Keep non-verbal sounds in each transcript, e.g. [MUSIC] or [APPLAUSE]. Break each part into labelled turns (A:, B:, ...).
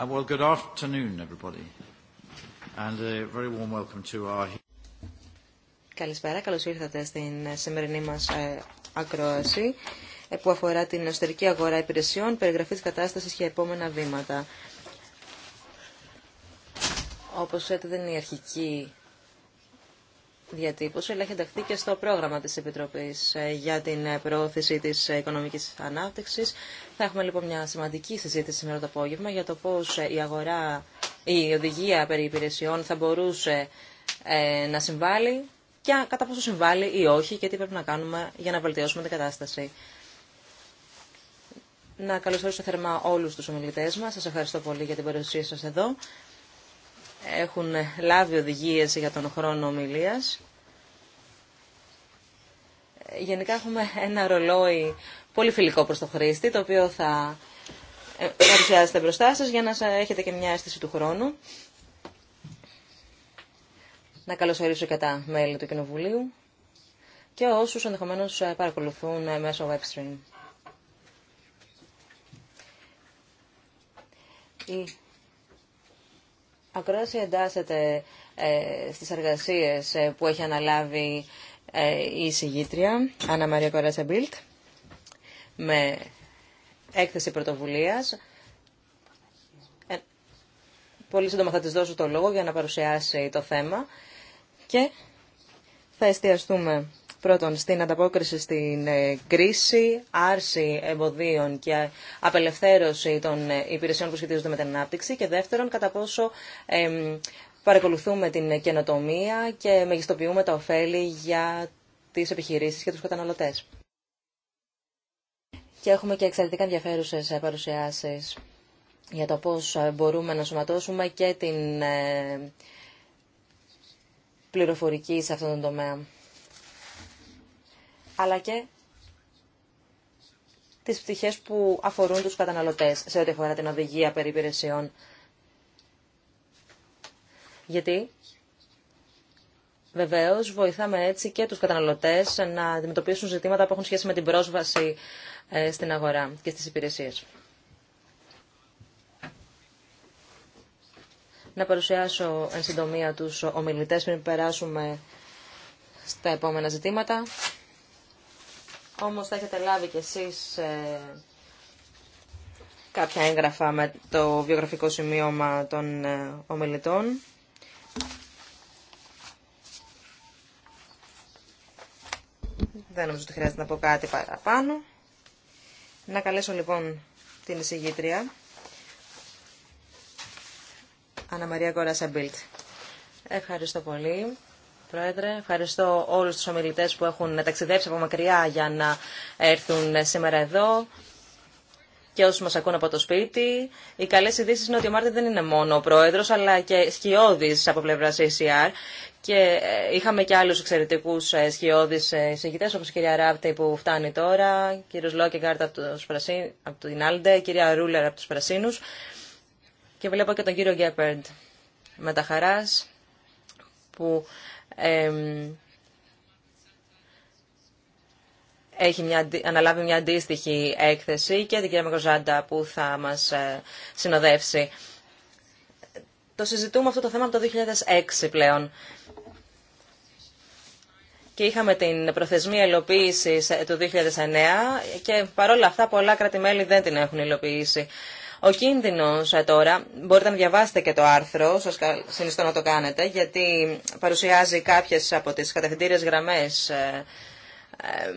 A: Uh, well, good afternoon, everybody. And a very warm welcome to our...
B: Καλησπέρα, καλώς ήρθατε στην σημερινή μας ε, ακρόαση ε, που αφορά την εσωτερική αγορά υπηρεσιών, περιγραφή της κατάστασης και επόμενα βήματα. Όπως έτσι δεν είναι η αρχική διατύπωση, αλλά έχει ενταχθεί και στο πρόγραμμα της Επιτροπής ε, για την προώθηση της οικονομικής ανάπτυξης. Θα έχουμε λοιπόν μια σημαντική συζήτηση σήμερα το απόγευμα για το πώς ε, η αγορά, η οδηγία περί υπηρεσιών θα μπορούσε ε, να συμβάλλει και κατά πόσο συμβάλλει ή όχι και τι πρέπει να κάνουμε για να βελτιώσουμε την κατάσταση. Να καλωσορίσω θερμά όλους τους ομιλητές μας. Σας ευχαριστώ πολύ για την παρουσία σας εδώ έχουν λάβει οδηγίες για τον χρόνο ομιλίας. Γενικά έχουμε ένα ρολόι πολύ φιλικό προς το χρήστη, το οποίο θα ε, παρουσιάζεται μπροστά σας για να έχετε και μια αίσθηση του χρόνου. Να καλωσορίσω και τα μέλη του Κοινοβουλίου και όσους ενδεχομένως ε, παρακολουθούν ε, μέσω web stream ακρόαση εντάσσεται ε, στις εργασίες ε, που έχει αναλάβει ε, η συγγήτρια Άννα Μαρία Κορέσα Μπίλτ με έκθεση πρωτοβουλίας. πολύ σύντομα θα της δώσω το λόγο για να παρουσιάσει το θέμα και θα εστιαστούμε Πρώτον, στην ανταπόκριση στην ε, κρίση, άρση εμποδίων και απελευθέρωση των ε, υπηρεσιών που σχετίζονται με την ανάπτυξη. Και δεύτερον, κατά πόσο παρακολουθούμε την καινοτομία και μεγιστοποιούμε τα ωφέλη για τις επιχειρήσεις και τους καταναλωτές. Και έχουμε και εξαιρετικά ενδιαφέρουσες ε, παρουσιάσεις για το πώς μπορούμε να σωματώσουμε και την πληροφορική σε αυτόν τον τομέα αλλά και τις πτυχές που αφορούν τους καταναλωτές σε ό,τι αφορά την οδηγία περί υπηρεσιών. Γιατί βεβαίως βοηθάμε έτσι και τους καταναλωτές να αντιμετωπίσουν ζητήματα που έχουν σχέση με την πρόσβαση ε, στην αγορά και στις υπηρεσίες. Να παρουσιάσω εν συντομία τους ομιλητές πριν περάσουμε στα επόμενα ζητήματα. Όμως θα έχετε λάβει κι εσείς ε, κάποια έγγραφα με το βιογραφικό σημείωμα των ε, ομιλητών. Δεν νομίζω ότι χρειάζεται να πω κάτι παραπάνω. Να καλέσω λοιπόν την εισηγήτρια. Αναμαρία Κόρα Μπίλτ. Ευχαριστώ πολύ. Πρόεδρε. Ευχαριστώ όλους τους ομιλητές που έχουν ταξιδέψει από μακριά για να έρθουν σήμερα εδώ και όσους μας ακούν από το σπίτι. Οι καλέ ειδήσει είναι ότι ο Μάρτιν δεν είναι μόνο ο Πρόεδρος, αλλά και σκιώδης από πλευρά ACR. Και ε, είχαμε και άλλους εξαιρετικούς ε, σκιώδης ε, εισηγητές, όπως η κυρία Ράπτη που φτάνει τώρα, κύριος Λόκεγκάρτ από, από την Άλντε, κυρία Ρούλερ από τους Πρασίνους. Και βλέπω και τον κύριο Γκέπερντ με τα χαράς που έχει μια, αναλάβει μια αντίστοιχη έκθεση και την κυρία Μικροζάντα που θα μας ε, συνοδεύσει. Το συζητούμε αυτό το θέμα από το 2006 πλέον. Και είχαμε την προθεσμία υλοποίηση ε, του 2009 και παρόλα αυτά πολλά κράτη-μέλη δεν την έχουν υλοποιήσει. Ο κίνδυνο τώρα, μπορείτε να διαβάσετε και το άρθρο, σας συνιστώ να το κάνετε, γιατί παρουσιάζει κάποιες από τις κατευθυντήριες γραμμές ε, ε,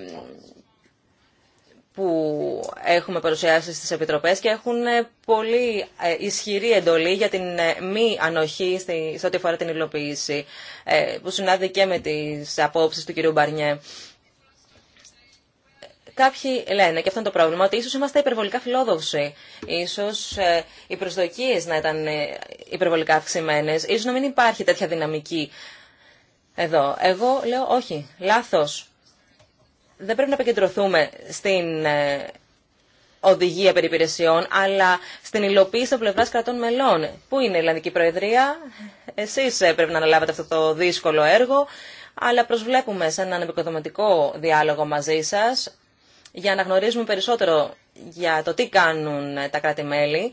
B: που έχουμε παρουσιάσει στις επιτροπές και έχουν ε, πολύ ισχυρή εντολή για την μη ανοχή σε ό,τι αφορά την υλοποίηση, που συνάδει και με τις απόψεις του κυρίου Μπαρνιέ. Κάποιοι λένε, και αυτό είναι το πρόβλημα, ότι ίσω είμαστε υπερβολικά φιλόδοξοι. Ίσως ε, οι προσδοκίε να ήταν ε, υπερβολικά αυξημένε σω να μην υπάρχει τέτοια δυναμική εδώ. Εγώ λέω όχι, λάθο, Δεν πρέπει να επικεντρωθούμε στην ε, οδηγία περιπηρεσιών, αλλά στην υλοποίηση των πλευρά κρατών μελών. Πού είναι η Ελληνική Προεδρία, εσεί πρέπει να αναλάβετε αυτό το δύσκολο έργο, αλλά προσβλέπουμε σε έναν επικοδοματικό διάλογο μαζί σα για να γνωρίζουμε περισσότερο για το τι κάνουν τα κράτη-μέλη,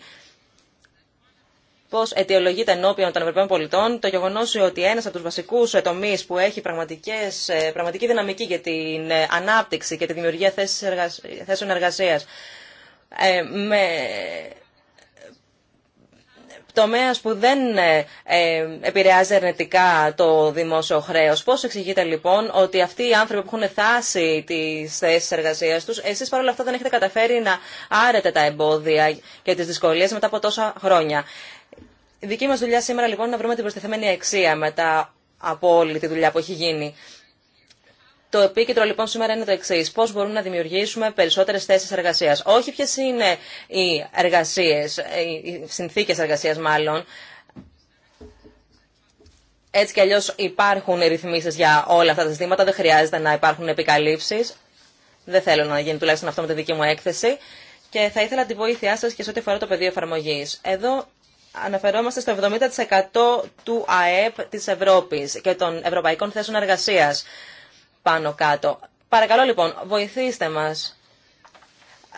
B: πώ αιτιολογείται ενώπιον των Ευρωπαίων πολιτών το γεγονός ότι ένας από τους βασικούς τομείς που έχει πραγματικές, ε, πραγματική δυναμική για την ε, ανάπτυξη και τη δημιουργία θέσεων εργασία ε, με τομέας που δεν ε, ε, επηρεάζει αρνητικά το δημόσιο χρέο. Πώς εξηγείτε λοιπόν ότι αυτοί οι άνθρωποι που έχουν θάσει τις θέσει εργασία τους, εσείς παρόλα αυτά δεν έχετε καταφέρει να άρετε τα εμπόδια και τις δυσκολίες μετά από τόσα χρόνια. Η δική μα δουλειά σήμερα λοιπόν είναι να βρούμε την προστιθέμενη αξία μετά από όλη τη δουλειά που έχει γίνει. Το επίκεντρο λοιπόν σήμερα είναι το εξή. Πώ μπορούμε να δημιουργήσουμε περισσότερε θέσει εργασία. Όχι ποιε είναι οι εργασίε, οι συνθήκε εργασία μάλλον. Έτσι κι αλλιώ υπάρχουν ρυθμίσει για όλα αυτά τα ζητήματα. Δεν χρειάζεται να υπάρχουν επικαλύψει. Δεν θέλω να γίνει τουλάχιστον αυτό με τη δική μου έκθεση. Και θα ήθελα τη βοήθειά σα και σε ό,τι αφορά το πεδίο εφαρμογή. Εδώ αναφερόμαστε στο 70% του ΑΕΠ τη Ευρώπη και των ευρωπαϊκών θέσεων εργασία πάνω κάτω. Παρακαλώ λοιπόν, βοηθήστε μας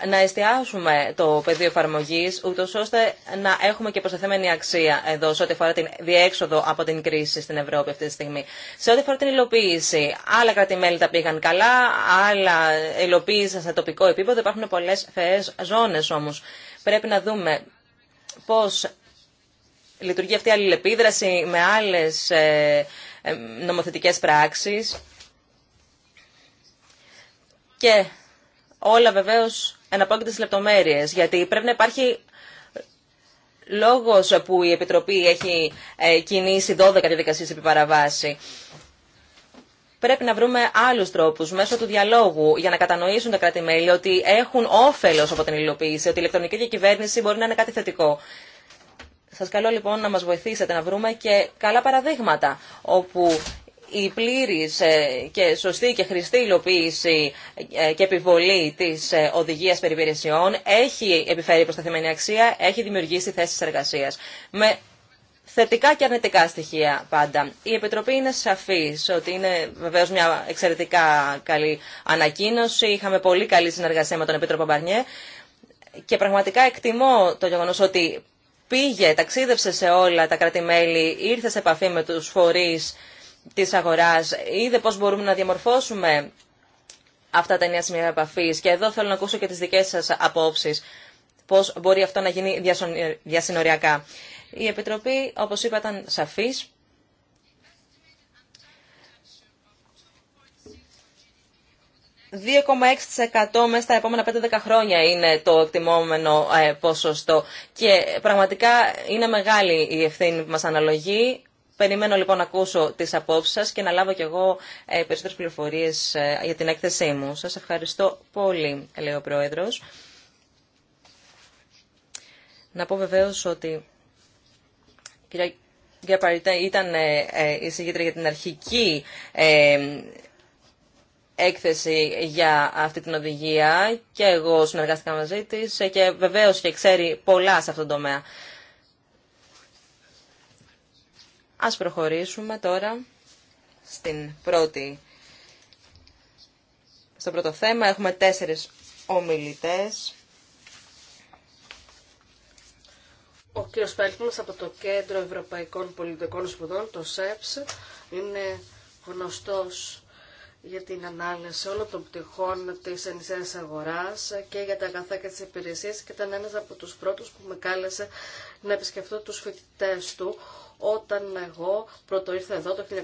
B: να εστιάσουμε το πεδίο εφαρμογή, ούτω ώστε να έχουμε και προσταθέμενη αξία εδώ σε ό,τι αφορά την διέξοδο από την κρίση στην Ευρώπη αυτή τη στιγμή. Σε ό,τι αφορά την υλοποίηση, άλλα κράτη-μέλη τα πήγαν καλά, άλλα υλοποίησαν σε τοπικό επίπεδο. Υπάρχουν πολλέ φαιέ ζώνε όμω. Πρέπει να δούμε πώ λειτουργεί αυτή η αλληλεπίδραση με άλλε ε, νομοθετικέ πράξει. Και όλα βεβαίω εναπόκειται στι λεπτομέρειε, γιατί πρέπει να υπάρχει λόγο που η Επιτροπή έχει ε, κινήσει 12 διαδικασίε επί παραβάση. Πρέπει να βρούμε άλλου τρόπου μέσω του διαλόγου για να κατανοήσουν τα κράτη-μέλη ότι έχουν όφελο από την υλοποίηση, ότι η ηλεκτρονική διακυβέρνηση μπορεί να είναι κάτι θετικό. Σα καλώ λοιπόν να μα βοηθήσετε να βρούμε και καλά παραδείγματα όπου η πλήρης ε, και σωστή και χρηστή υλοποίηση ε, και επιβολή της ε, οδηγίας περιπηρεσιών έχει επιφέρει προσταθεμένη αξία, έχει δημιουργήσει θέσεις εργασίας. Με θετικά και αρνητικά στοιχεία πάντα. Η Επιτροπή είναι σαφής ότι είναι βεβαίως μια εξαιρετικά καλή ανακοίνωση. Είχαμε πολύ καλή συνεργασία με τον Επίτροπο Μπαρνιέ και πραγματικά εκτιμώ το γεγονός ότι πήγε, ταξίδευσε σε όλα τα κράτη-μέλη, ήρθε σε επαφή με του φορεί της αγοράς είδε πώς μπορούμε να διαμορφώσουμε αυτά τα νέα σημεία επαφή. Και εδώ θέλω να ακούσω και τις δικές σας απόψεις πώς μπορεί αυτό να γίνει διασυνοριακά. Η Επιτροπή, όπως είπα, ήταν σαφής. ...2,6% μέσα στα επόμενα 5-10 χρόνια είναι το εκτιμόμενο ε, ποσοστό. Και πραγματικά είναι μεγάλη η ευθύνη που μας αναλογεί. Περιμένω λοιπόν να ακούσω τις απόψεις σας και να λάβω κι εγώ ε, περισσότερες πληροφορίες ε, για την έκθεσή μου. Σας ευχαριστώ πολύ, λέει ο Πρόεδρος. Να πω βεβαίως ότι ε, η κυρία Παριτέ ήταν η συγγύτρια για την αρχική έκθεση για αυτή την οδηγία και εγώ συνεργάστηκα μαζί της και βεβαίως και ξέρει πολλά σε αυτόν τον τομέα. Ας προχωρήσουμε τώρα στην πρώτη, στο πρώτο θέμα. Έχουμε τέσσερις ομιλητές.
C: Ο κύριος Πέλκμας από το Κέντρο Ευρωπαϊκών Πολιτικών Σπουδών, το ΣΕΠΣ, είναι γνωστός για την ανάλυση όλων των πτυχών της ενισέας αγοράς και για τα αγαθά και τις υπηρεσίες και ήταν ένας από τους πρώτους που με κάλεσε να επισκεφτώ τους φοιτητέ του όταν εγώ πρώτο ήρθα εδώ το 1999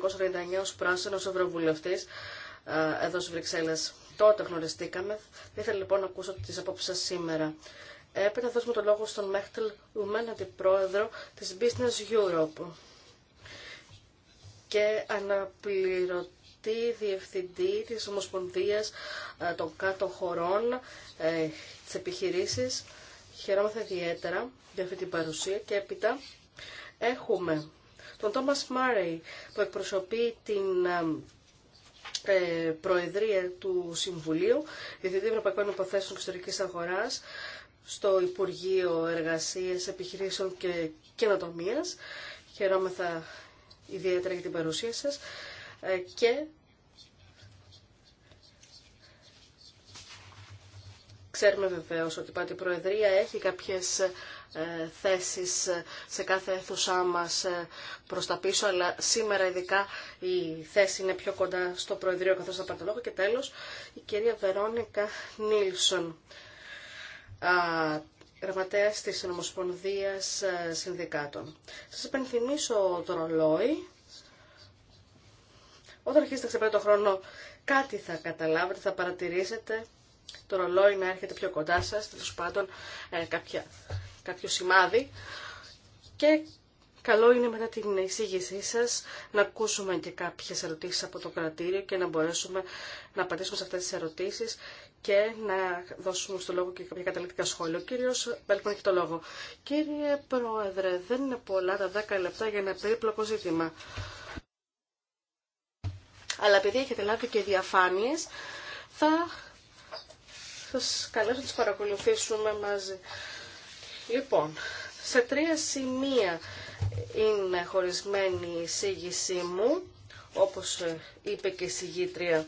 C: ως πράσινος ευρωβουλευτής εδώ στις Βρυξέλλες. Τότε γνωριστήκαμε. Ήθελα λοιπόν να ακούσω τις απόψεις σήμερα. Ε, Έπειτα δώσουμε το λόγο στον Μέχτελ Ουμέν, αντιπρόεδρο της Business Europe και αναπληρωτή τη διευθυντή της Ομοσπονδίας ε, των Κάτω Χωρών ε, της επιχειρήσης. Χαιρόμαστε ιδιαίτερα για αυτή την παρουσία και έπειτα έχουμε τον Τόμας Μάρεϊ που εκπροσωπεί την ε, Προεδρία του Συμβουλίου, Διευθυντή Ευρωπαϊκών Υποθέσεων Εξωτερικής Αγοράς, στο Υπουργείο Εργασίας, Επιχειρήσεων και Καινοτομίας. Χαιρόμεθα ιδιαίτερα για την παρουσία σας. Ε, και Ξέρουμε βεβαίω ότι η Πάτη Προεδρία έχει κάποιες ε, θέσεις σε κάθε αίθουσά μα ε, προ τα πίσω, αλλά σήμερα ειδικά η θέση είναι πιο κοντά στο Προεδρείο καθώς θα πάρει Και τέλος η κυρία Βερόνικα Νίλσον, γραμματέα της Ομοσπονδίας Συνδικάτων. σας υπενθυμίσω το ρολόι όταν αρχίσετε να το χρόνο, κάτι θα καταλάβετε, θα παρατηρήσετε το ρολόι να έρχεται πιο κοντά σας, τέλο πάντων ε, κάποια, κάποιο σημάδι. Και καλό είναι μετά την εισήγησή σα να ακούσουμε και κάποιε ερωτήσει από το κρατήριο και να μπορέσουμε να απαντήσουμε σε αυτέ τι ερωτήσει και να δώσουμε στο λόγο και κάποια καταληκτικά σχόλια. Ο κύριος Μπέλκμαν έχει το λόγο. Κύριε Πρόεδρε, δεν είναι πολλά τα 10 λεπτά για ένα περίπλοκο ζήτημα. Αλλά επειδή έχετε λάβει και διαφάνειες, θα σας καλέσω να τις παρακολουθήσουμε μαζί. Λοιπόν, σε τρία σημεία είναι χωρισμένη η εισήγησή μου, όπως είπε και η συγγήτρια.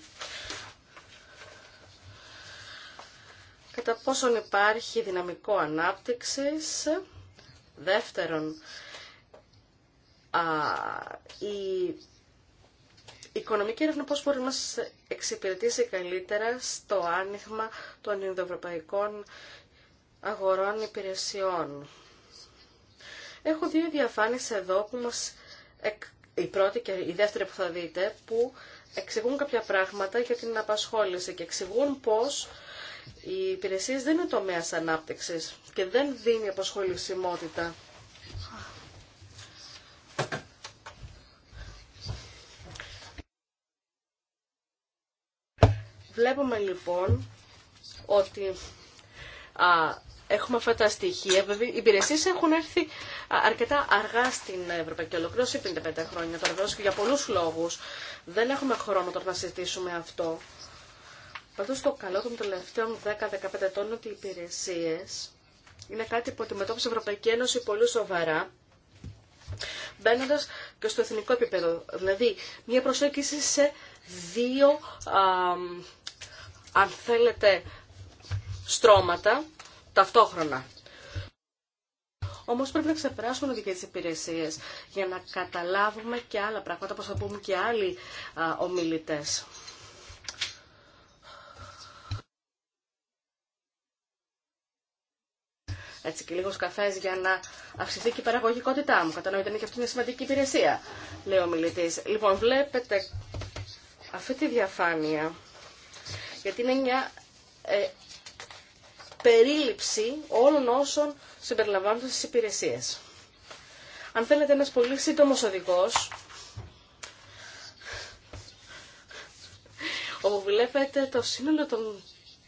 C: Κατά πόσον υπάρχει δυναμικό ανάπτυξης. Δεύτερον, η οικονομική έρευνα πώς μπορεί να μας εξυπηρετήσει καλύτερα στο άνοιγμα των Ινδοευρωπαϊκών αγορών υπηρεσιών. Έχω δύο διαφάνειες εδώ που μας, η πρώτη και η δεύτερη που θα δείτε, που εξηγούν κάποια πράγματα για την απασχόληση και εξηγούν πώς οι υπηρεσίες δεν είναι τομέας ανάπτυξης και δεν δίνει απασχολησιμότητα. Βλέπουμε λοιπόν ότι α, έχουμε αυτά τα στοιχεία. Βέβαια, οι υπηρεσίε έχουν έρθει αρκετά αργά στην Ευρωπαϊκή Ολοκλήρωση, 55 χρόνια τώρα, βέβαια, για πολλού λόγου. Δεν έχουμε χρόνο τώρα να συζητήσουμε αυτό. Πάντω, το καλό των τελευταίων 10-15 ετών είναι ότι οι υπηρεσίε είναι κάτι που αντιμετώπισε η Ευρωπαϊκή Ένωση πολύ σοβαρά μπαίνοντα και στο εθνικό επίπεδο. Δηλαδή, μια προσέγγιση σε δύο αν θέλετε, στρώματα ταυτόχρονα. Όμως πρέπει να ξεπεράσουμε τις υπηρεσίες για να καταλάβουμε και άλλα πράγματα, όπως θα πούμε και άλλοι α, ομιλητές. έτσι και λίγο καφές για να αυξηθεί και η παραγωγικότητά μου. Κατανοείτε, είναι και αυτή μια σημαντική υπηρεσία, λέει ο μιλητή. Λοιπόν, βλέπετε αυτή τη διαφάνεια γιατί είναι μια ε, περίληψη όλων όσων συμπεριλαμβάνονται στις υπηρεσίες. Αν θέλετε ένας πολύ σύντομος οδηγός, όπου βλέπετε το σύνολο των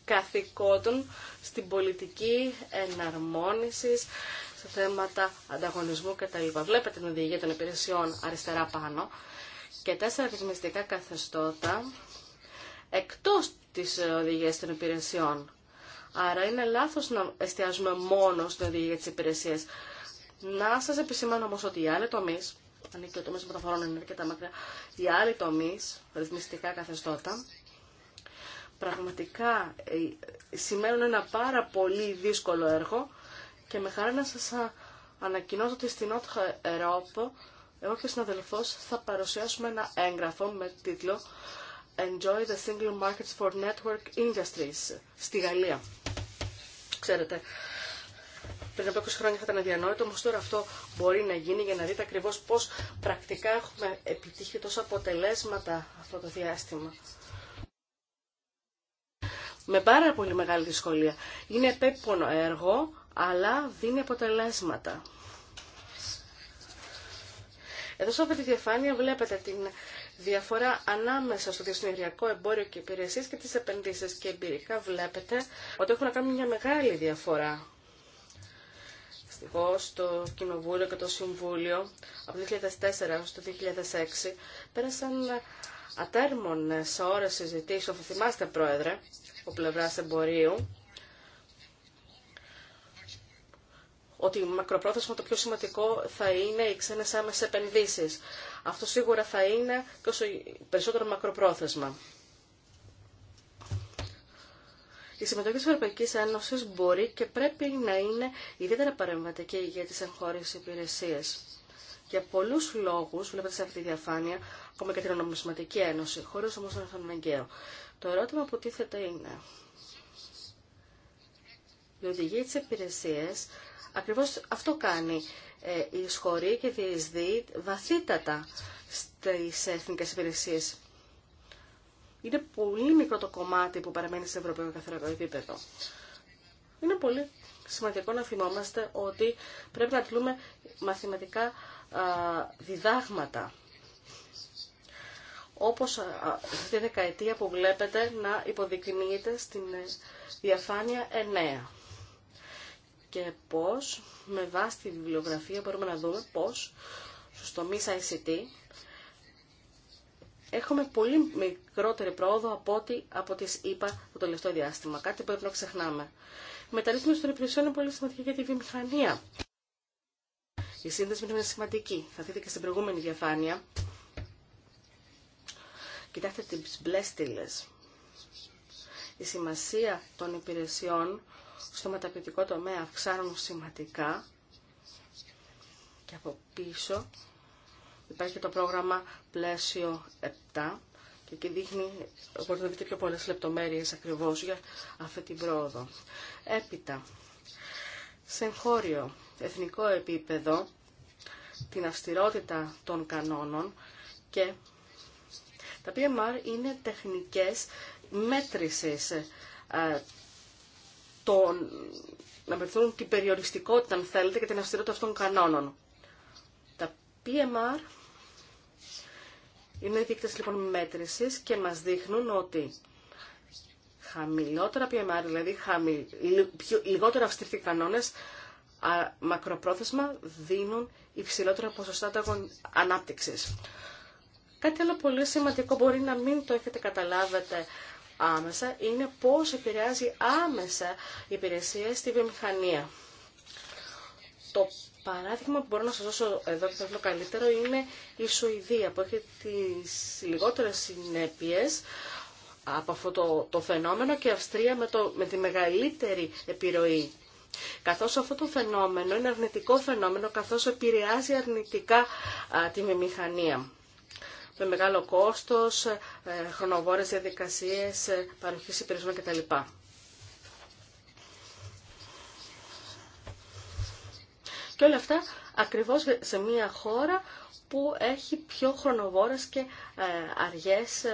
C: καθηκόντων στην πολιτική εναρμόνιση σε θέματα ανταγωνισμού κτλ. Βλέπετε την οδηγία των υπηρεσιών αριστερά πάνω και τέσσερα ρυθμιστικά καθεστώτα εκτός τις ε, οδηγίες των υπηρεσιών. Άρα είναι λάθος να εστιάζουμε μόνο στην οδηγία της υπηρεσίας. Να σας επισημάνω όμως ότι οι άλλοι τομείς, αν και ο τομέας μεταφορών είναι αρκετά μακριά, οι άλλοι τομείς, ρυθμιστικά καθεστώτα, πραγματικά ε, σημαίνουν ένα πάρα πολύ δύσκολο έργο και με χαρά να σας ανακοινώσω ότι στην Ότχα Ευρώπη εγώ και ο συναδελφός θα παρουσιάσουμε ένα έγγραφο με τίτλο Enjoy the Single Markets for Network Industries στη Γαλλία. Ξέρετε, πριν από 20 χρόνια θα ήταν αδιανόητο, όμω τώρα αυτό μπορεί να γίνει για να δείτε ακριβώ πώ πρακτικά έχουμε επιτύχει τόσα αποτελέσματα αυτό το διάστημα. Με πάρα πολύ μεγάλη δυσκολία. Είναι επέπονο έργο, αλλά δίνει αποτελέσματα. Εδώ σε τη διαφάνεια βλέπετε την διαφορά ανάμεσα στο διασυνοριακό εμπόριο και υπηρεσίε και τι επενδύσει. Και εμπειρικά βλέπετε ότι έχουν να κάνουν μια μεγάλη διαφορά. Δυστυχώ το Κοινοβούλιο και το Συμβούλιο από το 2004 έως το 2006 πέρασαν ατέρμονες ώρες συζητήσεων, θα θυμάστε Πρόεδρε, ο πλευρά εμπορίου, ότι μακροπρόθεσμα το πιο σημαντικό θα είναι οι ξένε άμεσε επενδύσει. Αυτό σίγουρα θα είναι και όσο περισσότερο μακροπρόθεσμα. Η συμμετοχή της Ευρωπαϊκής Ένωσης μπορεί και πρέπει να είναι ιδιαίτερα παρεμβατική για τις εγχώριες υπηρεσίες. Για πολλού λόγου, βλέπετε σε αυτή τη διαφάνεια, ακόμα και την Ονομισματική Ένωση, χωρί όμω να είναι αναγκαίο. Το ερώτημα που τίθεται είναι. Η οδηγία τη υπηρεσία ακριβώ αυτό κάνει η ε, σχολή και διεισδύει βαθύτατα στις εθνικές υπηρεσίες. Είναι πολύ μικρό το κομμάτι που παραμένει σε ευρωπαϊκό καθαρό επίπεδο. Είναι πολύ σημαντικό να θυμόμαστε ότι πρέπει να τλούμε μαθηματικά διδάγματα όπως αυτή τη δεκαετία που βλέπετε να υποδεικνύεται στην ε, διαφάνεια 9 και πώς, με βάση τη βιβλιογραφία μπορούμε να δούμε πώς στο Miss ICT έχουμε πολύ μικρότερη πρόοδο από ό,τι από τις είπα το τελευταίο διάστημα. Κάτι που πρέπει να ξεχνάμε. Η μεταρρύθμιση των υπηρεσιών είναι πολύ σημαντική για τη βιομηχανία. Η σύνδεση είναι σημαντική. Θα δείτε και στην προηγούμενη διαφάνεια. Κοιτάξτε τις μπλε Η σημασία των υπηρεσιών στο μεταπληκτικό τομέα αυξάνουν σημαντικά και από πίσω υπάρχει και το πρόγραμμα πλαίσιο 7 και εκεί δείχνει, μπορείτε να δείτε πιο πολλές λεπτομέρειες ακριβώς για αυτή την πρόοδο. Έπειτα, σε χώριο εθνικό επίπεδο, την αυστηρότητα των κανόνων και τα PMR είναι τεχνικές μέτρησης ε, τον, να περθούν την περιοριστικότητα, αν θέλετε, και την αυστηρότητα αυτών των κανόνων. Τα PMR είναι δείκτες λοιπόν μέτρησης και μας δείχνουν ότι χαμηλότερα PMR, δηλαδή λιγότερο λιγότερα αυστηροί κανόνες, μακροπρόθεσμα δίνουν υψηλότερα ποσοστά ανάπτυξης. Κάτι άλλο πολύ σημαντικό μπορεί να μην το έχετε καταλάβετε άμεσα είναι πώς επηρεάζει άμεσα η υπηρεσία στη βιομηχανία. Το παράδειγμα που μπορώ να σας δώσω εδώ και θα καλύτερο είναι η Σουηδία που έχει τις λιγότερες συνέπειες από αυτό το, το φαινόμενο και η Αυστρία με, το, με τη μεγαλύτερη επιρροή. Καθώς αυτό το φαινόμενο είναι αρνητικό φαινόμενο καθώς επηρεάζει αρνητικά α, τη βιομηχανία με μεγάλο κόστος, ε, χρονοβόρες διαδικασίες, ε, παροχής υπηρεσιών κτλ. Και όλα αυτά ακριβώς σε μια χώρα που έχει πιο χρονοβόρες και ε, αργές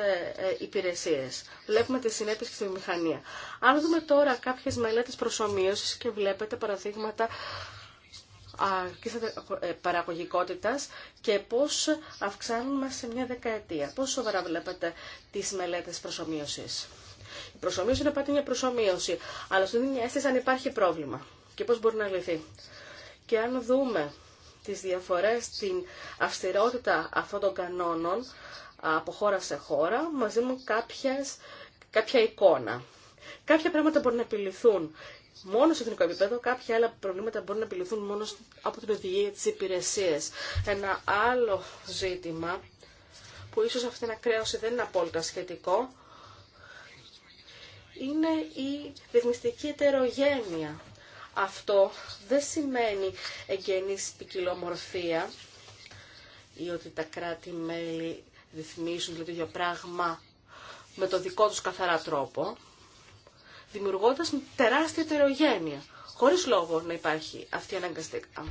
C: υπηρεσίες. Βλέπουμε τις συνέπειες και στη μηχανία. Αν δούμε τώρα κάποιες μελέτες προσωμείωσης και βλέπετε παραδείγματα ε, παραγωγικότητας και πώς αυξάνουμε σε μια δεκαετία. Πώς σοβαρά βλέπετε τις μελέτες προσωμείωσης. Η προσωμείωση είναι πάντα μια προσωμείωση, αλλά στον δίνει αίσθηση αν υπάρχει πρόβλημα και πώς μπορεί να λυθεί. Και αν δούμε τις διαφορές στην αυστηρότητα αυτών των κανόνων από χώρα σε χώρα, μαζί μου κάποια εικόνα. Κάποια πράγματα μπορούν να επιληθούν μόνο σε εθνικό επίπεδο, κάποια άλλα προβλήματα μπορούν να επιληθούν μόνο από την οδηγία της υπηρεσία. Ένα άλλο ζήτημα, που ίσως αυτή την ακραίωση δεν είναι απόλυτα σχετικό, είναι η ρυθμιστική ετερογένεια. Αυτό δεν σημαίνει εγγενής ποικιλομορφία ή ότι τα κράτη-μέλη ρυθμίζουν το ίδιο πράγμα με το δικό τους καθαρά τρόπο δημιουργώντας τεράστια τερογένεια, χωρίς λόγο να υπάρχει αυτή η αναγκαστικά.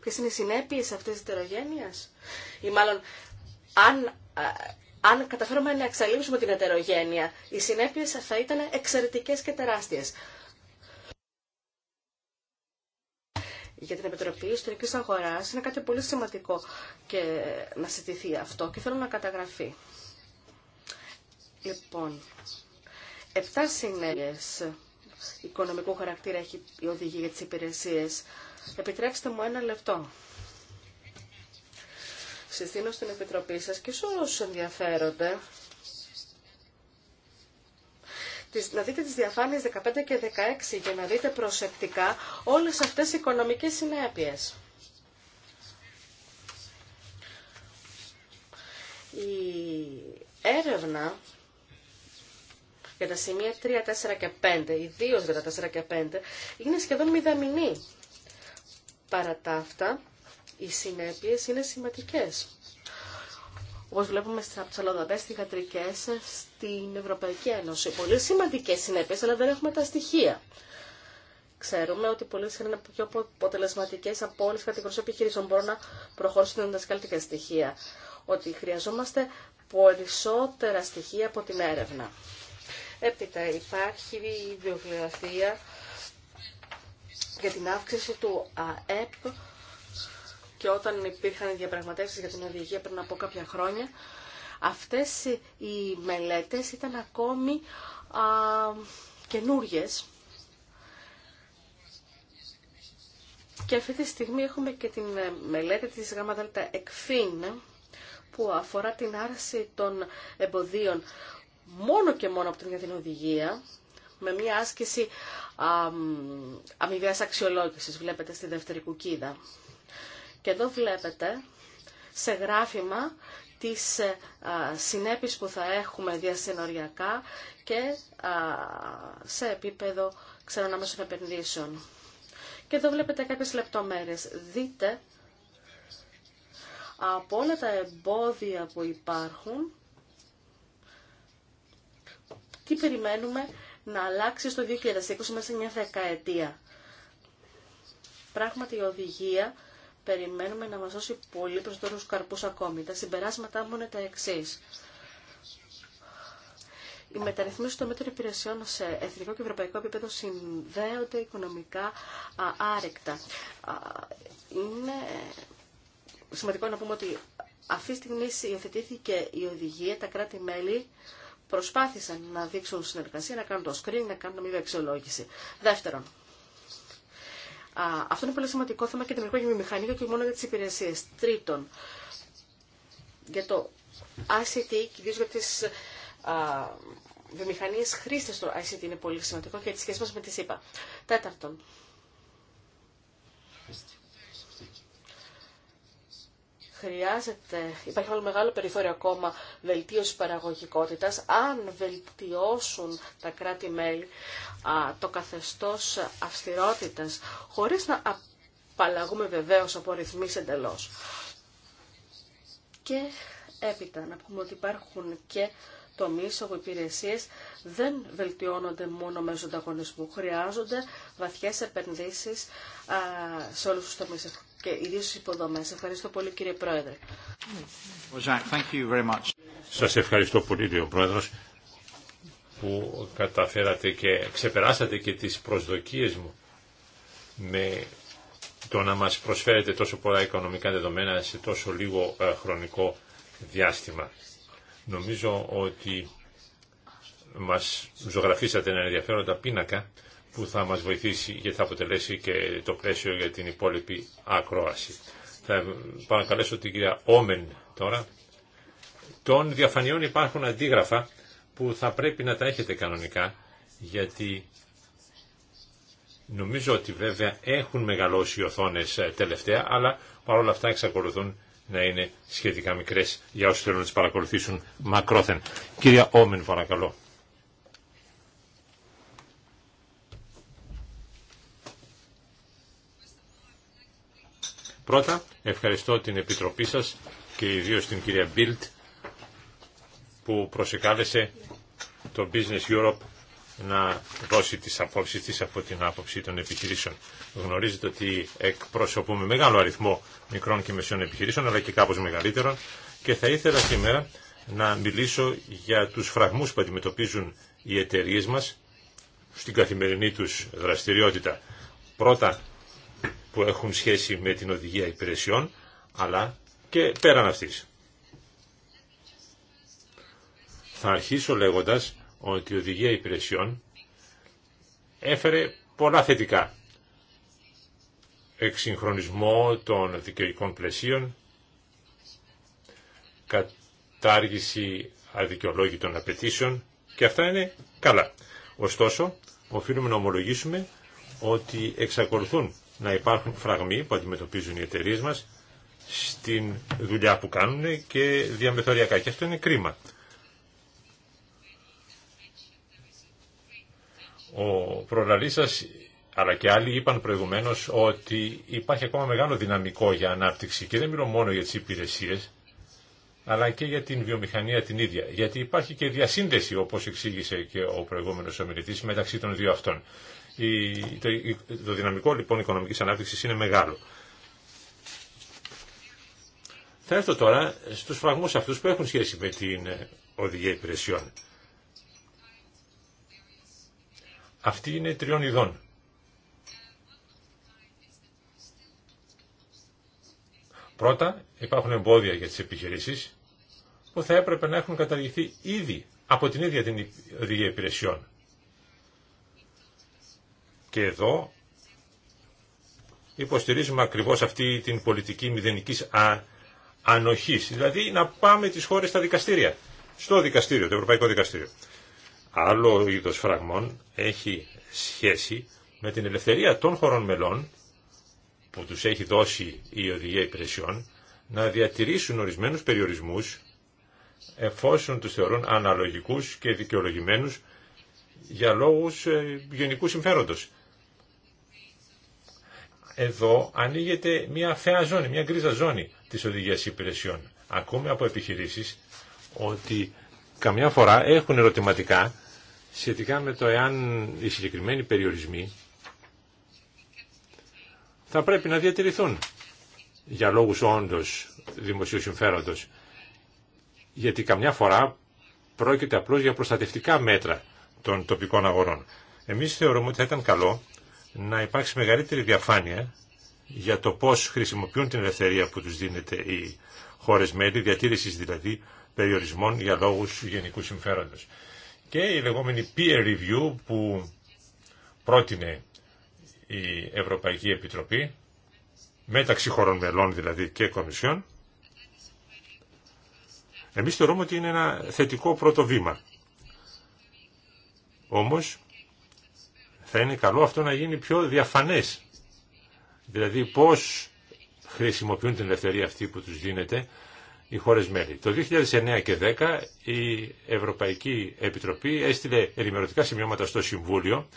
C: Ποιες είναι οι συνέπειες αυτής της τερογένειας, ή μάλλον αν, αν καταφέρουμε να εξαλείψουμε την ετερογένεια, οι συνέπειες θα ήταν εξαιρετικές και τεράστιες. για την Επιτροπή Ιστορική Αγορά είναι κάτι πολύ σημαντικό και να συζητηθεί αυτό και θέλω να καταγραφεί. Λοιπόν, Επτά συνέργειες οικονομικού χαρακτήρα έχει η οδηγία για τι υπηρεσίες. Επιτρέψτε μου ένα λεπτό. Συστήνω στην Επιτροπή σας και σε όσους ενδιαφέρονται να δείτε τις διαφάνειες 15 και 16 για να δείτε προσεκτικά όλες αυτές οι οικονομικές συνέπειες. Η έρευνα για τα σημεία 3, 4 και 5, ιδίω για τα 4 και 5, είναι σχεδόν μηδαμινή. Παρά τα αυτά, οι συνέπειε είναι σημαντικέ. Όπω βλέπουμε στι αλλοδαπέ θηγατρικέ στην Ευρωπαϊκή Ένωση. Πολύ σημαντικέ συνέπειε, αλλά δεν έχουμε τα στοιχεία. Ξέρουμε ότι πολλέ είναι πιο αποτελεσματικέ από όλε τι κατηγορίε επιχειρήσεων. Μπορώ να προχωρήσω να δασκάλτικα στοιχεία. Ότι χρειαζόμαστε περισσότερα στοιχεία από την έρευνα. Έπειτα υπάρχει η βιβλιογραφία για την αύξηση του ΑΕΠ και όταν υπήρχαν οι διαπραγματεύσεις για την οδηγία πριν από κάποια χρόνια, αυτές οι μελέτες ήταν ακόμη α, Και αυτή τη στιγμή έχουμε και την μελέτη της τα ΕΚΦΙΝ που αφορά την άρση των εμποδίων μόνο και μόνο από την οδηγία με μια άσκηση αμοιβαίας αξιολόγησης, βλέπετε στη δεύτερη κουκίδα. Και εδώ βλέπετε σε γράφημα τις ε, συνέπεις που θα έχουμε διασυνοριακά και σε επίπεδο ξένων άμεσων επενδύσεων. Και εδώ βλέπετε κάποιες λεπτομέρειες. Δείτε από όλα τα εμπόδια που υπάρχουν τι περιμένουμε να αλλάξει στο 2020 μέσα σε μια δεκαετία. Πράγματι η οδηγία περιμένουμε να μας δώσει πολύ προσδόρους καρπούς ακόμη. Τα συμπεράσματά μου είναι τα εξή. Οι μεταρρυθμίσεις των μέτρων υπηρεσιών σε εθνικό και ευρωπαϊκό επίπεδο συνδέονται οικονομικά άρεκτα. Είναι σημαντικό να πούμε ότι αυτή τη στιγμή υιοθετήθηκε η οδηγία, τα κράτη-μέλη προσπάθησαν να δείξουν συνεργασία, να κάνουν το screen, να κάνουν μια αξιολόγηση. Δεύτερον, α, αυτό είναι πολύ σημαντικό θέμα και την μηχανή και μόνο για τι υπηρεσίε. Τρίτον, για το ICT, κυρίω για τι βιομηχανίε χρήστε χρήστες του ICT είναι πολύ σημαντικό και τη σχέση μα με τη ΣΥΠΑ. Τέταρτον, χρειάζεται, υπάρχει άλλο μεγάλο περιθώριο ακόμα βελτίωση παραγωγικότητας, αν βελτιώσουν τα κράτη-μέλη το καθεστώς αυστηρότητας, χωρίς να απαλλαγούμε βεβαίως από ρυθμίσεις εντελώς. Και έπειτα να πούμε ότι υπάρχουν και Τομεί όπου υπηρεσίες δεν βελτιώνονται μόνο μέσω ανταγωνισμού. Χρειάζονται βαθιές επενδύσεις σε όλους τους τομείς και ιδίως υποδομέ. υποδομές. Ευχαριστώ πολύ κύριε Πρόεδρε.
A: Σας ευχαριστώ πολύ κύριε Πρόεδρος
D: που καταφέρατε και ξεπεράσατε και τις προσδοκίες μου με το να μας προσφέρετε τόσο πολλά οικονομικά δεδομένα σε τόσο λίγο ε, χρονικό διάστημα. Νομίζω ότι μας ζωγραφίσατε ένα ενδιαφέροντα πίνακα που θα μας βοηθήσει και θα αποτελέσει και το πλαίσιο για την υπόλοιπη ακρόαση. Θα παρακαλέσω την κυρία Όμεν τώρα. Των διαφανειών υπάρχουν αντίγραφα που θα πρέπει να τα έχετε κανονικά γιατί νομίζω ότι βέβαια έχουν μεγαλώσει οι οθόνες ε, τελευταία αλλά παρόλα αυτά εξακολουθούν να είναι σχετικά μικρές για όσους θέλουν να τις παρακολουθήσουν μακρόθεν. Κυρία Όμεν, παρακαλώ. Πρώτα, ευχαριστώ την Επιτροπή σας και ιδίω την κυρία Μπίλτ που προσεκάλεσε το Business Europe να δώσει τις απόψεις της από την άποψη των επιχειρήσεων. Γνωρίζετε ότι εκπροσωπούμε μεγάλο αριθμό μικρών και μεσαίων επιχειρήσεων, αλλά και κάπως μεγαλύτερων, και θα ήθελα σήμερα να μιλήσω για τους φραγμούς που αντιμετωπίζουν οι εταιρείε μας στην καθημερινή τους δραστηριότητα. Πρώτα που έχουν σχέση με την οδηγία υπηρεσιών, αλλά και πέραν αυτής. Θα αρχίσω λέγοντας ότι η οδηγία υπηρεσιών έφερε πολλά θετικά. Εξυγχρονισμό των δικαιωτικών πλαισίων, κατάργηση αδικαιολόγητων απαιτήσεων και αυτά είναι καλά. Ωστόσο, οφείλουμε να ομολογήσουμε ότι εξακολουθούν να υπάρχουν φραγμοί που αντιμετωπίζουν οι εταιρείε μας στην δουλειά που κάνουν και διαμεθοριακά. Και αυτό είναι κρίμα. Ο προλαλής αλλά και άλλοι είπαν προηγουμένως ότι υπάρχει ακόμα μεγάλο δυναμικό για ανάπτυξη και δεν μιλώ μόνο για τις υπηρεσίες, αλλά και για την βιομηχανία την ίδια. Γιατί υπάρχει και διασύνδεση, όπως εξήγησε και ο προηγούμενος ομιλητής, μεταξύ των δύο αυτών. το, δυναμικό λοιπόν οικονομικής ανάπτυξης είναι μεγάλο. Θα έρθω τώρα στους φραγμούς αυτούς που έχουν σχέση με την οδηγία υπηρεσιών. Αυτή είναι τριών ειδών. Πρώτα, υπάρχουν εμπόδια για τις επιχειρήσεις που θα έπρεπε να έχουν καταργηθεί ήδη από την ίδια την οδηγία υπηρεσιών. Και εδώ υποστηρίζουμε ακριβώς αυτή την πολιτική μηδενικής ανοχής. Δηλαδή να πάμε τις χώρες στα δικαστήρια. Στο δικαστήριο, το Ευρωπαϊκό Δικαστήριο. Άλλο είδος φραγμών έχει σχέση με την ελευθερία των χωρών μελών που τους έχει δώσει η Οδηγία Υπηρεσιών να διατηρήσουν ορισμένους περιορισμούς εφόσον τους θεωρούν αναλογικούς και δικαιολογημένους για λόγους ε, γενικού συμφέροντος. Εδώ ανοίγεται μια φαία ζώνη, μια γκρίζα ζώνη της οδηγίας υπηρεσιών. Ακούμε από επιχειρήσεις ότι καμιά φορά έχουν ερωτηματικά σχετικά με το εάν οι συγκεκριμένοι περιορισμοί θα πρέπει να διατηρηθούν για λόγους όντως δημοσίου συμφέροντος. Γιατί καμιά φορά πρόκειται απλώς για προστατευτικά μέτρα των τοπικών αγορών. Εμείς θεωρούμε ότι θα ήταν καλό να υπάρξει μεγαλύτερη διαφάνεια για το πώς χρησιμοποιούν την ελευθερία που τους δίνεται οι χώρες μέλη, διατήρησης δηλαδή περιορισμών για λόγους γενικού συμφέροντος και η λεγόμενη peer review που πρότεινε η Ευρωπαϊκή Επιτροπή μεταξύ χωρών μελών δηλαδή και κομισιών εμείς θεωρούμε ότι είναι ένα θετικό πρώτο βήμα. Όμως θα είναι καλό αυτό να γίνει πιο διαφανές. Δηλαδή πώς χρησιμοποιούν την ελευθερία αυτή που τους δίνεται οι χώρες Το 2009 και 2010 η Ευρωπαϊκή Επιτροπή έστειλε ενημερωτικά σημειώματα στο Συμβούλιο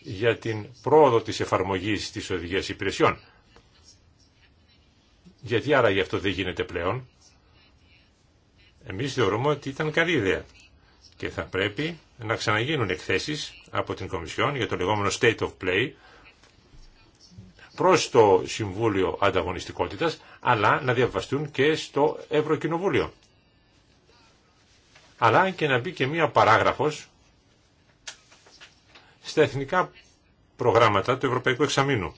D: για την πρόοδο της εφαρμογής της οδηγίας υπηρεσιών. Γιατί άραγε αυτό δεν γίνεται πλέον. Εμείς θεωρούμε ότι ήταν καλή ιδέα και θα πρέπει να ξαναγίνουν εκθέσεις από την Κομισιόν για το λεγόμενο State of Play προς το Συμβούλιο Ανταγωνιστικότητας, αλλά να διαβαστούν και στο Ευρωκοινοβούλιο. Αλλά και να μπει και μία παράγραφος στα εθνικά προγράμματα του Ευρωπαϊκού Εξαμήνου.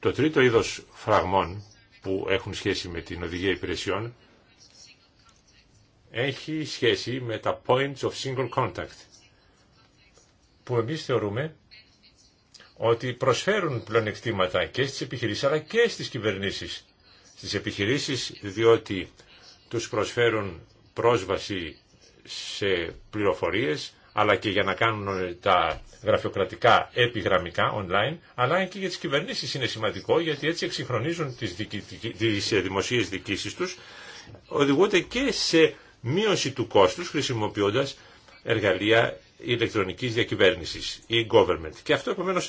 D: Το τρίτο είδος φραγμών που έχουν σχέση με την οδηγία υπηρεσιών έχει σχέση με τα points of single contact που εμείς θεωρούμε ότι προσφέρουν πλεονεκτήματα και στις επιχειρήσεις αλλά και στις κυβερνήσεις. Στις επιχειρήσεις διότι τους προσφέρουν πρόσβαση σε πληροφορίες αλλά και για να κάνουν τα γραφειοκρατικά επιγραμμικά online, αλλά και για τις κυβερνήσεις είναι σημαντικό γιατί έτσι εξυγχρονίζουν τις, δικη, τις δημοσίες δικήσεις τους, οδηγούνται και σε μείωση του κόστους χρησιμοποιώντας εργαλεία ηλεκτρονικής διακυβέρνησης, e-government. Και αυτό επομένω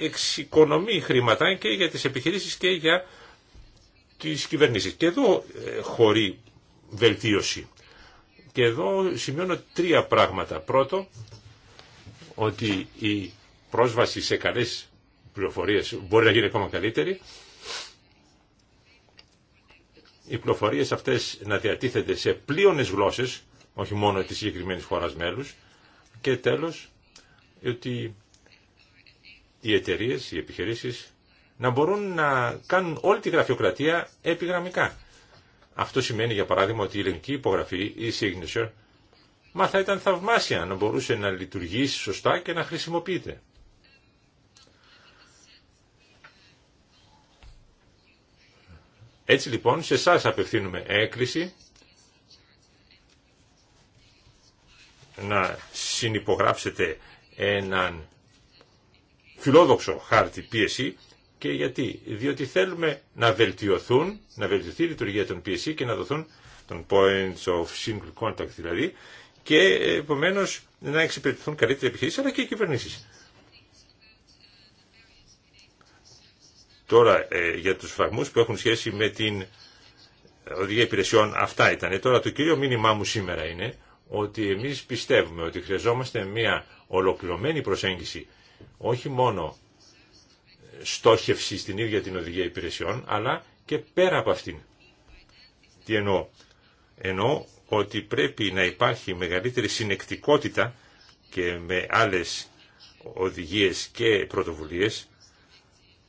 D: εξοικονομεί χρήματα και για τις επιχειρήσεις και για τις κυβερνήσεις. Και εδώ ε, χωρεί βελτίωση. Και εδώ σημειώνω τρία πράγματα. Πρώτο, ότι η πρόσβαση σε καλές πληροφορίες μπορεί να γίνει ακόμα καλύτερη. Οι πληροφορίες αυτές να διατίθεται σε πλείονες γλώσσες, όχι μόνο της συγκεκριμένη χώρας μέλους, και τέλος, ότι οι εταιρείε, οι επιχειρήσεις να μπορούν να κάνουν όλη τη γραφειοκρατία επιγραμμικά. Αυτό σημαίνει για παράδειγμα ότι η ελληνική υπογραφή, η signature, μα θα ήταν θαυμάσια να μπορούσε να λειτουργήσει σωστά και να χρησιμοποιείται. Έτσι λοιπόν σε εσά απευθύνουμε έκκληση να συνυπογράψετε έναν φιλόδοξο χάρτη πίεση και γιατί. Διότι θέλουμε να βελτιωθούν, να βελτιωθεί η λειτουργία των PSC και να δοθούν των points of single contact δηλαδή και επομένως να εξυπηρετηθούν καλύτερα επιχειρήσεις αλλά και οι κυβερνήσει. Τώρα ε, για τους φραγμούς που έχουν σχέση με την οδηγία υπηρεσιών αυτά ήταν. Τώρα το κύριο μήνυμά μου σήμερα είναι ότι εμείς πιστεύουμε ότι χρειαζόμαστε μια ολοκληρωμένη προσέγγιση όχι μόνο στόχευση στην ίδια την οδηγία υπηρεσιών αλλά και πέρα από αυτήν. Τι εννοώ. Εννοώ ότι πρέπει να υπάρχει μεγαλύτερη συνεκτικότητα και με άλλες οδηγίες και πρωτοβουλίες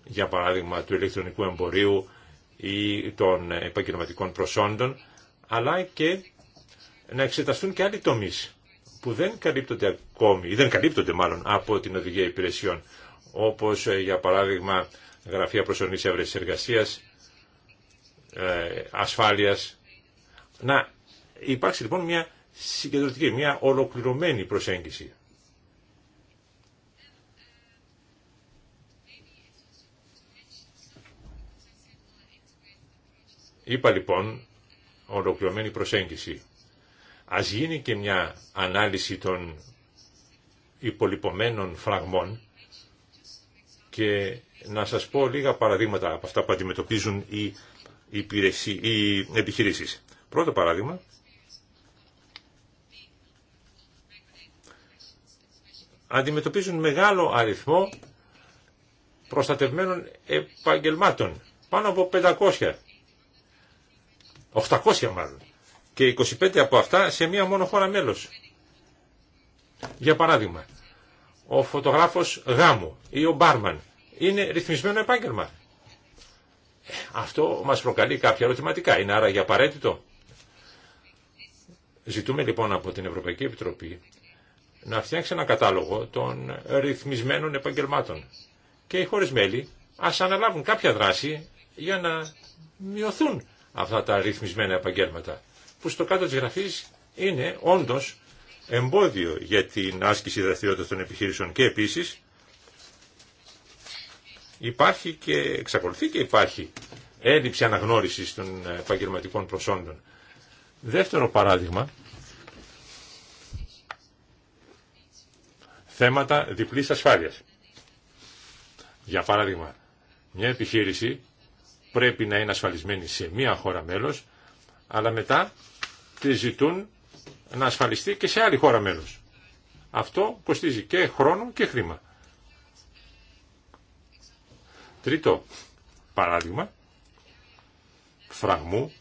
D: για παράδειγμα του ηλεκτρονικού εμπορίου ή των επαγγελματικών προσόντων αλλά και να εξεταστούν και άλλοι τομεί που δεν καλύπτονται ακόμη, ή δεν καλύπτονται μάλλον από την οδηγία υπηρεσιών, όπως ε, για παράδειγμα γραφεία προσωρινής έβρεσης εργασίας, ε, ασφάλειας. Να υπάρξει λοιπόν μια συγκεντρωτική, μια ολοκληρωμένη προσέγγιση. Είπα λοιπόν ολοκληρωμένη προσέγγιση. Ας γίνει και μια ανάλυση των υπολοιπωμένων φραγμών και να σας πω λίγα παραδείγματα από αυτά που αντιμετωπίζουν οι, υπηρεσί, επιχειρήσεις. Πρώτο παράδειγμα, αντιμετωπίζουν μεγάλο αριθμό προστατευμένων επαγγελμάτων, πάνω από 500, 800 μάλλον και 25 από αυτά σε μία μόνο χώρα μέλος. Για παράδειγμα, ο φωτογράφος γάμου ή ο μπάρμαν είναι ρυθμισμένο επάγγελμα. Αυτό μας προκαλεί κάποια ερωτηματικά. Είναι για απαραίτητο. Ζητούμε λοιπόν από την Ευρωπαϊκή Επιτροπή να φτιάξει ένα κατάλογο των ρυθμισμένων επαγγελμάτων. Και οι χώρες μέλη ας αναλάβουν κάποια δράση για να μειωθούν αυτά τα ρυθμισμένα επαγγέλματα που στο κάτω της γραφής είναι όντως εμπόδιο για την άσκηση δραστηριότητα των επιχειρήσεων και επίσης υπάρχει και εξακολουθεί και υπάρχει έλλειψη αναγνώρισης των επαγγελματικών προσόντων. Δεύτερο παράδειγμα, θέματα διπλής ασφάλειας. Για παράδειγμα, μια επιχείρηση πρέπει να είναι ασφαλισμένη σε μία χώρα μέλος, αλλά μετά τη ζητούν να ασφαλιστεί και σε άλλη χώρα μέλος. Αυτό κοστίζει και χρόνο και χρήμα. Τρίτο παράδειγμα φραγμού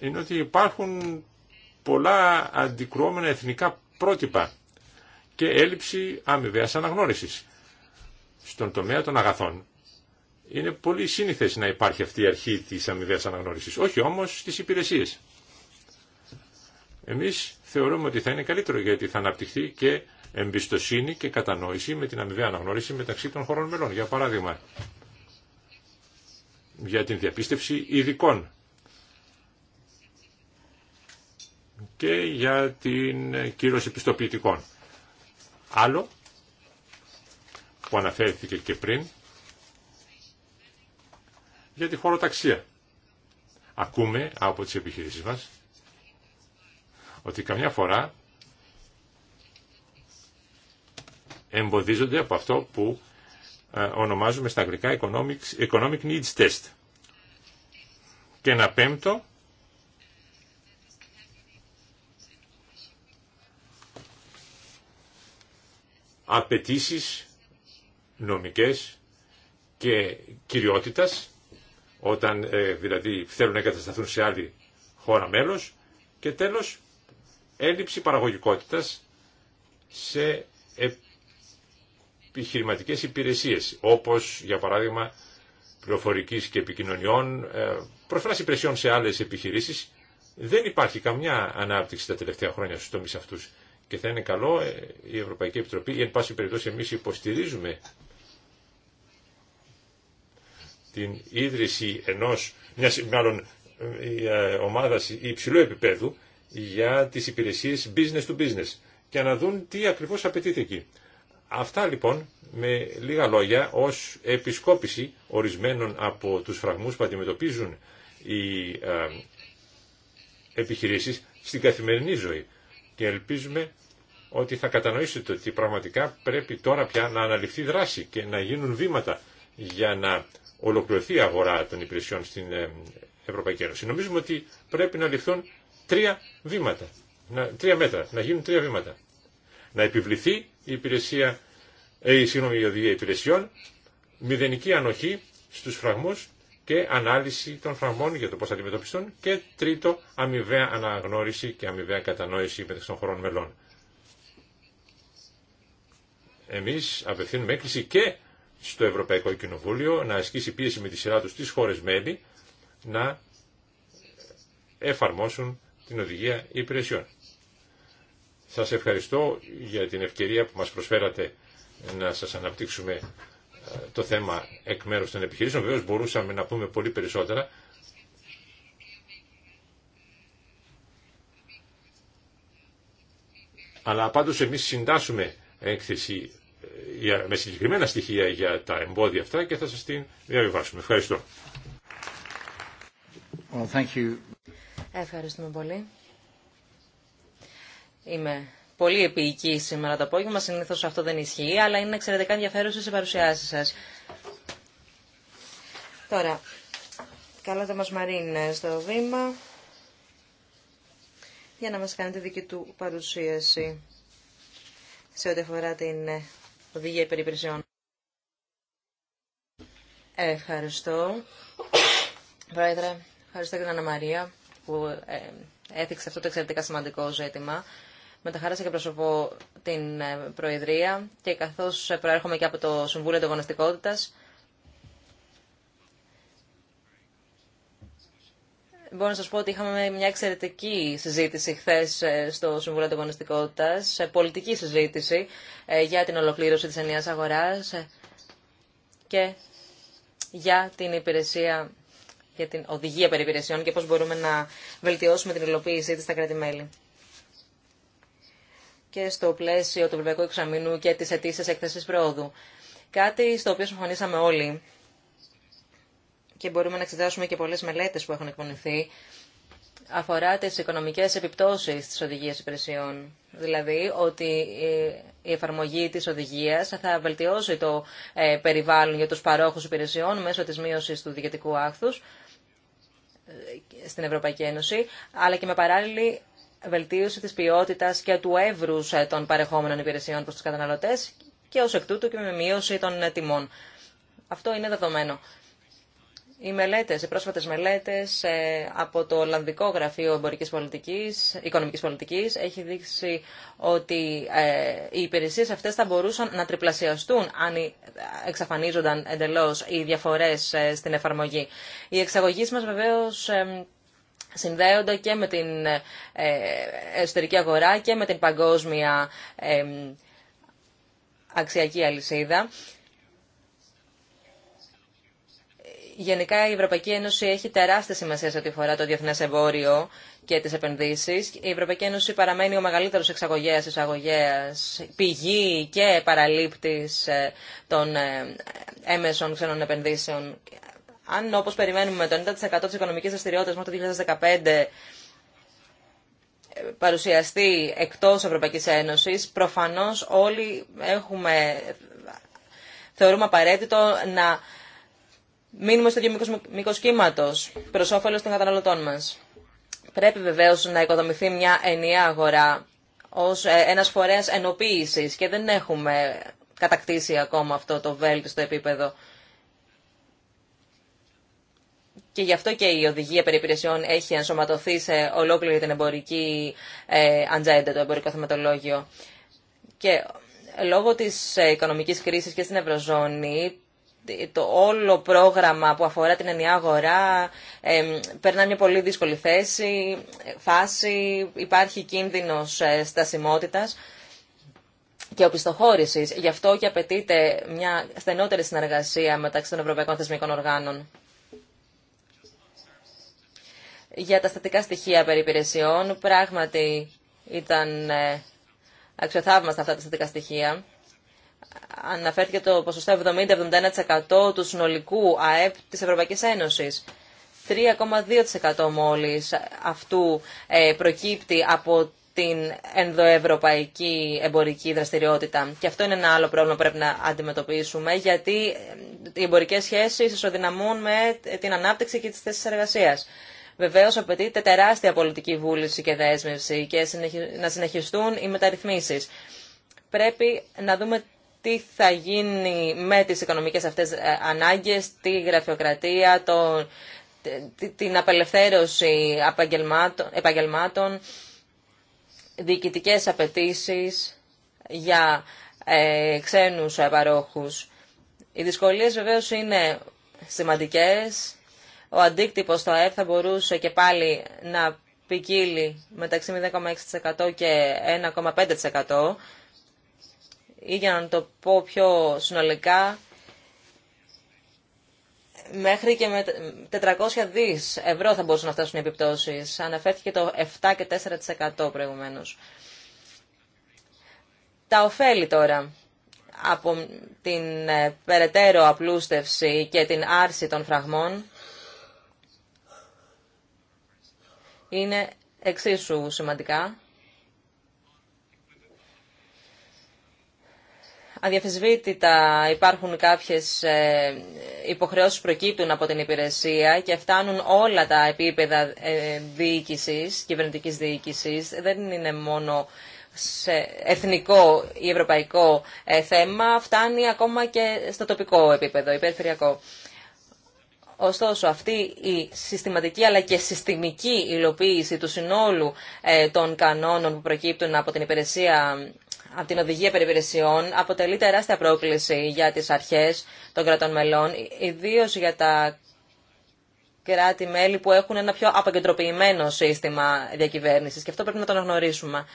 D: είναι ότι υπάρχουν πολλά αντικρουόμενα εθνικά πρότυπα και έλλειψη αμοιβαία αναγνώρισης στον τομέα των αγαθών. Είναι πολύ σύνηθες να υπάρχει αυτή η αρχή της αμοιβαίας αναγνώρισης, όχι όμως στις υπηρεσίες. Εμείς θεωρούμε ότι θα είναι καλύτερο γιατί θα αναπτυχθεί και εμπιστοσύνη και κατανόηση με την αμοιβαία αναγνώριση μεταξύ των χωρών μελών. Για παράδειγμα, για την διαπίστευση ειδικών και για την κύρωση πιστοποιητικών. Άλλο που αναφέρθηκε και πριν για τη χωροταξία. Ακούμε από τις επιχειρήσεις μας ότι καμιά φορά εμποδίζονται από αυτό που ε, ονομάζουμε στα αγγλικά economic, needs test. Και ένα πέμπτο απαιτήσει νομικές και κυριότητας όταν ε, δηλαδή θέλουν να εγκατασταθούν σε άλλη χώρα μέλος και τέλος έλλειψη παραγωγικότητας σε επιχειρηματικές υπηρεσίες όπως για παράδειγμα πληροφορικής και επικοινωνιών, ε, προσφράση υπηρεσιών σε άλλες επιχειρήσεις. Δεν υπάρχει καμιά ανάπτυξη τα τελευταία χρόνια στους τομείς αυτούς. Και θα είναι καλό ε, η Ευρωπαϊκή Επιτροπή, ή εν πάση περιπτώσει εμείς υποστηρίζουμε την ίδρυση ενός, μιας μάλλον ε, ε, ομάδας υψηλού επίπεδου για τις υπηρεσίες business to business και να δουν τι ακριβώς απαιτείται εκεί. Αυτά λοιπόν με λίγα λόγια ως επισκόπηση ορισμένων από τους φραγμούς που αντιμετωπίζουν οι ε, επιχειρήσεις στην καθημερινή ζωή και ελπίζουμε ότι θα κατανοήσετε ότι πραγματικά πρέπει τώρα πια να αναλυφθεί δράση και να γίνουν βήματα για να ολοκληρωθεί η αγορά των υπηρεσιών στην ε, Ευρωπαϊκή Ένωση. Νομίζουμε ότι πρέπει να ληφθούν τρία βήματα, να, τρία μέτρα, να γίνουν τρία βήματα. Να επιβληθεί η υπηρεσία, ε, συγγνώμη, η οδηγία υπηρεσιών, μηδενική ανοχή στους φραγμούς και ανάλυση των φραγμών για το πώς θα αντιμετωπιστούν και τρίτο, αμοιβαία αναγνώριση και αμοιβαία κατανόηση μεταξύ των χωρών μελών. Εμείς απευθύνουμε έκκληση και στο Ευρωπαϊκό Κοινοβούλιο να ασκήσει πίεση με τη σειρά του στις χώρες μέλη να εφαρμόσουν την οδηγία υπηρεσιών. Σας ευχαριστώ για την ευκαιρία που μας προσφέρατε να σας αναπτύξουμε ε, το θέμα εκ μέρους των επιχειρήσεων. Βεβαίως μπορούσαμε να πούμε πολύ περισσότερα. Αλλά πάντως εμείς συντάσσουμε έκθεση με συγκεκριμένα στοιχεία για τα εμπόδια αυτά και θα σας την διαβιβάσουμε. Ευχαριστώ.
A: Well, thank you.
B: Ευχαριστούμε πολύ. Είμαι πολύ επίοικη σήμερα το απόγευμα, Συνήθω αυτό δεν ισχύει, αλλά είναι εξαιρετικά ενδιαφέρουσε οι παρουσιάσει σας. Τώρα, καλά τα μας στο βήμα για να μας κάνετε δική του παρουσίαση σε ό,τι αφορά την οδηγία υπερυπηρεσιών. Ευχαριστώ. Πρόεδρε, ευχαριστώ και την Αννα Μαρία που ε, έθιξε αυτό το εξαιρετικά σημαντικό ζήτημα. Με τα και προσωπώ την ε, Προεδρία και καθώς προέρχομαι και από το Συμβούλιο Ανταγωνιστικότητας, Μπορώ να σα πω ότι είχαμε μια εξαιρετική συζήτηση χθε ε, στο Συμβούλιο Ανταγωνιστικότητα. πολιτική συζήτηση ε, για την ολοκλήρωση τη ενιαία αγορά ε, και για την υπηρεσία, για την οδηγία περί και πώς μπορούμε να βελτιώσουμε την υλοποίησή της στα κράτη-μέλη. Και στο πλαίσιο του Ευρωπαϊκού Εξαμήνου και της αιτήσεις έκθεσης πρόοδου. Κάτι στο οποίο συμφωνήσαμε όλοι και μπορούμε να εξετάσουμε και πολλές μελέτες που έχουν εκπονηθεί αφορά τις οικονομικές επιπτώσεις της οδηγίας υπηρεσιών. Δηλαδή ότι ε, η εφαρμογή της οδηγίας θα βελτιώσει το ε, περιβάλλον για τους παρόχους υπηρεσιών μέσω της μείωσης του διοικητικού άχθους ε, στην Ευρωπαϊκή Ένωση, αλλά και με παράλληλη βελτίωση της ποιότητας και του εύρους των παρεχόμενων υπηρεσιών προς τους καταναλωτές και ως εκ τούτου και με μείωση των τιμών. Αυτό είναι δεδομένο. Οι μελέτες, οι πρόσφατες μελέτες ε, από το Ολλανδικό Γραφείο Εμπορικής Πολιτικής, Οικονομικής Πολιτικής έχει δείξει ότι ε, οι υπηρεσίες αυτές θα μπορούσαν να τριπλασιαστούν αν εξαφανίζονταν εντελώς οι διαφορές ε, στην εφαρμογή. Οι εξαγωγείς μας βεβαίως συνδέονται και με την εσωτερική αγορά και με την παγκόσμια αξιακή αλυσίδα. γενικά η Ευρωπαϊκή Ένωση έχει τεράστια σημασία σε ό,τι αφορά το διεθνέ εμπόριο και τι επενδύσει. Η Ευρωπαϊκή Ένωση παραμένει ο μεγαλύτερο εξαγωγέα, εισαγωγέα, πηγή και παραλήπτη ε, των ε, έμεσων ξένων επενδύσεων. Αν όπω περιμένουμε το 90% τη οικονομική δραστηριότητα μέχρι το 2015 ε, παρουσιαστεί εκτός Ευρωπαϊκής Ένωσης, προφανώς όλοι έχουμε, θεωρούμε απαραίτητο να μείνουμε στο ίδιο μήκο κύματο προ όφελο των καταναλωτών μα. Πρέπει βεβαίω να οικοδομηθεί μια ενιαία αγορά ω ε, ένα φορέα ενοποίηση και δεν έχουμε κατακτήσει ακόμα αυτό το βέλτιστο επίπεδο. Και γι' αυτό και η οδηγία περί έχει ενσωματωθεί σε ολόκληρη την εμπορική ε, ατζέντα, το εμπορικό θεματολόγιο. Και λόγω της ε, οικονομικής κρίσης και στην Ευρωζώνη το όλο πρόγραμμα που αφορά την ενιαία αγορά ε, περνά μια πολύ δύσκολη θέση, φάση, υπάρχει κίνδυνος ε, στασιμότητας και οπισθοχώρησης. Γι' αυτό και απαιτείται μια στενότερη συνεργασία μεταξύ των ευρωπαϊκών θεσμικών οργάνων. Για τα στατικά στοιχεία περί πράγματι ήταν ε, αξιοθαύμαστα αυτά τα στατικά στοιχεία αναφέρθηκε το ποσοστό 70-71% του συνολικού ΑΕΠ της Ευρωπαϊκής Ένωσης. 3,2% μόλις αυτού ε, προκύπτει από την ενδοευρωπαϊκή εμπορική δραστηριότητα. Και αυτό είναι ένα άλλο πρόβλημα που πρέπει να αντιμετωπίσουμε, γιατί ε, οι εμπορικέ σχέσει ισοδυναμούν με την ανάπτυξη και τι θέσει εργασία. Βεβαίω, απαιτείται τεράστια πολιτική βούληση και δέσμευση και να συνεχιστούν οι μεταρρυθμίσει. Πρέπει να δούμε τι θα γίνει με τις οικονομικές αυτές ε, ανάγκες, τη γραφειοκρατία, το, την απελευθέρωση επαγγελμάτων, διοικητικές απαιτήσει για ε, ξένους παρόχους. Οι δυσκολίες βεβαίως είναι σημαντικές. Ο αντίκτυπος στο ΑΕΠ θα μπορούσε και πάλι να ποικίλει μεταξύ 0,6% και 1,5% ή για να το πω πιο συνολικά, μέχρι και με 400 δις ευρώ θα μπορούσαν να φτάσουν οι επιπτώσεις. Αναφέρθηκε το 7 και 4% προηγουμένως. Τα ωφέλη τώρα από την ε, περαιτέρω απλούστευση και την άρση των φραγμών είναι εξίσου σημαντικά. Αδιαφεσβήτητα υπάρχουν κάποιες ε, υποχρεώσεις που προκύπτουν από την υπηρεσία και φτάνουν όλα τα επίπεδα ε, διοίκησης, κυβερνητικής διοίκησης. Δεν είναι μόνο σε εθνικό ή ευρωπαϊκό ε, θέμα, φτάνει ακόμα και στο τοπικό επίπεδο, υπερφυριακό. Ωστόσο, αυτή η συστηματική αλλά και συστημική υλοποίηση του συνόλου των κανόνων που προκύπτουν από την υπηρεσία από την Οδηγία Περιπηρεσιών αποτελεί τεράστια πρόκληση για τις αρχές των κρατών μελών, ιδίως για τα κράτη-μέλη που έχουν ένα πιο αποκεντροποιημένο σύστημα διακυβέρνησης και αυτό πρέπει να το αναγνωρίσουμε.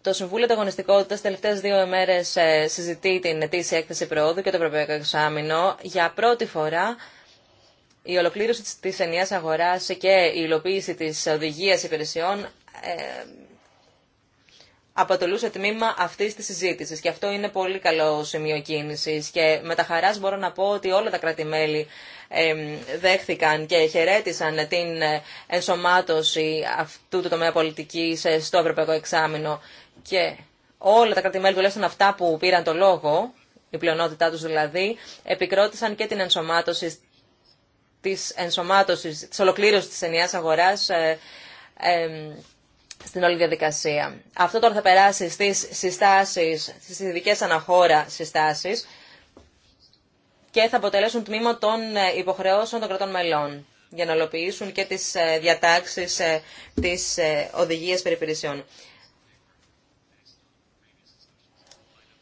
B: Το Συμβούλιο Ανταγωνιστικότητα τελευταίε δύο ημέρε ε, συζητεί την ετήσια έκθεση προόδου και το Ευρωπαϊκό Εξάμεινο. Για πρώτη φορά, η ολοκλήρωση τη ενιαία αγορά και η υλοποίηση τη οδηγία υπηρεσιών ε, αποτελούσε τμήμα αυτής της συζήτησης και αυτό είναι πολύ καλό σημείο κίνησης και με τα χαράς μπορώ να πω ότι όλα τα κρατημέλη δέχθηκαν και χαιρέτησαν την ε, ενσωμάτωση αυτού του τομέα πολιτικής ε, στο Ευρωπαϊκό Εξάμεινο και όλα τα κρατημέλη τουλάχιστον αυτά που πήραν το λόγο, η πλειονότητά τους δηλαδή, επικρότησαν και την ενσωμάτωση της, ενσωμάτωσης, της ολοκλήρωσης της ενιαίας αγοράς στην όλη διαδικασία. Αυτό τώρα θα περάσει στις συστάσεις, στις ειδικές αναχώρα συστάσεις και θα αποτελέσουν τμήμα των ε, υποχρεώσεων των κρατών μελών για να ολοποιήσουν και τις ε, διατάξεις ε, της οδηγίας περιπηρεσιών.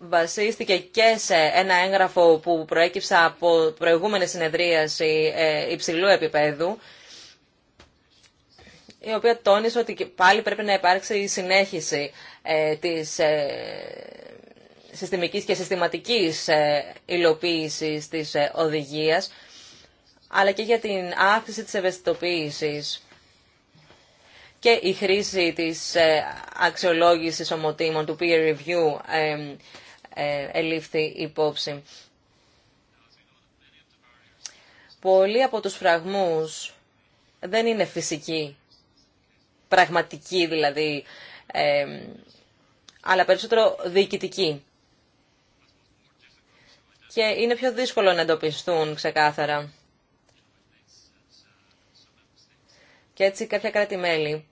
B: βασίστηκε και σε ένα έγγραφο που προέκυψα από προηγούμενη συνεδρίαση υψηλού επίπεδου η οποία τόνισε ότι πάλι πρέπει να υπάρξει η συνέχιση ε, της ε, συστημικής και συστηματικής ε, υλοποίησης της οδηγίας, αλλά και για την αύξηση της ευαισθητοποίησης και η χρήση της αξιολόγησης ομοτήμων, του peer review, ελήφθη υπόψη. Πολλοί από τους φραγμούς δεν είναι φυσικοί πραγματική δηλαδή, αλλά περισσότερο διοικητική. Και είναι πιο δύσκολο να εντοπιστούν ξεκάθαρα. Και έτσι κάποια κράτη-μέλη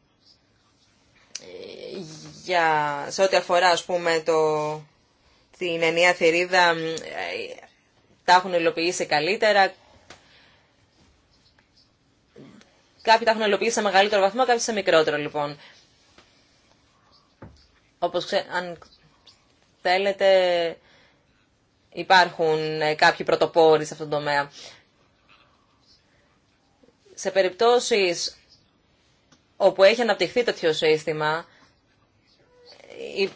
B: για, σε ό,τι αφορά ας πούμε το, την ενιαία θηρίδα ε, τα έχουν υλοποιήσει καλύτερα, Κάποιοι τα έχουν υλοποιήσει σε μεγαλύτερο βαθμό, κάποιοι σε μικρότερο λοιπόν. Όπως αν θέλετε, υπάρχουν ε, κάποιοι πρωτοπόροι σε αυτόν τον τομέα. Σε περιπτώσεις όπου έχει αναπτυχθεί τέτοιο σύστημα,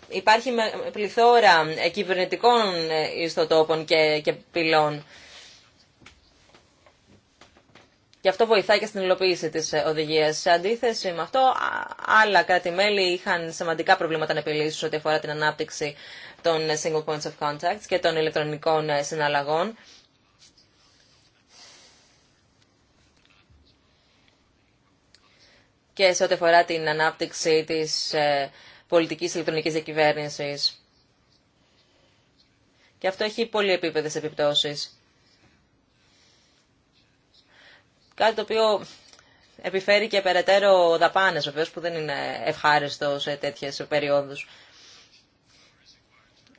B: υπάρχει πληθώρα ε, κυβερνητικών ε, ιστοτόπων και, και πυλών. Και αυτό βοηθάει και στην υλοποίηση της ε, οδηγίας. Σε αντίθεση με αυτό, άλλα κράτη-μέλη είχαν σημαντικά προβλήματα να επιλύσουν ό,τι αφορά την ανάπτυξη των ε, single points of contact και των ηλεκτρονικών ε, συναλλαγών. και σε ό,τι αφορά την ανάπτυξη της πολιτικής ηλεκτρονικής διακυβέρνησης. Και αυτό έχει πολύ επιπτώσεις. Κάτι το οποίο επιφέρει και περαιτέρω δαπάνες, βεβαίω που δεν είναι ευχάριστο σε τέτοιε περιόδους.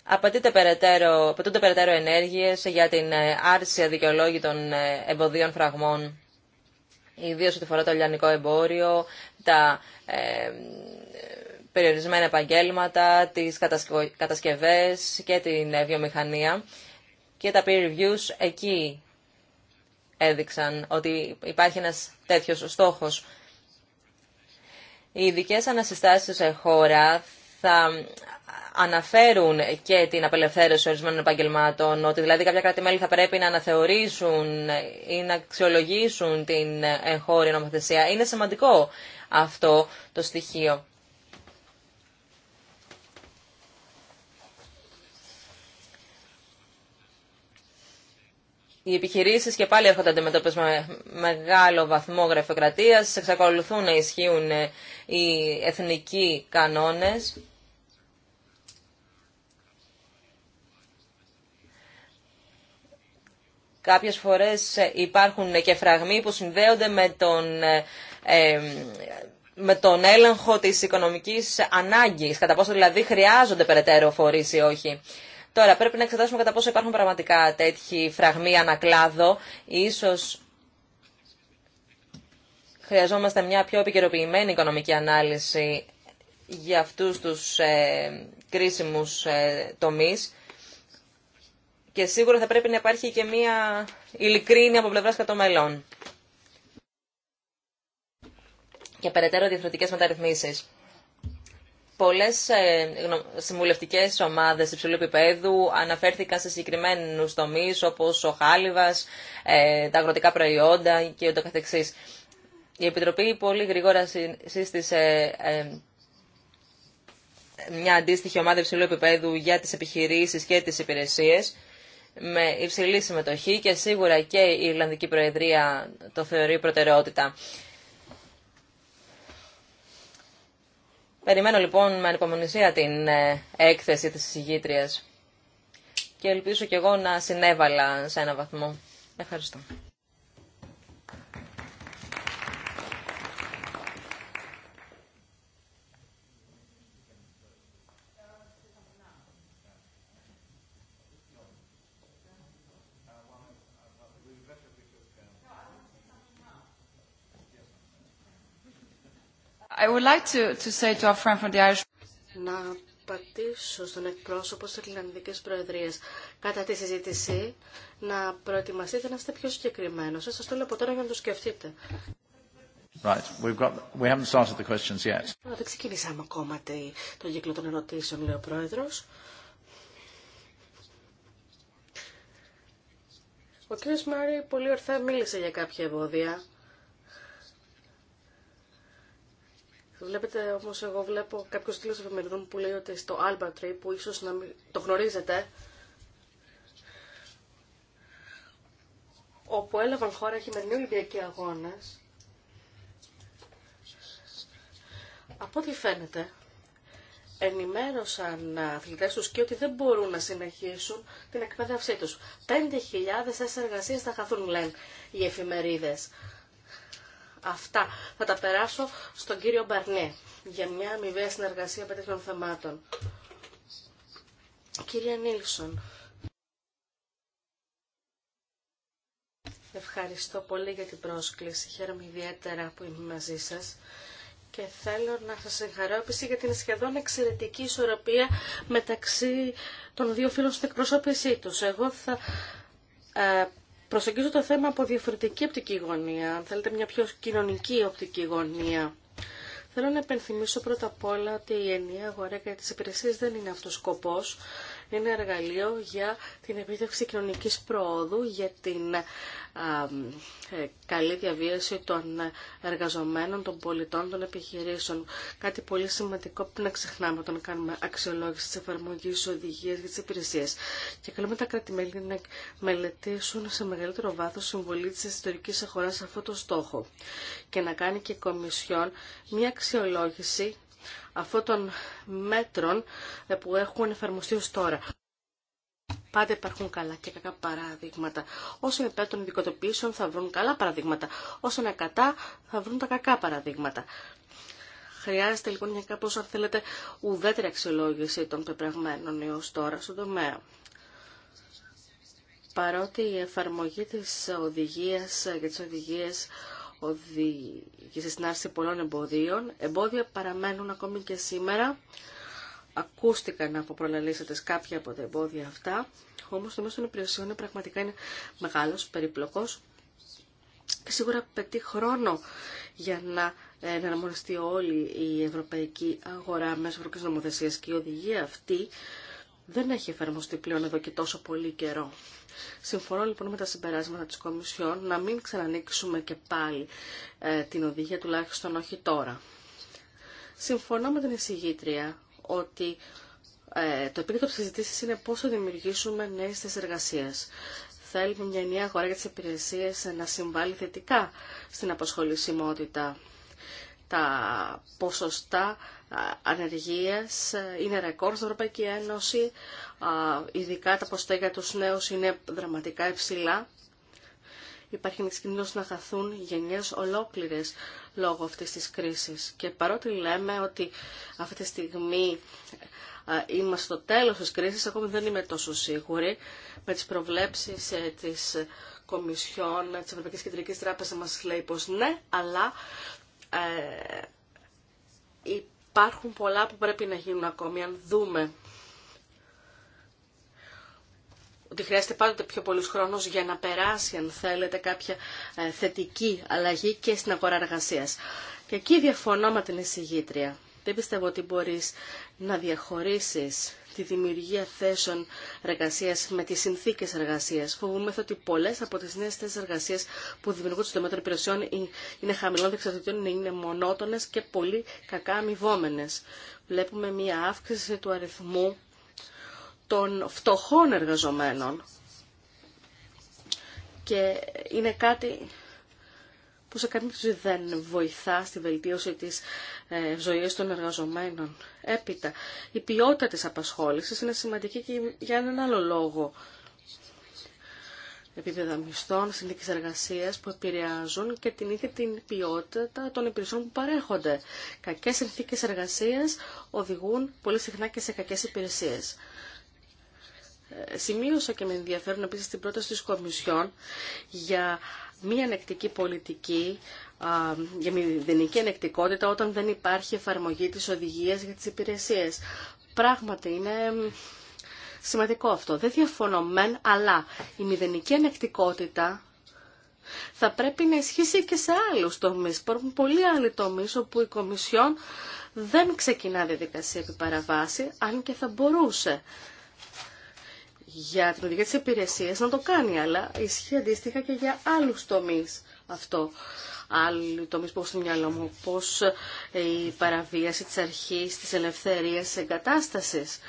B: Απαιτείται περαιτέρω, απαιτούνται περαιτέρω ενέργειες για την ε, άρση αδικαιολόγητων ε, εμποδίων φραγμών, ιδίω ό,τι φορά το λιανικό εμπόριο, τα ε, περιορισμένα επαγγέλματα, τις κατασκευές και την βιομηχανία και τα peer reviews εκεί έδειξαν ότι υπάρχει ένας τέτοιος στόχος. Οι ειδικέ ανασυστάσεις σε χώρα θα αναφέρουν και την απελευθέρωση ορισμένων επαγγελμάτων, ότι δηλαδή κάποια κράτη-μέλη θα πρέπει να αναθεωρήσουν ή να αξιολογήσουν την εγχώρια νομοθεσία. Είναι σημαντικό αυτό το στοιχείο. οι επιχειρήσει και πάλι έρχονται αντιμετώπιση με μεγάλο βαθμό γραφειοκρατία. Εξακολουθούν να ισχύουν οι εθνικοί κανόνε. Κάποιε φορές υπάρχουν και φραγμοί που συνδέονται με τον, ε, με τον έλεγχο τη οικονομική ανάγκη, κατά πόσο δηλαδή χρειάζονται περαιτέρω φορείς ή όχι. Τώρα πρέπει να εξετάσουμε κατά πόσο υπάρχουν πραγματικά τέτοιοι φραγμοί ανακλάδο. Ίσως χρειαζόμαστε μια πιο επικαιροποιημένη οικονομική ανάλυση για αυτούς τους ε, κρίσιμους ε, τομείς και σίγουρα θα πρέπει να υπάρχει και μια ειλικρίνη από πλευράς κατομελών και περαιτέρω διαφορετικές μεταρρυθμίσεις. Πολλές ε, συμβουλευτικές ομάδες υψηλού επίπεδου αναφέρθηκαν σε συγκεκριμένους τομείς όπως ο χάλιβας, ε, τα αγροτικά προϊόντα και Η Επιτροπή πολύ γρήγορα σύστησε ε, μια αντίστοιχη ομάδα υψηλού επίπεδου για τις επιχειρήσεις και τι υπηρεσίε, με υψηλή συμμετοχή και σίγουρα και η Ιρλανδική Προεδρία το θεωρεί προτεραιότητα. Περιμένω λοιπόν με ανυπομονησία την ε, έκθεση της συγγήτριας και ελπίζω και εγώ να συνέβαλα σε ένα βαθμό. Ευχαριστώ.
C: Να πατήσω στον εκπρόσωπο της Ιρλανδικής προεδρία κατά τη συζήτηση να προετοιμαστείτε να είστε πιο συγκεκριμένο. Σα το λέω από τώρα για να το σκεφτείτε.
A: Right. We've got... We haven't started the questions yet.
C: Δεν ξεκινήσαμε ακόμα τον κύκλο των ερωτήσεων, λέει ο Πρόεδρος. Ο κ. Μάρη πολύ ορθά μίλησε για κάποια εμπόδια Βλέπετε όμω, εγώ βλέπω κάποιο τίτλο εφημεριδών που λέει ότι στο Alba που ίσω να μην το γνωρίζετε, όπου έλαβαν χώρα χειμερινοί Ολυμπιακοί αγώνε, από ό,τι φαίνεται, ενημέρωσαν αθλητές τους και ότι δεν μπορούν να συνεχίσουν την εκπαίδευσή τους. 5.000 εργασίε θα χαθούν, λένε οι εφημερίδες αυτά θα τα περάσω στον κύριο Μπαρνέ για μια αμοιβαία συνεργασία τέτοιων θεμάτων. Κύριε Νίλσον, ευχαριστώ πολύ για την πρόσκληση. Χαίρομαι ιδιαίτερα που είμαι μαζί σας και θέλω να σας συγχαρώ επίσης για την σχεδόν εξαιρετική ισορροπία μεταξύ των δύο φίλων στην εκπροσώπησή τους. Εγώ θα ε, προσεγγίζω το θέμα από διαφορετική οπτική γωνία, αν θέλετε μια πιο κοινωνική οπτική γωνία. Θέλω να επενθυμίσω πρώτα απ' όλα ότι η ενιαία αγορά και τις υπηρεσίες δεν είναι αυτός ο σκοπός. Είναι εργαλείο για την επίτευξη κοινωνική προόδου, για την ε, καλή διαβίωση των εργαζομένων, των πολιτών, των επιχειρήσεων. Κάτι πολύ σημαντικό που να ξεχνάμε όταν κάνουμε αξιολόγηση τη εφαρμογή τη οδηγίας για τις υπηρεσίες. Και καλούμε τα κράτη-μέλη να μελετήσουν σε μεγαλύτερο βάθος συμβολή τη ιστορικής αγορά σε αυτό το στόχο και να κάνει και η Κομισιόν μια αξιολόγηση αυτών των μέτρων ε, που έχουν εφαρμοστεί ως τώρα. Πάντα υπάρχουν καλά και κακά παραδείγματα. Όσο είναι υπέρ των θα βρουν καλά παραδείγματα. Όσο είναι κατά θα βρουν τα κακά παραδείγματα. Χρειάζεται λοιπόν μια κάπω αν θέλετε ουδέτερη αξιολόγηση των πεπραγμένων έω τώρα στον τομέα. Παρότι η εφαρμογή της οδηγίας ε, για τις οδηγίες οδήγησε στην άρση πολλών εμποδίων. Εμπόδια παραμένουν ακόμη και σήμερα. Ακούστηκαν από προλαλήσατες κάποια από τα εμπόδια αυτά, όμως το μέσο των υπηρεσιών πραγματικά είναι μεγάλος, περιπλοκός και σίγουρα πετύχει χρόνο για να εναρμονιστεί όλη η ευρωπαϊκή αγορά μέσω ευρωπαϊκή Νομοθεσία και η οδηγία αυτή δεν έχει εφαρμοστεί πλέον εδώ και τόσο πολύ καιρό. Συμφωνώ λοιπόν με τα συμπεράσματα της Κομισιόν να μην ξανανοίξουμε και πάλι ε, την οδηγία τουλάχιστον όχι τώρα. Συμφωνώ με την εισηγήτρια ότι ε, το επίκεντρο της συζήτησης είναι πώς θα δημιουργήσουμε νέες θέσεις εργασίας. Θέλουμε μια νέα αγορά για τις υπηρεσίες να συμβάλλει θετικά στην αποσχολησιμότητα τα ποσοστά ανεργίας ε, είναι ρεκόρ στην Ευρωπαϊκή Ένωση, ειδικά τα ποσοστά για τους νέους είναι δραματικά υψηλά. Υπάρχει ένα κίνδυνος να χαθούν γενιές ολόκληρες λόγω αυτής της κρίσης. Και παρότι λέμε ότι αυτή τη στιγμή είμαστε στο τέλος της κρίσης, ακόμη δεν είμαι τόσο σίγουρη με τις προβλέψεις ε, της Κομισιόν ε, της Ευρωπαϊκής Κεντρικής Τράπεζας μας λέει πως ναι, αλλά ε, υπάρχουν πολλά που πρέπει να γίνουν ακόμη αν δούμε ότι χρειάζεται πάντοτε πιο πολλούς χρόνους για να περάσει, αν θέλετε, κάποια ε, θετική αλλαγή και στην αγορά εργασίας. Και εκεί διαφωνώ με την εισηγήτρια. Δεν πιστεύω ότι μπορείς να διαχωρίσεις τη δημιουργία θέσεων εργασία με τι συνθήκε εργασία. Φοβούμαι ότι πολλέ από τι νέε θέσει εργασία που δημιουργούνται στο τομέα των υπηρεσιών είναι χαμηλών δεξιοτήτων, είναι μονότονε και πολύ κακά αμοιβόμενε. Βλέπουμε μία αύξηση του αριθμού των φτωχών εργαζομένων και είναι κάτι που σε καμία δεν βοηθά στη βελτίωση της ε, ζωής των εργαζομένων. Έπειτα, η ποιότητα της απασχόλησης είναι σημαντική και για έναν άλλο λόγο επίπεδα μισθών, συνθήκες εργασίας που επηρεάζουν και την ίδια την ποιότητα των υπηρεσιών που παρέχονται. Κακές συνθήκες εργασίας οδηγούν πολύ συχνά και σε κακές υπηρεσίες. Ε, σημείωσα και με ενδιαφέρουν επίσης την πρόταση της Κομισιόν για μία ανεκτική πολιτική για μηδενική ανεκτικότητα όταν δεν υπάρχει εφαρμογή της οδηγίας για τις υπηρεσίες. Πράγματι είναι σημαντικό αυτό. Δεν διαφωνώ μεν, αλλά η μηδενική ανεκτικότητα θα πρέπει να ισχύσει και σε άλλους τομείς. Υπάρχουν πολλοί άλλοι τομείς όπου η Κομισιόν δεν ξεκινά διαδικασία επί παραβάση, αν και θα μπορούσε για την οδηγία τη υπηρεσία να το κάνει, αλλά ισχύει αντίστοιχα και για άλλους τομεί αυτό. Άλλοι τομεί, που έχω στο μυαλό μου, όπως η παραβίαση της αρχής της ελευθερίας εγκατάστασης.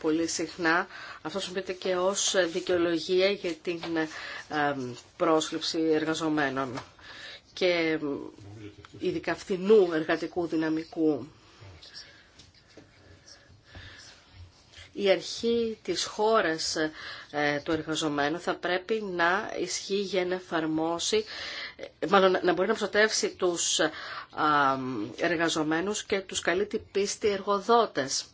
C: Πολύ συχνά αυτό χρησιμοποιείται και ως δικαιολογία για την πρόσληψη εργαζομένων και ειδικά φθηνού εργατικού δυναμικού η αρχή της χώρας ε, του εργαζομένου θα πρέπει να ισχύει για να εφαρμόσει, ε, μάλλον να μπορεί να προστατεύσει τους ε, εργαζομένους και τους καλή την πίστη εργοδότες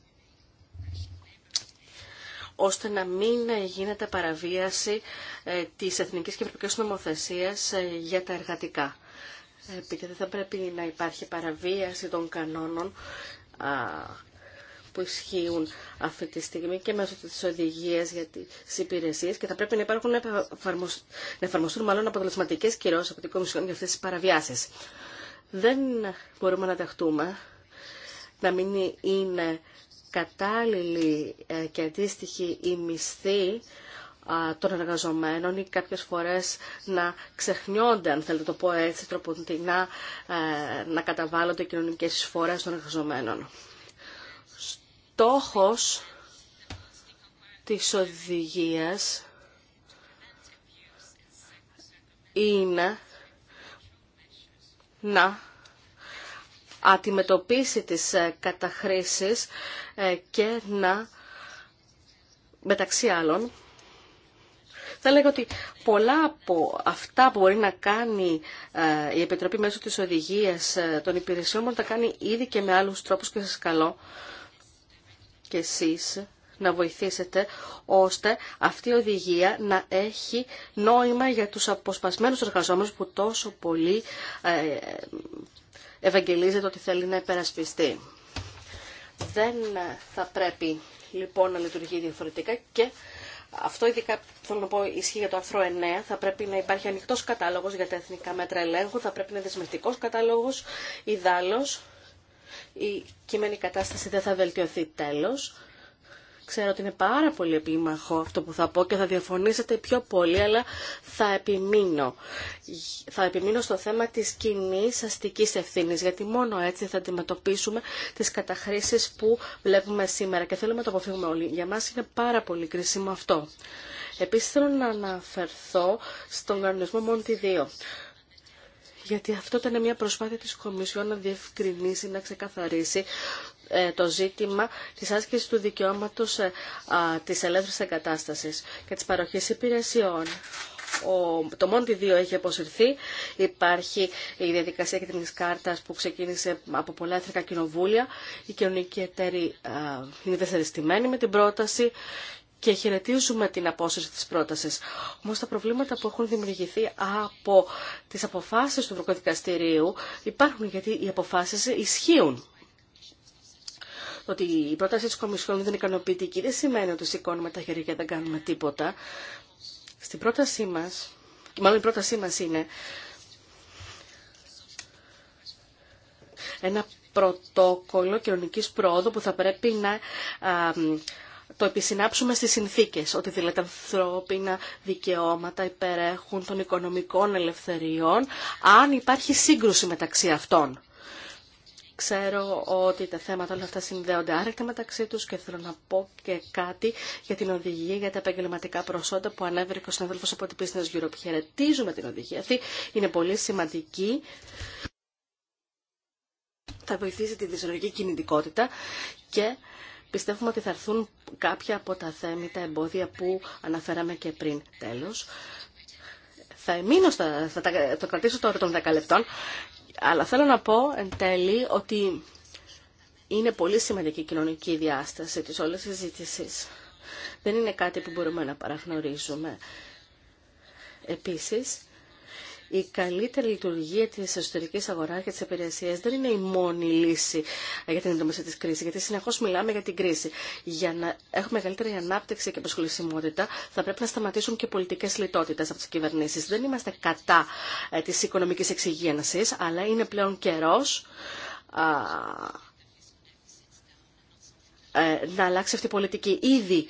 C: ώστε να μην γίνεται παραβίαση της εθνικής και ευρωπαϊκής νομοθεσίας για τα εργατικά. Επειδή θα πρέπει να υπάρχει παραβίαση των κανόνων που ισχύουν αυτή τη στιγμή και μέσω της οδηγίας για τις υπηρεσίες και θα πρέπει να, υπάρχουν, να εφαρμοστούν μάλλον αποτελεσματικές κυρώσεις από την Κομισιόν για αυτές τις παραβιάσεις. Δεν μπορούμε να δεχτούμε να μην είναι κατάλληλη ε, και αντίστοιχη η μισθή των εργαζομένων ή κάποιες φορές να ξεχνιόνται, αν θέλετε το πω έτσι, τροποντινά ε, να καταβάλλονται κοινωνικές εισφορές των εργαζομένων στόχος της οδηγίας είναι να αντιμετωπίσει τις ε, καταχρήσεις ε, και να, μεταξύ άλλων, θα λέγω ότι πολλά από αυτά που μπορεί να κάνει ε, η Επιτροπή μέσω της οδηγίας των υπηρεσιών μπορεί να τα κάνει ήδη και με άλλους τρόπους και σας καλώ και εσείς να βοηθήσετε ώστε αυτή η οδηγία να έχει νόημα για τους αποσπασμένους εργαζόμενους που τόσο πολύ ε, ευαγγελίζεται ότι θέλει να υπερασπιστεί. Δεν θα πρέπει λοιπόν να λειτουργεί διαφορετικά και αυτό ειδικά θέλω να πω ισχύει για το άρθρο 9. Θα πρέπει να υπάρχει ανοιχτός κατάλογος για τα εθνικά μέτρα ελέγχου, θα πρέπει να είναι δεσμευτικό κατάλογο, η κείμενη κατάσταση δεν θα βελτιωθεί τέλος. Ξέρω ότι είναι πάρα πολύ επίμαχο αυτό που θα πω και θα διαφωνήσετε πιο πολύ, αλλά θα επιμείνω. Θα επιμείνω στο θέμα της κοινή αστικής ευθύνης, γιατί μόνο έτσι θα αντιμετωπίσουμε τις καταχρήσεις που βλέπουμε σήμερα και θέλουμε να το αποφύγουμε όλοι. Για μας είναι πάρα πολύ κρίσιμο αυτό. Επίσης θέλω να αναφερθώ στον κανονισμό Μόντι γιατί αυτό ήταν μια προσπάθεια της Κομισιόν να διευκρινίσει, να ξεκαθαρίσει ε, το ζήτημα της άσκησης του δικαιώματος ε, της ελεύθερης εγκατάστασης και της παροχής υπηρεσιών. το Μόντι 2 έχει αποσυρθεί. Υπάρχει η διαδικασία την κάρτα που ξεκίνησε από πολλά εθνικά κοινοβούλια. Οι κοινωνικοί εταίροι είναι δεσμευμένοι με την πρόταση και χαιρετίζουμε την απόσταση της πρότασης. Όμως τα προβλήματα που έχουν δημιουργηθεί από τις αποφάσεις του Ευρωκοδικαστηρίου υπάρχουν γιατί οι αποφάσεις ισχύουν. Ότι η πρόταση της Κομισιόν δεν είναι ικανοποιητική δεν σημαίνει ότι σηκώνουμε τα χέρια και δεν κάνουμε τίποτα. Στην πρότασή μας, μάλλον η πρότασή μας είναι ένα πρωτόκολλο κοινωνικής πρόοδου που θα πρέπει να το επισυνάψουμε στις συνθήκες, ότι δηλαδή τα ανθρώπινα δικαιώματα υπερέχουν των οικονομικών ελευθεριών, αν υπάρχει σύγκρουση μεταξύ αυτών. Ξέρω ότι τα θέματα όλα αυτά συνδέονται άρρηκτα μεταξύ τους και θέλω να πω και κάτι για την οδηγία για τα επαγγελματικά προσόντα που ανέβηκε ο συναδέλφος από την Business που Χαιρετίζουμε την οδηγία αυτή, είναι πολύ σημαντική. Θα βοηθήσει τη δυσλογική κινητικότητα και πιστεύουμε ότι θα έρθουν κάποια από τα θέματα, τα εμπόδια που αναφέραμε και πριν. Τέλος, θα, εμείνω στα, θα τα, το κρατήσω τώρα των 10 λεπτών, αλλά θέλω να πω εν τέλει ότι είναι πολύ σημαντική η κοινωνική διάσταση της όλης της συζήτησης. Δεν είναι κάτι που μπορούμε να παραγνωρίζουμε. Επίσης, η καλύτερη λειτουργία τη εσωτερική αγορά και τη υπηρεσία δεν είναι η μόνη λύση για την εντόμηση τη κρίση, γιατί συνεχώ μιλάμε για την κρίση. Για να έχουμε μεγαλύτερη ανάπτυξη και απασχολησιμότητα, θα πρέπει να σταματήσουν και πολιτικέ λιτότητε από τι κυβερνήσει. Δεν είμαστε κατά ε, τη οικονομική εξυγίανση, αλλά είναι πλέον καιρό ε, να αλλάξει αυτή η πολιτική. Ήδη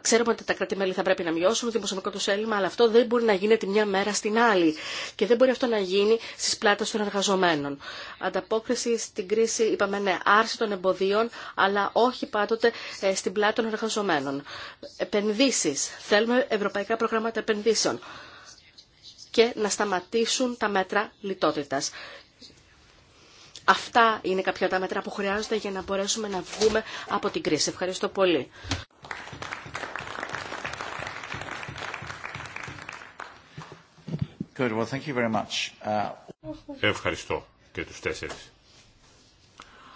C: ξέρουμε ότι τα κράτη-μέλη θα πρέπει να μειώσουν το δημοσιονομικό του έλλειμμα, αλλά αυτό δεν μπορεί να γίνεται μια μέρα στην άλλη. Και δεν μπορεί αυτό να γίνει στι πλάτε των εργαζομένων. Ανταπόκριση στην κρίση, είπαμε ναι, άρση των εμποδίων, αλλά όχι πάντοτε ε, στην πλάτη των εργαζομένων. Επενδύσει. Θέλουμε ευρωπαϊκά προγράμματα επενδύσεων και να σταματήσουν τα μέτρα λιτότητα. Αυτά είναι κάποια τα μέτρα που χρειάζονται για να μπορέσουμε να βγούμε από την κρίση. Ευχαριστώ πολύ.
A: thank you very much. Uh, Ευχαριστώ και τους τέσσερις.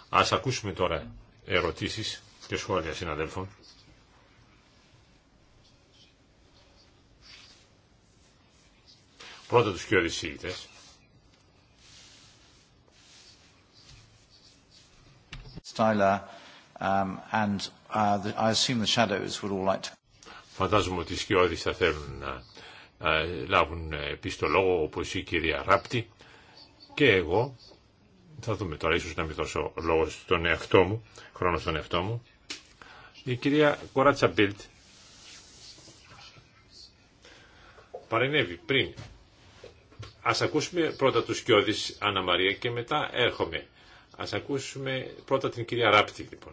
D: Ας ακούσουμε τώρα ερωτήσεις και σχόλια συναδέλφων. Πρώτα τους και οδησίγητες. Φαντάζομαι ότι οι σκιώδεις θα θέλουν να λάβουν επιστολόγο όπως η κυρία Ράπτη και εγώ θα δούμε τώρα ίσως να μην δώσω λόγο στον εαυτό μου, χρόνο στον εαυτό μου η κυρία Κοράτσα Μπίλτ παρενέβη πριν ας ακούσουμε πρώτα τους Αννα Αναμαρία και μετά έρχομαι Ας ακούσουμε πρώτα την κυρία Ράπτη λοιπόν.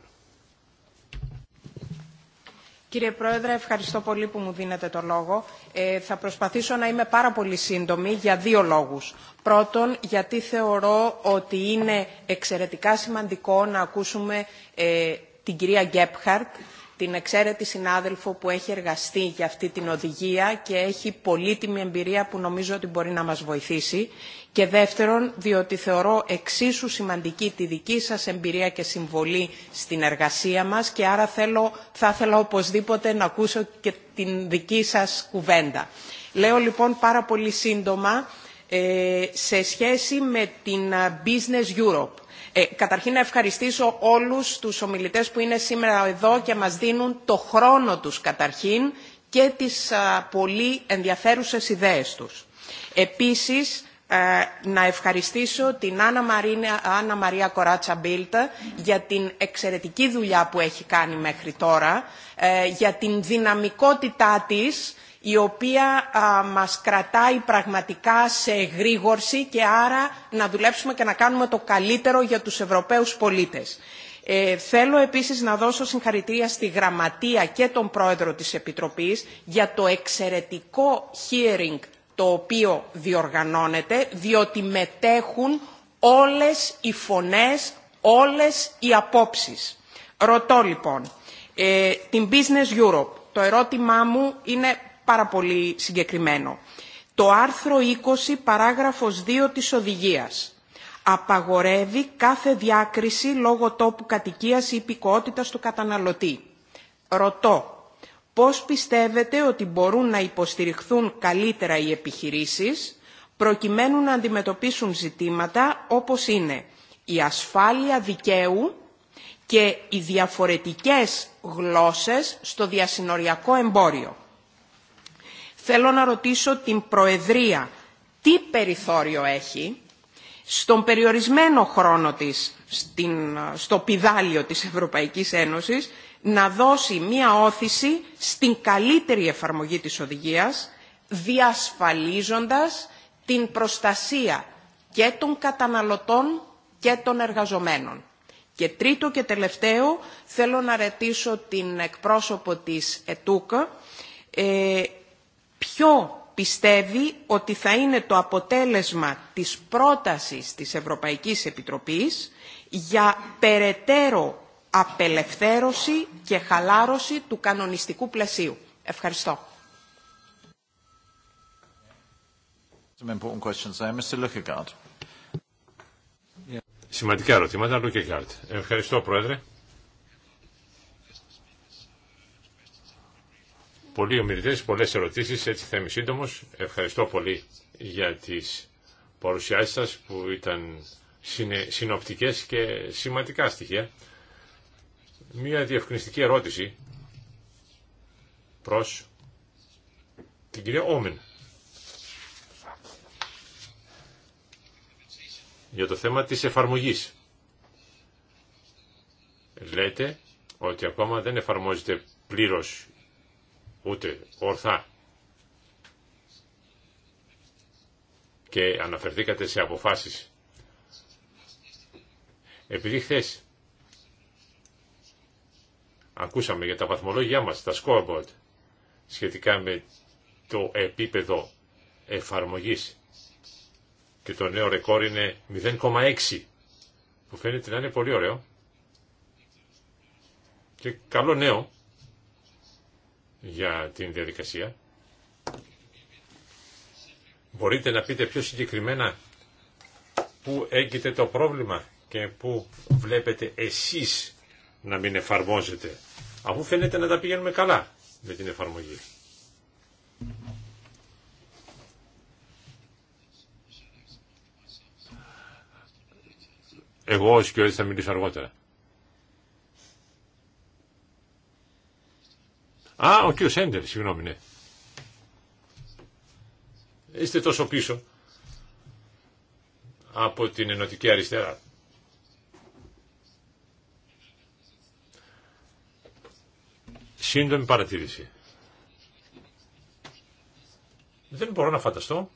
E: Κύριε Πρόεδρε, ευχαριστώ πολύ που μου δίνετε το λόγο. Ε, θα προσπαθήσω να είμαι πάρα πολύ σύντομη για δύο λόγους. Πρώτον, γιατί θεωρώ ότι είναι εξαιρετικά σημαντικό να ακούσουμε ε, την κυρία Γκέπχαρτ, την εξαίρετη συνάδελφο που έχει εργαστεί για αυτή την οδηγία και έχει πολύτιμη εμπειρία που νομίζω ότι μπορεί να μας βοηθήσει και δεύτερον διότι θεωρώ εξίσου σημαντική τη δική σας εμπειρία και συμβολή στην εργασία μας και άρα θέλω, θα ήθελα οπωσδήποτε να ακούσω και την δική σας κουβέντα. Λέω λοιπόν πάρα πολύ σύντομα ε, σε σχέση με την Business Europe. Ε, καταρχήν να ευχαριστήσω όλους τους ομιλητές που είναι σήμερα εδώ και μας δίνουν το χρόνο τους καταρχήν και τις πολύ ενδιαφέρουσες ιδέες τους. Επίσης, ε, να ευχαριστήσω την Άννα, Μαρίνα, Μαρία Κοράτσα Μπίλτ για την εξαιρετική δουλειά που έχει κάνει μέχρι τώρα, ε, για την δυναμικότητά της η οποία α, μας κρατάει πραγματικά σε γρήγορση και άρα να δουλέψουμε και να κάνουμε το καλύτερο για τους Ευρωπαίους πολίτες. Ε, θέλω επίσης να δώσω συγχαρητήρια στη Γραμματεία και τον Πρόεδρο της Επιτροπής για το εξαιρετικό hearing το οποίο διοργανώνεται, διότι μετέχουν όλες οι φωνές, όλες οι απόψεις. Ρωτώ λοιπόν, ε, την Business Europe, το ερώτημά μου είναι πάρα πολύ συγκεκριμένο. Το άρθρο 20 παράγραφος 2 της οδηγίας απαγορεύει κάθε διάκριση λόγω τόπου κατοικίας ή υπηκότητας του καταναλωτή. Ρωτώ, πώς πιστεύετε ότι μπορούν να υποστηριχθούν καλύτερα οι επιχειρήσεις προκειμένου να αντιμετωπίσουν ζητήματα όπως είναι η ασφάλεια δικαίου και οι διαφορετικές γλώσσες στο διασυνοριακό εμπόριο. Θέλω να ρωτήσω την Προεδρία τι περιθώριο έχει στον περιορισμένο χρόνο της στην, στο πιδάλιο της Ευρωπαϊκής Ένωσης να δώσει μία όθηση στην καλύτερη εφαρμογή της οδηγίας διασφαλίζοντας την προστασία και των καταναλωτών και των εργαζομένων. Και τρίτο και τελευταίο θέλω να ρετήσω την εκπρόσωπο της ΕΤΟΚ ε, ποιο πιστεύει ότι θα είναι το αποτέλεσμα της πρότασης της Ευρωπαϊκής Επιτροπής για περαιτέρω απελευθέρωση και χαλάρωση του κανονιστικού πλαισίου. Ευχαριστώ.
D: Σημαντικά ερωτήματα, Ευχαριστώ, Πρόεδρε. Πολλοί ομιλητέ, πολλές ερωτήσεις, έτσι θα είμαι σύντομο. Ευχαριστώ πολύ για τις παρουσιάσει σα που ήταν συνοπτικές και σημαντικά στοιχεία. Μία διευκρινιστική ερώτηση προς την κυρία Όμεν. Για το θέμα της εφαρμογής. Λέτε ότι ακόμα δεν εφαρμόζεται πλήρως ούτε ορθά. Και αναφερθήκατε σε αποφάσεις. Επειδή χθε ακούσαμε για τα βαθμολόγια μας, τα scoreboard, σχετικά με το επίπεδο εφαρμογής και το νέο ρεκόρ είναι 0,6 που φαίνεται να είναι πολύ ωραίο και καλό νέο για την διαδικασία. Μπορείτε να πείτε πιο συγκεκριμένα πού έγκυται το πρόβλημα και πού βλέπετε εσείς να μην εφαρμόζετε, αφού φαίνεται να τα πηγαίνουμε καλά με την εφαρμογή. Εγώ ως και θα μιλήσω αργότερα. Α, ο κύριος Έντερ, συγγνώμη, ναι. Είστε τόσο πίσω από την ενωτική αριστερά. Σύντομη παρατήρηση. Δεν μπορώ να φανταστώ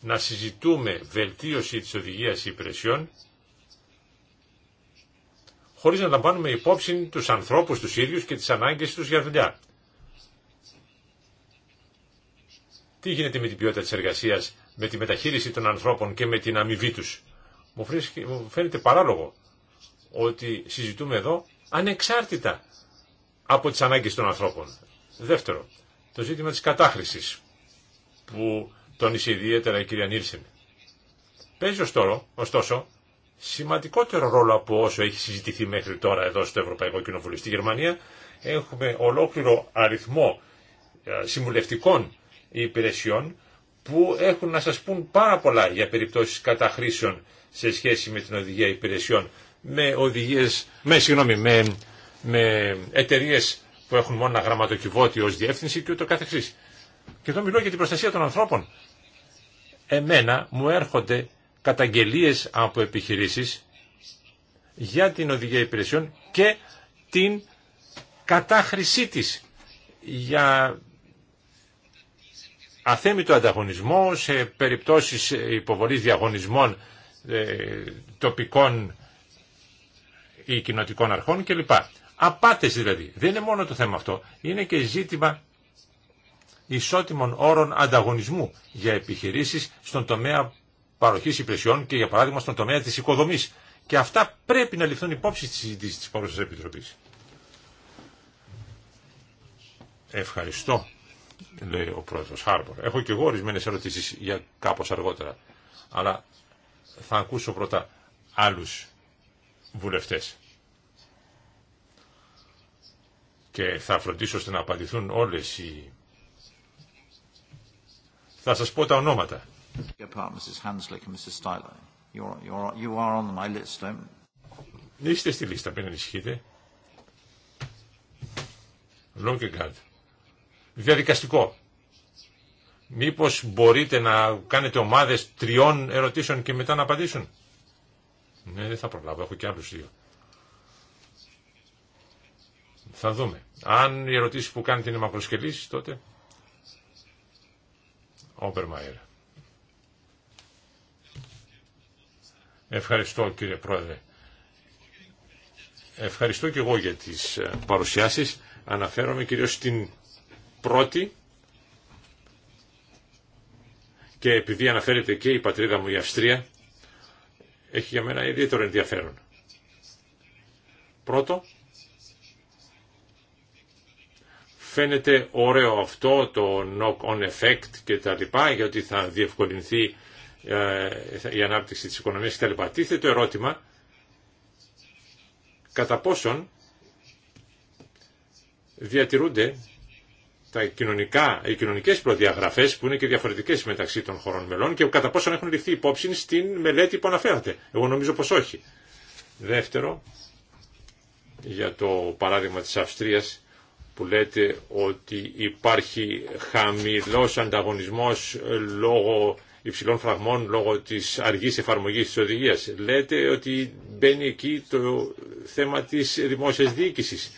D: να συζητούμε βελτίωση της οδηγίας υπηρεσιών χωρίς να λαμβάνουμε υπόψη τους ανθρώπους τους ίδιους και τις ανάγκες τους για δουλειά. Τι γίνεται με την ποιότητα της εργασίας, με τη μεταχείριση των ανθρώπων και με την αμοιβή τους. Μου φαίνεται παράλογο ότι συζητούμε εδώ ανεξάρτητα από τις ανάγκες των ανθρώπων. Δεύτερο, το ζήτημα της κατάχρησης που τόνισε ιδιαίτερα η κυρία Νίλσεν. Παίζει ωστόσο σημαντικότερο ρόλο από όσο έχει συζητηθεί μέχρι τώρα εδώ στο Ευρωπαϊκό Κοινοβούλιο. Στη Γερμανία έχουμε ολόκληρο αριθμό ε, συμβουλευτικών υπηρεσιών που έχουν να σας πούν πάρα πολλά για περιπτώσεις καταχρήσεων σε σχέση με την οδηγία υπηρεσιών με οδηγίες, με, συγγνώμη, με, με εταιρείες που έχουν μόνο ένα γραμματοκιβώτιο ως διεύθυνση και ούτω καθεξής. Και εδώ μιλώ για την προστασία των ανθρώπων. Εμένα μου έρχονται καταγγελίες από επιχειρήσεις για την οδηγία υπηρεσιών και την κατάχρησή της για αθέμητο ανταγωνισμό σε περιπτώσεις υποβολής διαγωνισμών ε, τοπικών ή κοινοτικών αρχών κλπ. Απάτες δηλαδή. Δεν είναι μόνο το θέμα αυτό. Είναι και ζήτημα ισότιμων όρων ανταγωνισμού για επιχειρήσεις στον τομέα Παροχή υπηρεσιών και για παράδειγμα στον τομέα της οικοδομής. Και αυτά πρέπει να ληφθούν υπόψη στη συζήτηση τη Παγκόσμιας επιτροπή. Ευχαριστώ, λέει ο πρόεδρος Χάρμπορ. Έχω και εγώ ορισμένε ερωτήσει για κάπω αργότερα. Αλλά θα ακούσω πρώτα άλλους βουλευτές. Και θα φροντίσω ώστε να απαντηθούν όλες οι...
A: Θα σας πω τα ονόματα Είστε στη λίστα, μην ανησυχείτε.
D: Λόγκεγκάρντ. Διαδικαστικό. Μήπως μπορείτε να κάνετε ομάδες τριών ερωτήσεων και μετά να απαντήσουν. Ναι, δεν θα προλάβω, έχω και άλλους δύο. Θα δούμε. Αν οι ερωτήσει που κάνετε είναι μακροσκελήσει, τότε... Όπερ Όπερμαϊρ. Ευχαριστώ κύριε Πρόεδρε. Ευχαριστώ και εγώ για τις ε, παρουσιάσεις. Αναφέρομαι κυρίως στην πρώτη και επειδή αναφέρεται και η πατρίδα μου η Αυστρία, έχει για μένα ιδιαίτερο ενδιαφέρον. Πρώτο, φαίνεται ωραίο αυτό το knock-on effect και τα λοιπά, γιατί θα διευκολυνθεί ε, η ανάπτυξη της οικονομίας κτλ. Τίθεται το ερώτημα κατά πόσον διατηρούνται τα κοινωνικά, οι κοινωνικές προδιαγραφές που είναι και διαφορετικές μεταξύ των χωρών μελών και κατά πόσον έχουν ληφθεί υπόψη στην μελέτη που αναφέρατε. Εγώ νομίζω πως όχι. Δεύτερο, για το παράδειγμα της Αυστρίας που λέτε ότι υπάρχει χαμηλός ανταγωνισμός λόγω υψηλών φραγμών λόγω της αργής εφαρμογής της οδηγίας. Λέτε ότι μπαίνει εκεί το θέμα της δημόσιας διοίκησης.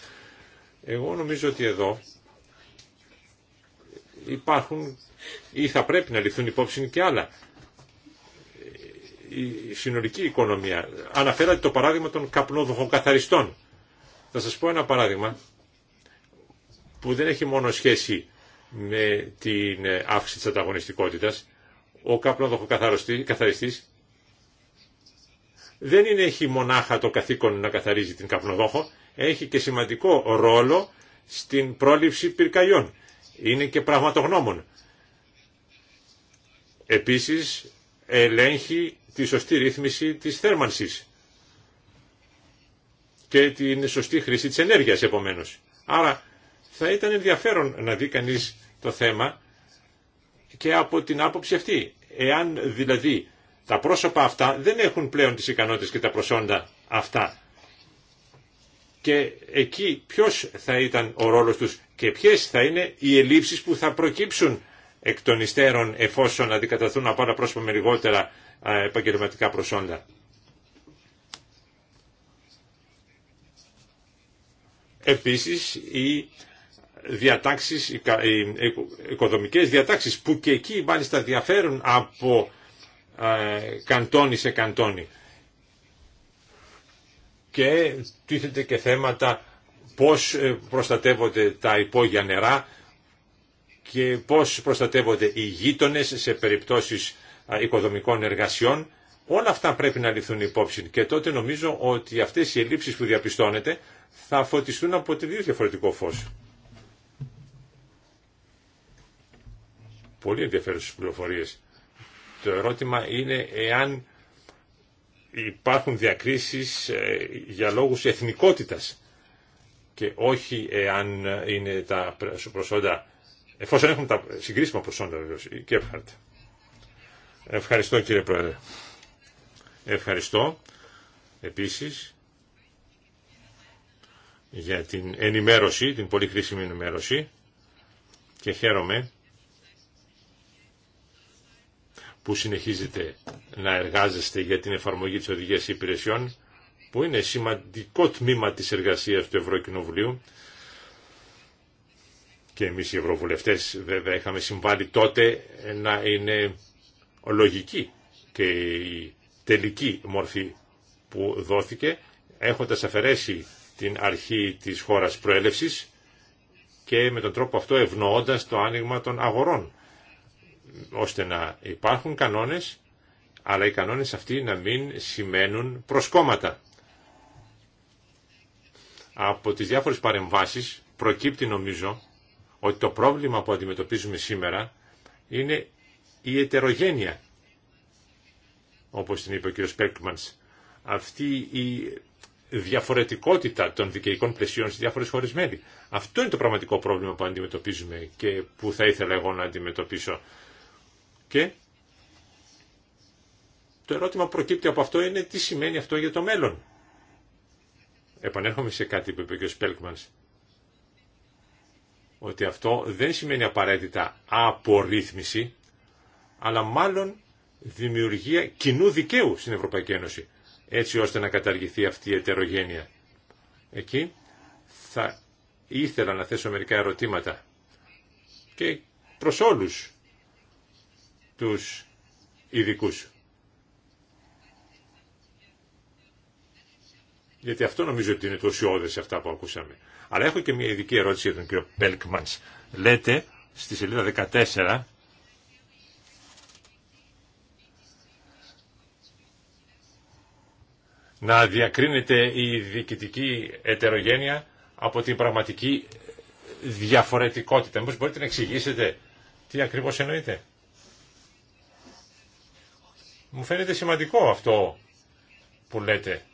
D: Εγώ νομίζω ότι εδώ υπάρχουν ή θα πρέπει να ληφθούν υπόψη και άλλα. Η συνολική οικονομία. Αναφέρατε το παράδειγμα των καπνόδοχων καθαριστών. Θα σας πω ένα παράδειγμα που δεν έχει μόνο σχέση με την αύξηση της ανταγωνιστικότητας, ο καπνόδοχο καθαριστής δεν είναι, έχει μονάχα το καθήκον να καθαρίζει την καπνοδόχο, έχει και σημαντικό ρόλο στην πρόληψη πυρκαγιών. Είναι και πραγματογνώμων. Επίσης ελέγχει τη σωστή ρύθμιση της θέρμανσης και την σωστή χρήση της ενέργειας επομένως. Άρα θα ήταν ενδιαφέρον να δει κανείς το θέμα και από την άποψη αυτή. Εάν δηλαδή τα πρόσωπα αυτά δεν έχουν πλέον τις ικανότητες και τα προσόντα αυτά. Και εκεί ποιος θα ήταν ο ρόλος τους και ποιες θα είναι οι ελλείψεις που θα προκύψουν εκ των υστέρων εφόσον αντικαταθούν από άλλα πρόσωπα με λιγότερα επαγγελματικά προσόντα. Επίσης η διατάξεις, οι οικοδομικές διατάξεις που και εκεί μάλιστα διαφέρουν από ε, καντόνι σε καντόνι. Και τίθεται και θέματα πώς ε, προστατεύονται τα υπόγεια νερά και πώς προστατεύονται οι γείτονε σε περιπτώσεις ε, οικοδομικών εργασιών. Όλα αυτά πρέπει να ληφθούν υπόψη και τότε νομίζω ότι αυτές οι ελλείψεις που διαπιστώνεται θα φωτιστούν από τελείως διαφορετικό φως. πολύ ενδιαφέρουσε πληροφορίε. Το ερώτημα είναι εάν υπάρχουν διακρίσεις ε, για λόγους εθνικότητας και όχι εάν είναι τα προσόντα, εφόσον έχουν τα συγκρίσιμα προσόντα βεβαίω, Και Ευχαριστώ κύριε Πρόεδρε. Ευχαριστώ επίσης για την ενημέρωση, την πολύ χρήσιμη ενημέρωση και χαίρομαι που συνεχίζετε να εργάζεστε για την εφαρμογή της οδηγίας υπηρεσιών, που είναι σημαντικό τμήμα της εργασίας του Ευρωκοινοβουλίου. Και εμείς οι Ευρωβουλευτές βέβαια είχαμε συμβάλει τότε να είναι λογική και η τελική μορφή που δόθηκε, έχοντας αφαιρέσει την αρχή της χώρας προέλευσης και με τον τρόπο αυτό ευνοώντας το άνοιγμα των αγορών ώστε να υπάρχουν κανόνες, αλλά οι κανόνες αυτοί να μην σημαίνουν προσκόμματα. Από τις διάφορες παρεμβάσεις προκύπτει νομίζω ότι το πρόβλημα που αντιμετωπίζουμε σήμερα είναι η ετερογένεια, όπως την είπε ο κ. Πέκμανς, Αυτή η διαφορετικότητα των δικαιικών πλαισίων σε διάφορες χώρες μέλη. Αυτό είναι το πραγματικό πρόβλημα που αντιμετωπίζουμε και που θα ήθελα εγώ να αντιμετωπίσω και το ερώτημα που προκύπτει από αυτό είναι τι σημαίνει αυτό για το μέλλον. Επανέρχομαι σε κάτι που είπε και ο Σπέλκμανς. Ότι αυτό δεν σημαίνει απαραίτητα απορρίθμιση, αλλά μάλλον δημιουργία κοινού δικαίου στην Ευρωπαϊκή Ένωση, έτσι ώστε να καταργηθεί αυτή η ετερογένεια. Εκεί θα ήθελα να θέσω μερικά ερωτήματα και προς όλους τους ειδικού. Γιατί αυτό νομίζω ότι είναι το ουσιώδες αυτά που ακούσαμε. Αλλά έχω και μια ειδική ερώτηση για τον κύριο Πέλκμανς. Λέτε στη σελίδα 14 να διακρίνεται η διοικητική ετερογένεια από την πραγματική διαφορετικότητα. μπορείτε να εξηγήσετε τι ακριβώς εννοείτε. Μου φαίνεται σημαντικό αυτό που λέτε.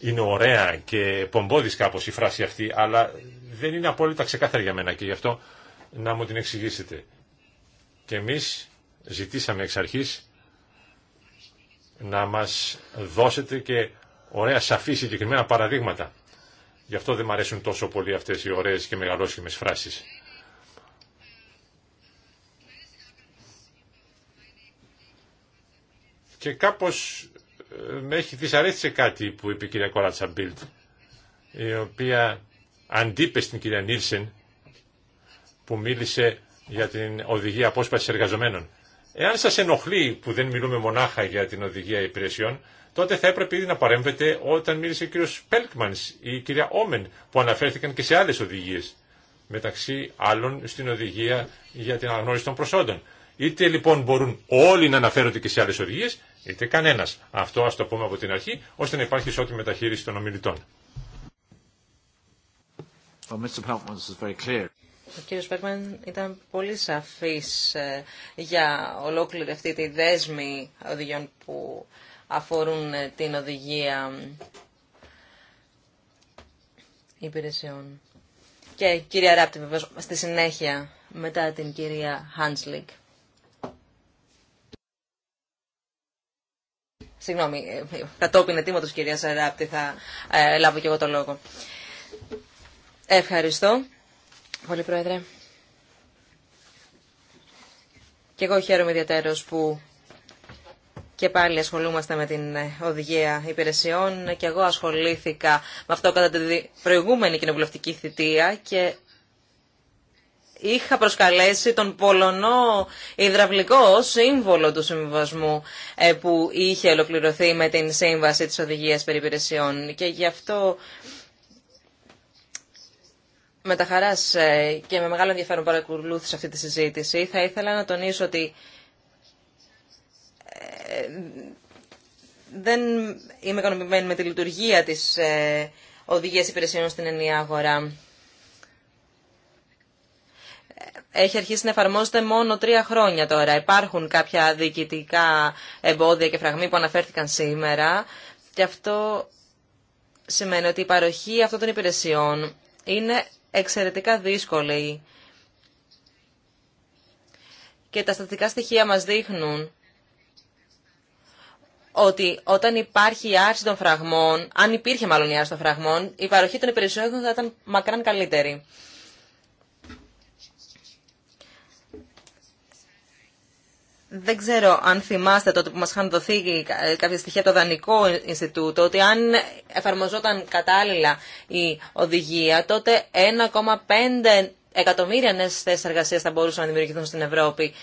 D: Είναι ωραία και πομπόδης κάπως η φράση αυτή, αλλά δεν είναι απόλυτα ξεκάθαρη για μένα και γι' αυτό να μου την εξηγήσετε. Και εμείς ζητήσαμε εξ αρχής να μας δώσετε και ωραία σαφή συγκεκριμένα παραδείγματα. Γι' αυτό δεν μου αρέσουν τόσο πολύ αυτές οι ωραίες και μεγαλόσχημες φράσεις. και κάπως ε, με έχει δυσαρέστησε κάτι που είπε η κυρία Κοράτσα Μπίλτ, η οποία αντίπε στην κυρία Νίλσεν που μίλησε για την οδηγία απόσπαση εργαζομένων. Εάν σα ενοχλεί που δεν μιλούμε μονάχα για την οδηγία υπηρεσιών, τότε θα έπρεπε ήδη να παρέμβετε όταν μίλησε ο κύριο Πέλκμανς ή η κυρία Όμεν, που αναφέρθηκαν και σε άλλε οδηγίε, μεταξύ άλλων στην οδηγία για την αναγνώριση των προσόντων. Είτε λοιπόν μπορούν όλοι να αναφέρονται και σε άλλε οδηγίε, είτε κανένα. Αυτό α το πούμε από την αρχή, ώστε να υπάρχει ισότιμη μεταχείριση των ομιλητών.
A: Ο
B: κύριος Πέρμαν ήταν πολύ σαφής ε, για ολόκληρη αυτή τη δέσμη οδηγιών που αφορούν ε, την οδηγία υπηρεσιών. Και κυρία Ράπτη βεβαίως στη συνέχεια μετά την κυρία Χάνσλικ. Συγγνώμη, ε, κατόπιν ετήματος κυρία Σαράπτη θα ε, λάβω και εγώ το λόγο. Ευχαριστώ πολύ Πρόεδρε. Και εγώ χαίρομαι ιδιαίτερως που και πάλι ασχολούμαστε με την ε, οδηγία υπηρεσιών και εγώ ασχολήθηκα με αυτό κατά την προηγούμενη κοινοβουλευτική θητεία και είχα προσκαλέσει τον Πολωνό υδραυλικό σύμβολο του συμβιβασμού ε, που είχε ολοκληρωθεί με την σύμβαση της οδηγίας περιπηρεσιών και γι' αυτό με τα χαράς ε, και με μεγάλο ενδιαφέρον παρακολούθησα αυτή τη συζήτηση. Θα ήθελα να τονίσω ότι ε, δεν είμαι ικανοποιημένη με τη λειτουργία της οδηγίας υπηρεσιών στην ενιαία αγορά. έχει αρχίσει να εφαρμόζεται μόνο τρία χρόνια τώρα. Υπάρχουν κάποια διοικητικά εμπόδια και φραγμοί που αναφέρθηκαν σήμερα και αυτό σημαίνει ότι η παροχή αυτών των υπηρεσιών είναι εξαιρετικά δύσκολη και τα στατικά στοιχεία μας δείχνουν ότι όταν υπάρχει η άρση των φραγμών, αν υπήρχε μάλλον η άρση των φραγμών, η παροχή των υπηρεσιών θα ήταν μακράν καλύτερη. δεν ξέρω αν θυμάστε τότε που μας είχαν δοθεί κάποια στοιχεία το Δανικό Ινστιτούτο, ότι αν εφαρμοζόταν κατάλληλα η οδηγία, τότε 1,5 εκατομμύρια νέες θέσεις εργασίας θα μπορούσαν να δημιουργηθούν στην Ευρώπη.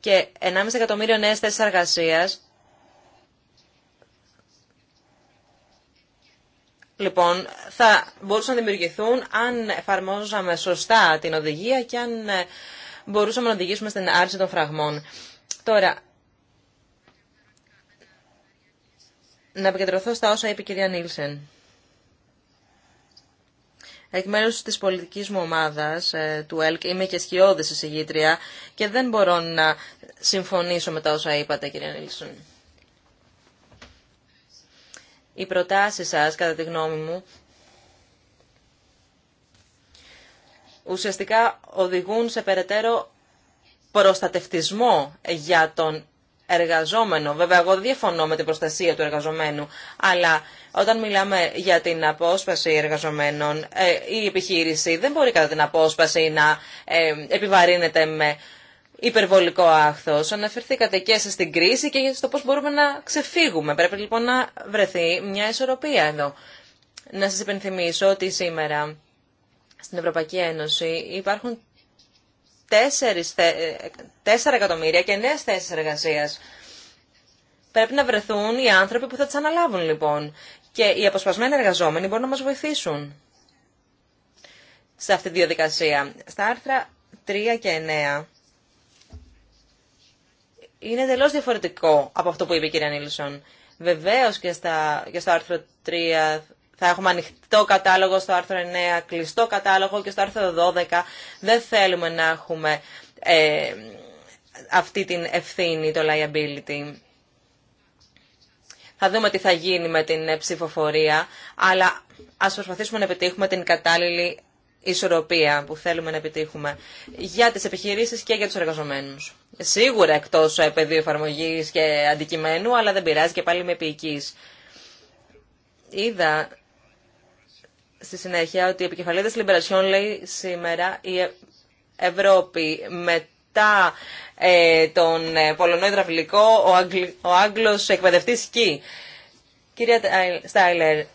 B: Και 1,5 εκατομμύριο νέες θέσεις εργασίας, λοιπόν, θα μπορούσαν να δημιουργηθούν αν εφαρμόζαμε σωστά την οδηγία και αν ε, μπορούσαμε να οδηγήσουμε στην άρση των φραγμών. Τώρα, να επικεντρωθώ στα όσα είπε η κυρία Νίλσεν. Εκ μέρους της πολιτικής μου ομάδας ε, του ΕΛΚ είμαι και σκιώδης εισηγήτρια και δεν μπορώ να συμφωνήσω με τα όσα είπατε κυρία Νίλσεν. Οι προτάσεις σας, κατά τη γνώμη μου, ουσιαστικά οδηγούν σε περαιτέρω προστατευτισμό για τον εργαζόμενο. Βέβαια, εγώ διαφωνώ με την προστασία του εργαζομένου, αλλά όταν μιλάμε για την απόσπαση εργαζομένων, ε, η επιχείρηση δεν μπορεί κατά την απόσπαση να ε, επιβαρύνεται με υπερβολικό άχθος. Αναφερθήκατε και στην κρίση και στο πώς μπορούμε να ξεφύγουμε. Πρέπει λοιπόν να βρεθεί μια ισορροπία εδώ. Να σας υπενθυμίσω ότι σήμερα στην Ευρωπαϊκή Ένωση υπάρχουν 4, εκατομμύρια και νέες θέσεις εργασίας. Πρέπει να βρεθούν οι άνθρωποι που θα τις αναλάβουν λοιπόν. Και οι αποσπασμένοι εργαζόμενοι μπορούν να μας βοηθήσουν σε αυτή τη διαδικασία. Στα άρθρα 3 και 9 είναι εντελώ διαφορετικό από αυτό που είπε η κυρία Νίλσον. Βεβαίω και, στα, και στο άρθρο 3 θα έχουμε ανοιχτό κατάλογο στο άρθρο 9, κλειστό κατάλογο και στο άρθρο 12. Δεν θέλουμε να έχουμε ε, αυτή την ευθύνη, το liability. Θα δούμε τι θα γίνει με την ε, ψηφοφορία, αλλά ας προσπαθήσουμε να επιτύχουμε την κατάλληλη ισορροπία που θέλουμε να επιτύχουμε για τις επιχειρήσεις και για τους εργαζομένους. Σίγουρα εκτός ε, πεδίου εφαρμογή και αντικειμένου, αλλά δεν πειράζει και πάλι με ποιικής. Είδα στη συνέχεια ότι η της Λιμπερασιών λέει σήμερα η ε- Ευρώπη μετά ε, τον ε, Πολωνό Ιδραυλικό, ο, Άγγλ, ο Άγγλος εκπαιδευτής σκι. Κυρία Στάιλερ,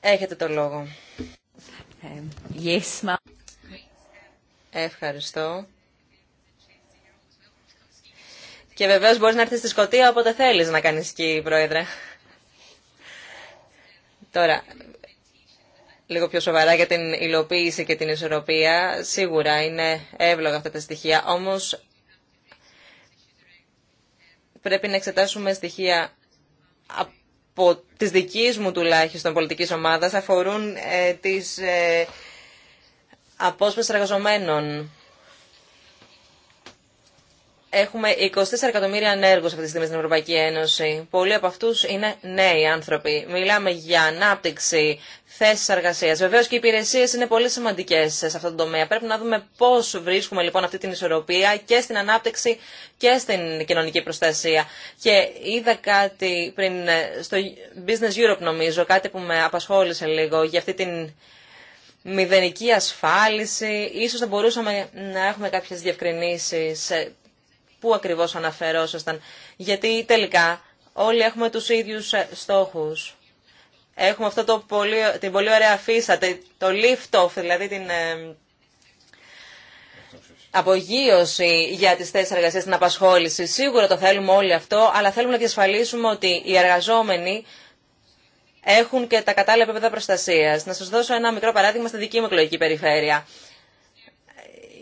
B: έχετε το λόγο. Yes, ma. Ευχαριστώ. Και βεβαίως μπορείς να έρθεις στη Σκωτία όποτε θέλεις να κάνεις σκι, Πρόεδρε. Τώρα, λίγο πιο σοβαρά για την υλοποίηση και την ισορροπία. Σίγουρα είναι εύλογα αυτά τα στοιχεία, όμως πρέπει να εξετάσουμε στοιχεία από τις δικής μου τουλάχιστον πολιτικής ομάδας αφορούν ε, τις ε, απόσπες εργαζομένων έχουμε 24 εκατομμύρια ανέργους αυτή τη στιγμή στην Ευρωπαϊκή Ένωση. Πολλοί από αυτούς είναι νέοι άνθρωποι. Μιλάμε για ανάπτυξη, θέσεις εργασίας. Βεβαίως και οι υπηρεσίες είναι πολύ σημαντικές σε αυτό το τομέα. Πρέπει να δούμε πώς βρίσκουμε λοιπόν αυτή την ισορροπία και στην ανάπτυξη και στην κοινωνική προστασία. Και είδα κάτι πριν στο Business Europe νομίζω, κάτι που με απασχόλησε λίγο για αυτή την μηδενική ασφάλιση. Ίσως θα μπορούσαμε να έχουμε κάποιες διευκρινήσεις πού ακριβώς αναφερόσασταν. Γιατί τελικά όλοι έχουμε τους ίδιους ε, στόχους. Έχουμε αυτό το πολύ, την πολύ ωραία φύσα, το lift off, δηλαδή την ε, απογείωση για τις θέσεις εργασίας, την απασχόληση. Σίγουρα το θέλουμε όλοι αυτό, αλλά θέλουμε να διασφαλίσουμε ότι οι εργαζόμενοι έχουν και τα κατάλληλα επίπεδα προστασίας. Να σας δώσω ένα μικρό παράδειγμα στη δική μου εκλογική περιφέρεια.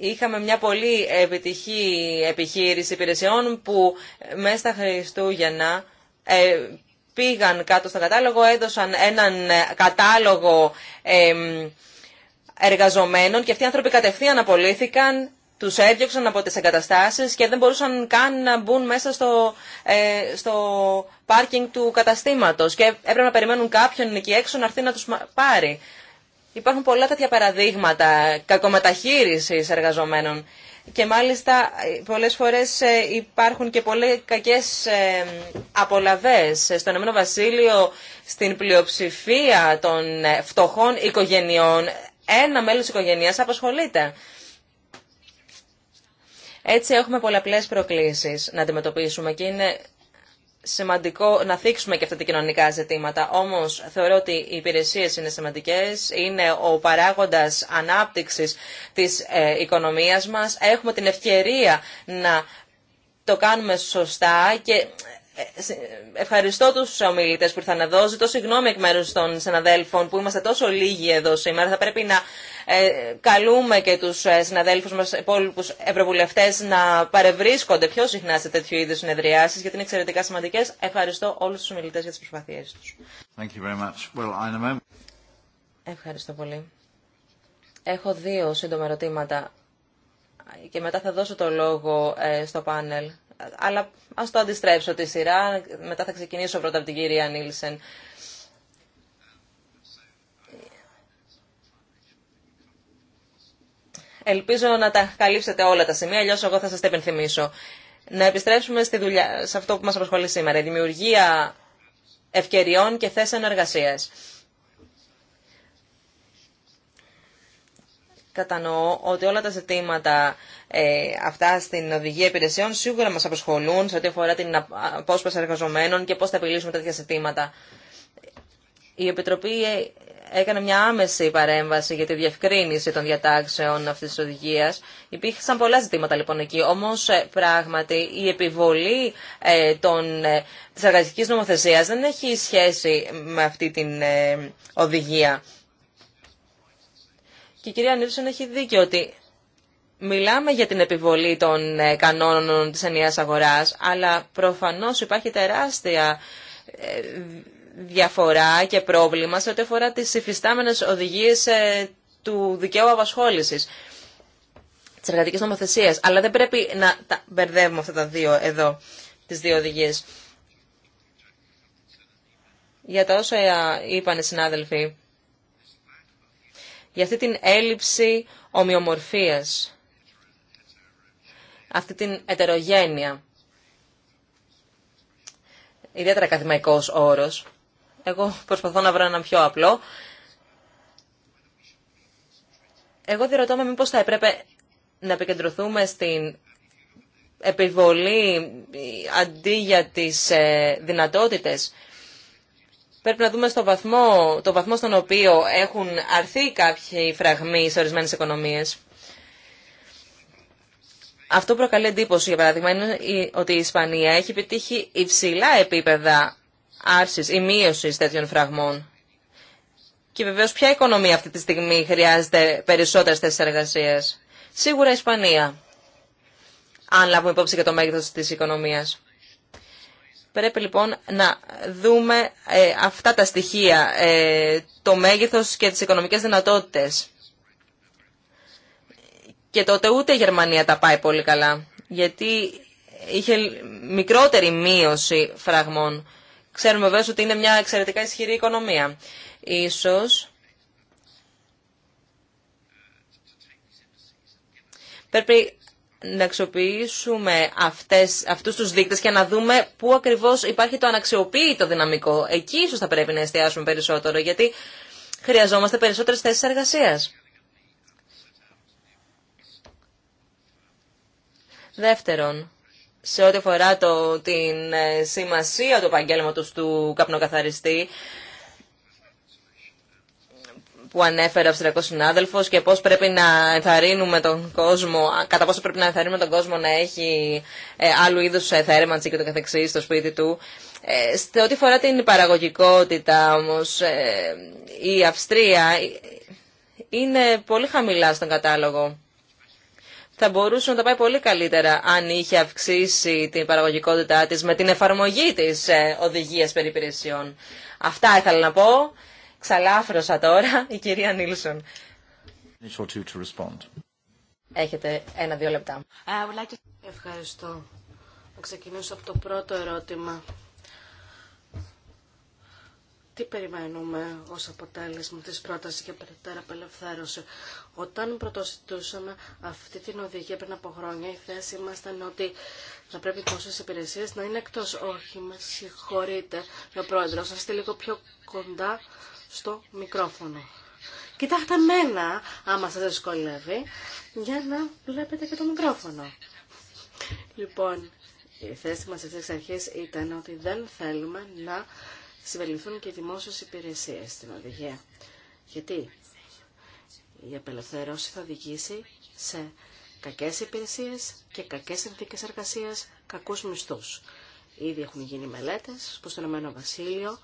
B: Είχαμε μια πολύ επιτυχή επιχείρηση υπηρεσιών που μέσα στα Χριστούγεννα ε, πήγαν κάτω στο κατάλογο, έδωσαν έναν ε, κατάλογο εργαζομένων και αυτοί οι άνθρωποι κατευθείαν απολύθηκαν, τους έδιωξαν από τις εγκαταστάσεις και δεν μπορούσαν καν να μπουν μέσα στο, ε, στο πάρκινγκ του καταστήματος και έπρεπε να περιμένουν κάποιον εκεί έξω να έρθει να τους πάρει. Υπάρχουν πολλά τέτοια παραδείγματα κακομεταχείριση εργαζομένων και μάλιστα ε, πολλές φορές ε, υπάρχουν και πολλές κακές ε, απολαβές. Στον Ηνωμένο Βασίλειο, στην πλειοψηφία των φτωχών οικογενειών, ένα μέλος οικογένειας απασχολείται. Έτσι έχουμε πολλαπλές προκλήσεις να αντιμετωπίσουμε και είναι σημαντικό να θίξουμε και αυτά τα κοινωνικά ζητήματα. Όμως θεωρώ ότι οι υπηρεσίε είναι σημαντικές, είναι ο παράγοντας ανάπτυξης της ε, οικονομίας μας. Έχουμε την ευκαιρία να το κάνουμε σωστά και ε, ευχαριστώ τους ομιλητές που ήρθαν εδώ. Ζητώ συγγνώμη εκ μέρους των συναδέλφων που είμαστε τόσο λίγοι εδώ σήμερα. Θα πρέπει να ε, καλούμε και τους ε, συναδέλφους μας, υπόλοιπους ευρωβουλευτές, να παρευρίσκονται πιο συχνά σε τέτοιου είδους συνεδριάσεις, γιατί είναι εξαιρετικά σημαντικές. Ευχαριστώ όλους τους μιλητές για τις προσπαθίες τους.
A: Thank you very much. Well,
B: Ευχαριστώ πολύ. Έχω δύο σύντομα ερωτήματα και μετά θα δώσω το λόγο ε, στο πάνελ. Αλλά ας το αντιστρέψω τη σειρά, μετά θα ξεκινήσω πρώτα από την κυρία Νίλσεν. Ελπίζω να τα καλύψετε όλα τα σημεία, αλλιώ εγώ θα σα τα επενθυμίσω. Να επιστρέψουμε σε αυτό που μα απασχολεί σήμερα. Η δημιουργία ευκαιριών και θέσεων εργασία. Κατανοώ ότι όλα τα ζητήματα ε, αυτά στην οδηγία υπηρεσιών σίγουρα μας απασχολούν σε ό,τι αφορά την απόσπαση εργαζομένων και πώς θα επιλύσουμε τέτοια ζητήματα. Η Επιτροπή ε, έκανε μια άμεση παρέμβαση για τη διευκρίνηση των διατάξεων αυτής της οδηγίας. Υπήρχαν πολλά ζητήματα λοιπόν εκεί, όμως ε, πράγματι η επιβολή ε, των, ε, της νομοθεσίας δεν έχει σχέση με αυτή την ε, οδηγία. Και η κυρία Νίλσον έχει δίκιο ότι μιλάμε για την επιβολή των ε, κανόνων της ενιαίας αγοράς, αλλά προφανώς υπάρχει τεράστια διαφορά και πρόβλημα σε ό,τι αφορά τις υφιστάμενες οδηγίες ε, του δικαίου απασχόλησης της εργατικής νομοθεσίας. Αλλά δεν πρέπει να τα μπερδεύουμε αυτά τα δύο εδώ, τις δύο οδηγίες. Για τα όσα ε, είπαν οι συνάδελφοι, για αυτή την έλλειψη ομοιομορφίας, αυτή την ετερογένεια, ιδιαίτερα ακαδημαϊκός όρος, εγώ προσπαθώ να βρω έναν πιο απλό. Εγώ διερωτώ με μήπως θα έπρεπε να επικεντρωθούμε στην επιβολή αντί για τις ε, δυνατότητες. Πρέπει να δούμε στο βαθμό, το βαθμό στον οποίο έχουν αρθεί κάποιοι φραγμοί σε ορισμένες οικονομίες. Αυτό προκαλεί εντύπωση, για παράδειγμα, είναι ότι η Ισπανία έχει επιτύχει υψηλά επίπεδα άρσης ή μείωσης τέτοιων φραγμών. Και βεβαίως ποια οικονομία αυτή τη στιγμή χρειάζεται περισσότερες θέσεις εργασίας. Σίγουρα η μείωση τετοιων φραγμων και βεβαιως ποια οικονομια αυτη τη στιγμη χρειαζεται περισσοτερες θεσεις εργασιας σιγουρα η ισπανια αν λάβουμε υπόψη και το μέγεθος της οικονομίας. Πρέπει λοιπόν να δούμε ε, αυτά τα στοιχεία, ε, το μέγεθος και τις οικονομικές δυνατότητες. Και τότε ούτε η Γερμανία τα πάει πολύ καλά, γιατί είχε μικρότερη μείωση φραγμών. Ξέρουμε βέβαια ότι είναι μια εξαιρετικά ισχυρή οικονομία. Ίσως πρέπει να αξιοποιήσουμε αυτές, αυτούς τους δείκτες και να δούμε πού ακριβώς υπάρχει το αναξιοποίητο δυναμικό. Εκεί ίσως θα πρέπει να εστιάσουμε περισσότερο, γιατί χρειαζόμαστε περισσότερες θέσεις εργασίας. Δεύτερον, σε ό,τι αφορά το, την ε, σημασία του επαγγέλματο του καπνοκαθαριστή που ανέφερε ο Αυστριακό συνάδελφο και πώ πρέπει να ενθαρρύνουμε τον κόσμο, κατά πόσο πρέπει να ενθαρρύνουμε τον κόσμο να έχει ε, άλλου είδου θέρμανση και το καθεξή στο σπίτι του. Ε, σε ό,τι αφορά την παραγωγικότητα όμω, ε, η Αυστρία είναι πολύ χαμηλά στον κατάλογο θα μπορούσε να τα πάει πολύ καλύτερα αν είχε αυξήσει την παραγωγικότητά της με την εφαρμογή της ε, οδηγίας περιπηρεσιών. Αυτά ήθελα να πω. Ξαλάφρωσα τώρα η κυρία Νίλσον. Έχετε ένα-δύο λεπτά.
C: Ε, Ευχαριστώ. Να ξεκινήσω από το πρώτο ερώτημα τι περιμένουμε ως αποτέλεσμα της πρότασης για περαιτέρω απελευθέρωση. Όταν πρωτοσυντούσαμε αυτή την οδηγία πριν από χρόνια, η θέση μας ήταν ότι θα πρέπει πόσε υπηρεσίες να είναι εκτός. Όχι, με συγχωρείτε, ο πρόεδρος, να είστε λίγο πιο κοντά στο μικρόφωνο. Κοιτάξτε μένα, άμα σας δυσκολεύει, για να βλέπετε και το μικρόφωνο. Λοιπόν, η θέση μας αυτής εξ αρχής ήταν ότι δεν θέλουμε να συμπεριληφθούν και οι δημόσιες υπηρεσίες στην οδηγία. Γιατί η απελευθέρωση θα οδηγήσει σε κακές υπηρεσίες και κακές συνθήκες εργασίας, κακούς μισθούς. Ήδη έχουν γίνει μελέτες που στο Ηνωμένο Βασίλειο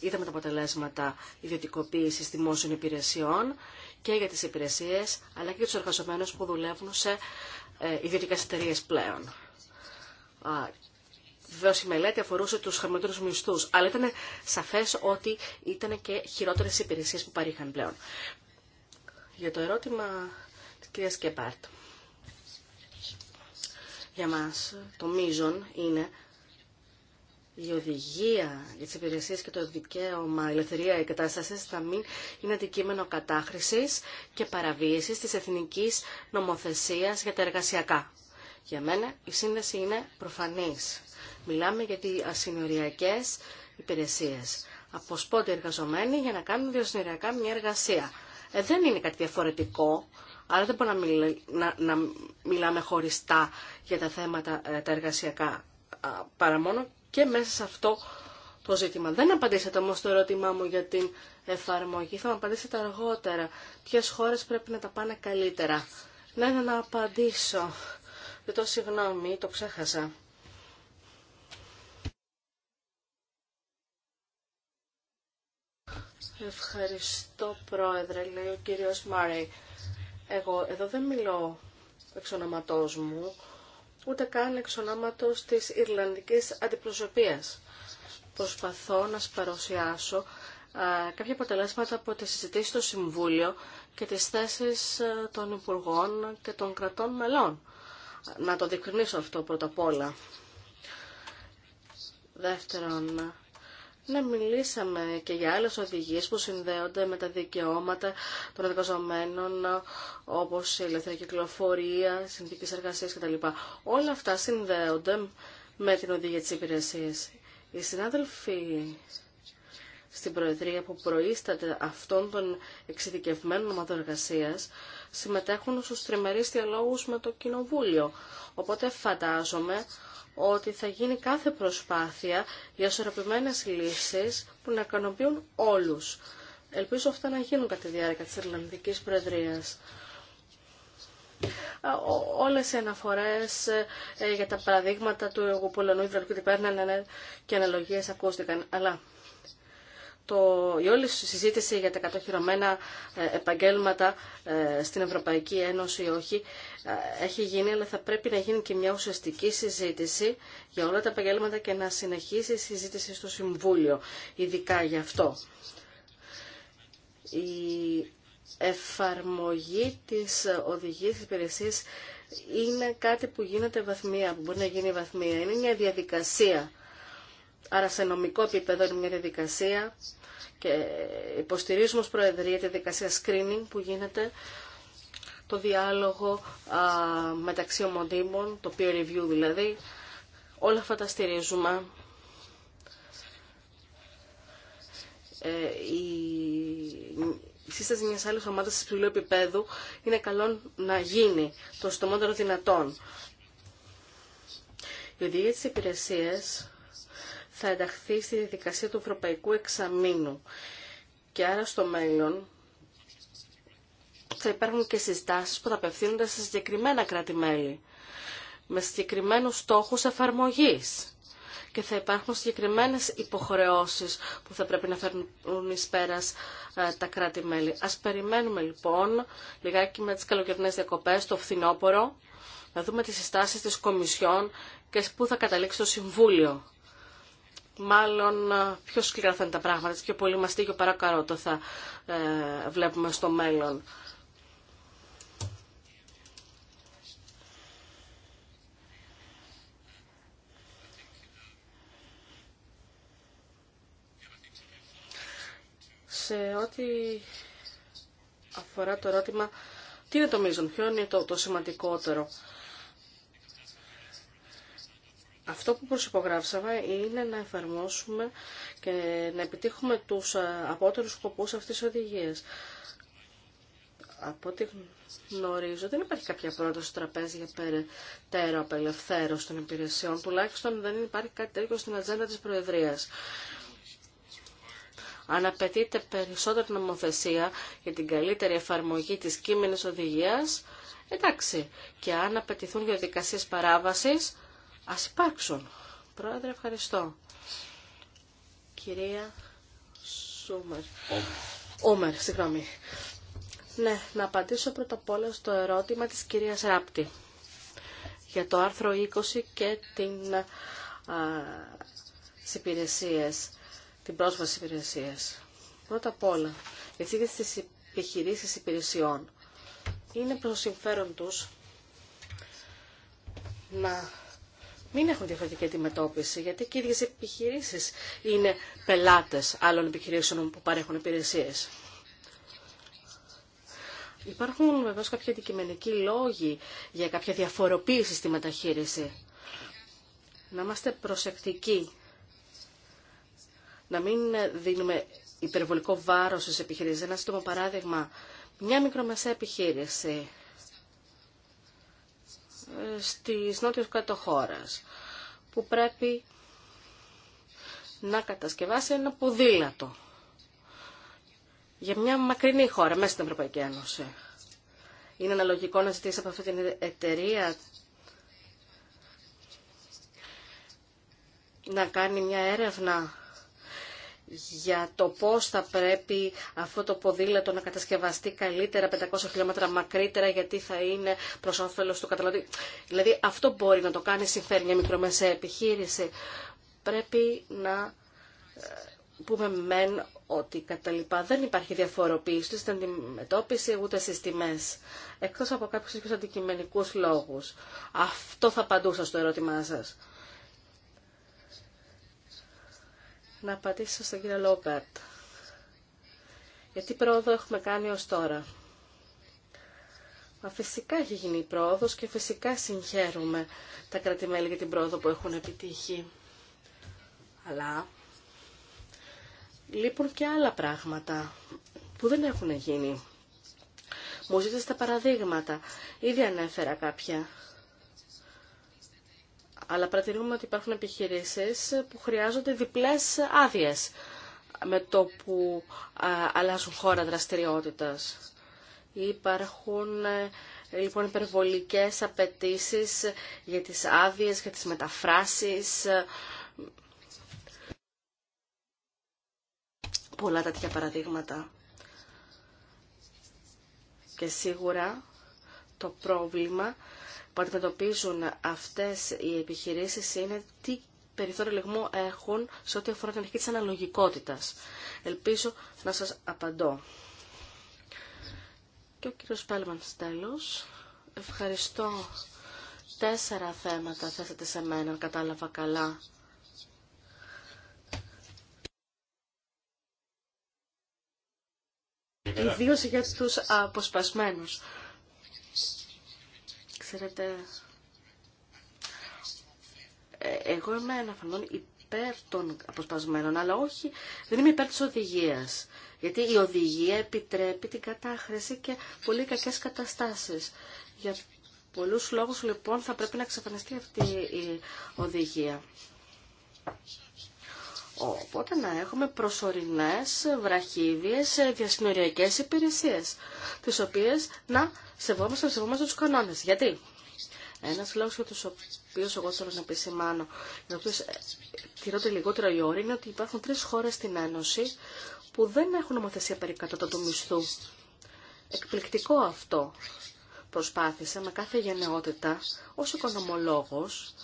C: είδαμε τα αποτελέσματα ιδιωτικοποίησης δημόσιων υπηρεσιών και για τις υπηρεσίες αλλά και για τους εργαζομένους που δουλεύουν σε ε, ιδιωτικές εταιρείε πλέον. Βεβαίω η μελέτη αφορούσε του χαμηλότερου μισθού, αλλά ήταν σαφέ ότι ήταν και χειρότερε υπηρεσίε που παρήχαν πλέον. Για το ερώτημα τη κυρία Κεπάρτ. Για μα. το μείζον είναι η οδηγία για τι υπηρεσίε και το δικαίωμα ελευθερία εγκατάσταση θα μην είναι αντικείμενο κατάχρηση και παραβίαση τη εθνική νομοθεσία για τα εργασιακά. Για μένα η σύνδεση είναι προφανής. Μιλάμε για τι ασυνοριακέ υπηρεσίες. Αποσπώνται εργαζομένοι για να κάνουν διασυνοριακά μια εργασία. Ε, δεν είναι κάτι διαφορετικό, αλλά δεν μπορούμε να, να, μιλάμε χωριστά για τα θέματα ε, τα εργασιακά, παρά μόνο και μέσα σε αυτό το ζήτημα. Δεν απαντήσατε όμως το ερώτημά μου για την εφαρμογή. Θα μου απαντήσετε αργότερα. Ποιες χώρες πρέπει να τα πάνε καλύτερα. Ναι, ναι να απαντήσω. το συγγνώμη, το ξέχασα. Ευχαριστώ, Πρόεδρε, λέει ο κύριος Μάρι. Εγώ εδώ δεν μιλώ εξ ονοματός μου, ούτε καν εξ ονόματος της Ιρλανδικής Αντιπροσωπείας. Προσπαθώ να σας παρουσιάσω α, κάποια αποτελέσματα από τη συζητήσεις στο Συμβούλιο και τις θέσεις των Υπουργών και των κρατών μελών. Να το διευκρινίσω αυτό πρώτα απ' όλα. Δεύτερον, να μιλήσαμε και για άλλες οδηγίες που συνδέονται με τα δικαιώματα των εργαζομένων, όπως η ελεύθερη κυκλοφορία, συνθήκες εργασίας κτλ. Όλα αυτά συνδέονται με την οδηγία της υπηρεσίας. Οι συνάδελφοι στην Προεδρία που προείσταται αυτών των εξειδικευμένων ομάδων εργασία συμμετέχουν στους τριμερείς διαλόγους με το Κοινοβούλιο. Οπότε φαντάζομαι ότι θα γίνει κάθε προσπάθεια για ισορροπημένες λύσεις που να ικανοποιούν όλους. Ελπίζω αυτά να γίνουν κατά τη διάρκεια της Ιρλανδικής Προεδρίας. Όλες οι αναφορές ε, για τα παραδείγματα του Πολωνού Ιδραλικού Τυπέρναν και αναλογίες ακούστηκαν, αλλά το, η όλη συζήτηση για τα κατοχυρωμένα ε, επαγγέλματα ε, στην Ευρωπαϊκή Ένωση ή όχι ε, έχει γίνει, αλλά θα πρέπει να γίνει και μια ουσιαστική συζήτηση για όλα τα επαγγέλματα και να συνεχίσει η συζήτηση στο Συμβούλιο, ειδικά γι' αυτό. Η εφαρμογή της οδηγίας της είναι κάτι που γίνεται βαθμία, που μπορεί να γίνει βαθμία. Είναι μια διαδικασία Άρα σε νομικό επίπεδο είναι μια διαδικασία και υποστηρίζουμε ως Προεδρία τη διαδικασία screening που γίνεται το διάλογο μεταξύ ομοντήμων, το peer review δηλαδή. Όλα αυτά τα στηρίζουμε. Ε, η σύσταση μια άλλη ομάδα υψηλού επίπεδου είναι καλό να γίνει το στομότερο δυνατόν. Οι οδηγίε τη υπηρεσία θα ενταχθεί στη διαδικασία του Ευρωπαϊκού Εξαμήνου. Και άρα στο μέλλον θα υπάρχουν και συστάσεις που θα απευθύνονται σε συγκεκριμένα κράτη-μέλη, με συγκεκριμένους στόχους εφαρμογής και θα υπάρχουν συγκεκριμένες υποχρεώσεις που θα πρέπει να φέρουν εις πέρας ε, τα κράτη-μέλη. Ας περιμένουμε λοιπόν λιγάκι με τις καλοκαιρινές διακοπές, το φθινόπωρο, να δούμε τις συστάσεις της Κομισιόν και πού θα καταλήξει το Συμβούλιο μάλλον ε, πιο σκληρά θα είναι τα πράγματα, πιο πολύ μαστί και το θα ε, βλέπουμε στο μέλλον. Σε ό,τι αφορά το ερώτημα, τι είναι το μείζον, ποιο είναι το, το σημαντικότερο. Αυτό που προσυπογράψαμε είναι να εφαρμόσουμε και να επιτύχουμε τους ε, απότερους σκοπούς αυτής της οδηγίας. Από ό,τι γνωρίζω, δεν υπάρχει κάποια πρόταση στο τραπέζι για περαιτέρω απελευθέρωση των υπηρεσιών. Τουλάχιστον δεν υπάρχει κάτι τέτοιο στην ατζέντα της Προεδρίας. Αν απαιτείται περισσότερη νομοθεσία για την καλύτερη εφαρμογή της κείμενης οδηγίας, εντάξει. Και αν απαιτηθούν διαδικασίες παράβασης, ας υπάρξουν. Πρόεδρε, ευχαριστώ. Κυρία Σούμερ. Όμερ, συγγνώμη. Ναι, να απαντήσω πρώτα απ' όλα στο ερώτημα της κυρίας Ράπτη για το άρθρο 20 και την α, υπηρεσίες, την πρόσβαση υπηρεσίες. Πρώτα απ' όλα, οι της επιχειρήσεις υπηρεσιών είναι προς συμφέρον τους να μην έχουν διαφορετική αντιμετώπιση, γιατί και οι ίδιες επιχειρήσεις είναι πελάτες άλλων επιχειρήσεων που παρέχουν υπηρεσίες. Υπάρχουν βεβαίως κάποια αντικειμενικοί λόγοι για κάποια διαφοροποίηση στη μεταχείριση. Να είμαστε προσεκτικοί. Να μην δίνουμε υπερβολικό βάρος στις επιχειρήσεις. Ένα σύντομο παράδειγμα. Μια μικρομεσαία επιχείρηση στις νότιες κάτω χώρας, που πρέπει να κατασκευάσει ένα ποδήλατο για μια μακρινή χώρα μέσα στην Ευρωπαϊκή Ένωση. Είναι αναλογικό να ζητήσει από αυτή την εταιρεία να κάνει μια έρευνα για το πώς θα πρέπει αυτό το ποδήλατο να κατασκευαστεί καλύτερα, 500 χιλιόμετρα μακρύτερα, γιατί θα είναι προς όφελος του καταναλωτή. Δηλαδή αυτό μπορεί να το κάνει συμφέρει μια μικρομεσαία επιχείρηση. Πρέπει να ε, πούμε μεν ότι κατά λοιπά δεν υπάρχει διαφοροποίηση στην αντιμετώπιση ούτε στις τιμές, εκτός από κάποιους αντικειμενικούς λόγους. Αυτό θα απαντούσα στο ερώτημά σας. να απαντήσω στον κύριο Λόκαρτ. Γιατί πρόοδο έχουμε κάνει ως τώρα. Μα φυσικά έχει γίνει πρόοδος και φυσικά συγχαίρουμε τα κρατημέλη για την πρόοδο που έχουν επιτύχει. Αλλά λείπουν και άλλα πράγματα που δεν έχουν γίνει. Μου ζήτησε τα παραδείγματα. Ήδη ανέφερα κάποια αλλά παρατηρούμε ότι υπάρχουν επιχειρήσεις που χρειάζονται διπλές άδειες με το που αλλάζουν χώρα δραστηριότητας. Υπάρχουν ε, λοιπόν υπερβολικές απαιτήσει για τις άδειες, για τις μεταφράσεις, ε, πολλά τέτοια παραδείγματα. Και σίγουρα το πρόβλημα που αντιμετωπίζουν αυτές οι επιχειρήσεις είναι τι περιθώριο λιγμού έχουν σε ό,τι αφορά την αρχή της αναλογικότητας. Ελπίζω να σας απαντώ. Και ο κύριος Πέλμαν τέλος. Ευχαριστώ. Τέσσερα θέματα θέσατε σε μένα, αν κατάλαβα καλά. Ιδίω για του αποσπασμένους. Ξέρετε, ε, εγώ είμαι αναφανών υπέρ των αποσπασμένων, αλλά όχι, δεν είμαι υπέρ τη οδηγίας. Γιατί η οδηγία επιτρέπει την κατάχρηση και πολύ κακές καταστάσεις. Για πολλούς λόγους, λοιπόν, θα πρέπει να εξαφανιστεί αυτή η οδηγία. Οπότε να έχουμε προσωρινές, βραχίδιες, διασυνοριακές υπηρεσίες, τις οποίες να σεβόμαστε, να σεβόμαστε τους κανόνες. Γιατί? Ένας λόγος για τους οποίους εγώ θέλω να επισημάνω, για τους τηρώνται λιγότερο η όροι, είναι ότι υπάρχουν τρεις χώρες στην Ένωση που δεν έχουν νομοθεσία περί κατώτατου μισθού. Εκπληκτικό αυτό προσπάθησα με κάθε γενναιότητα ως οικονομολόγος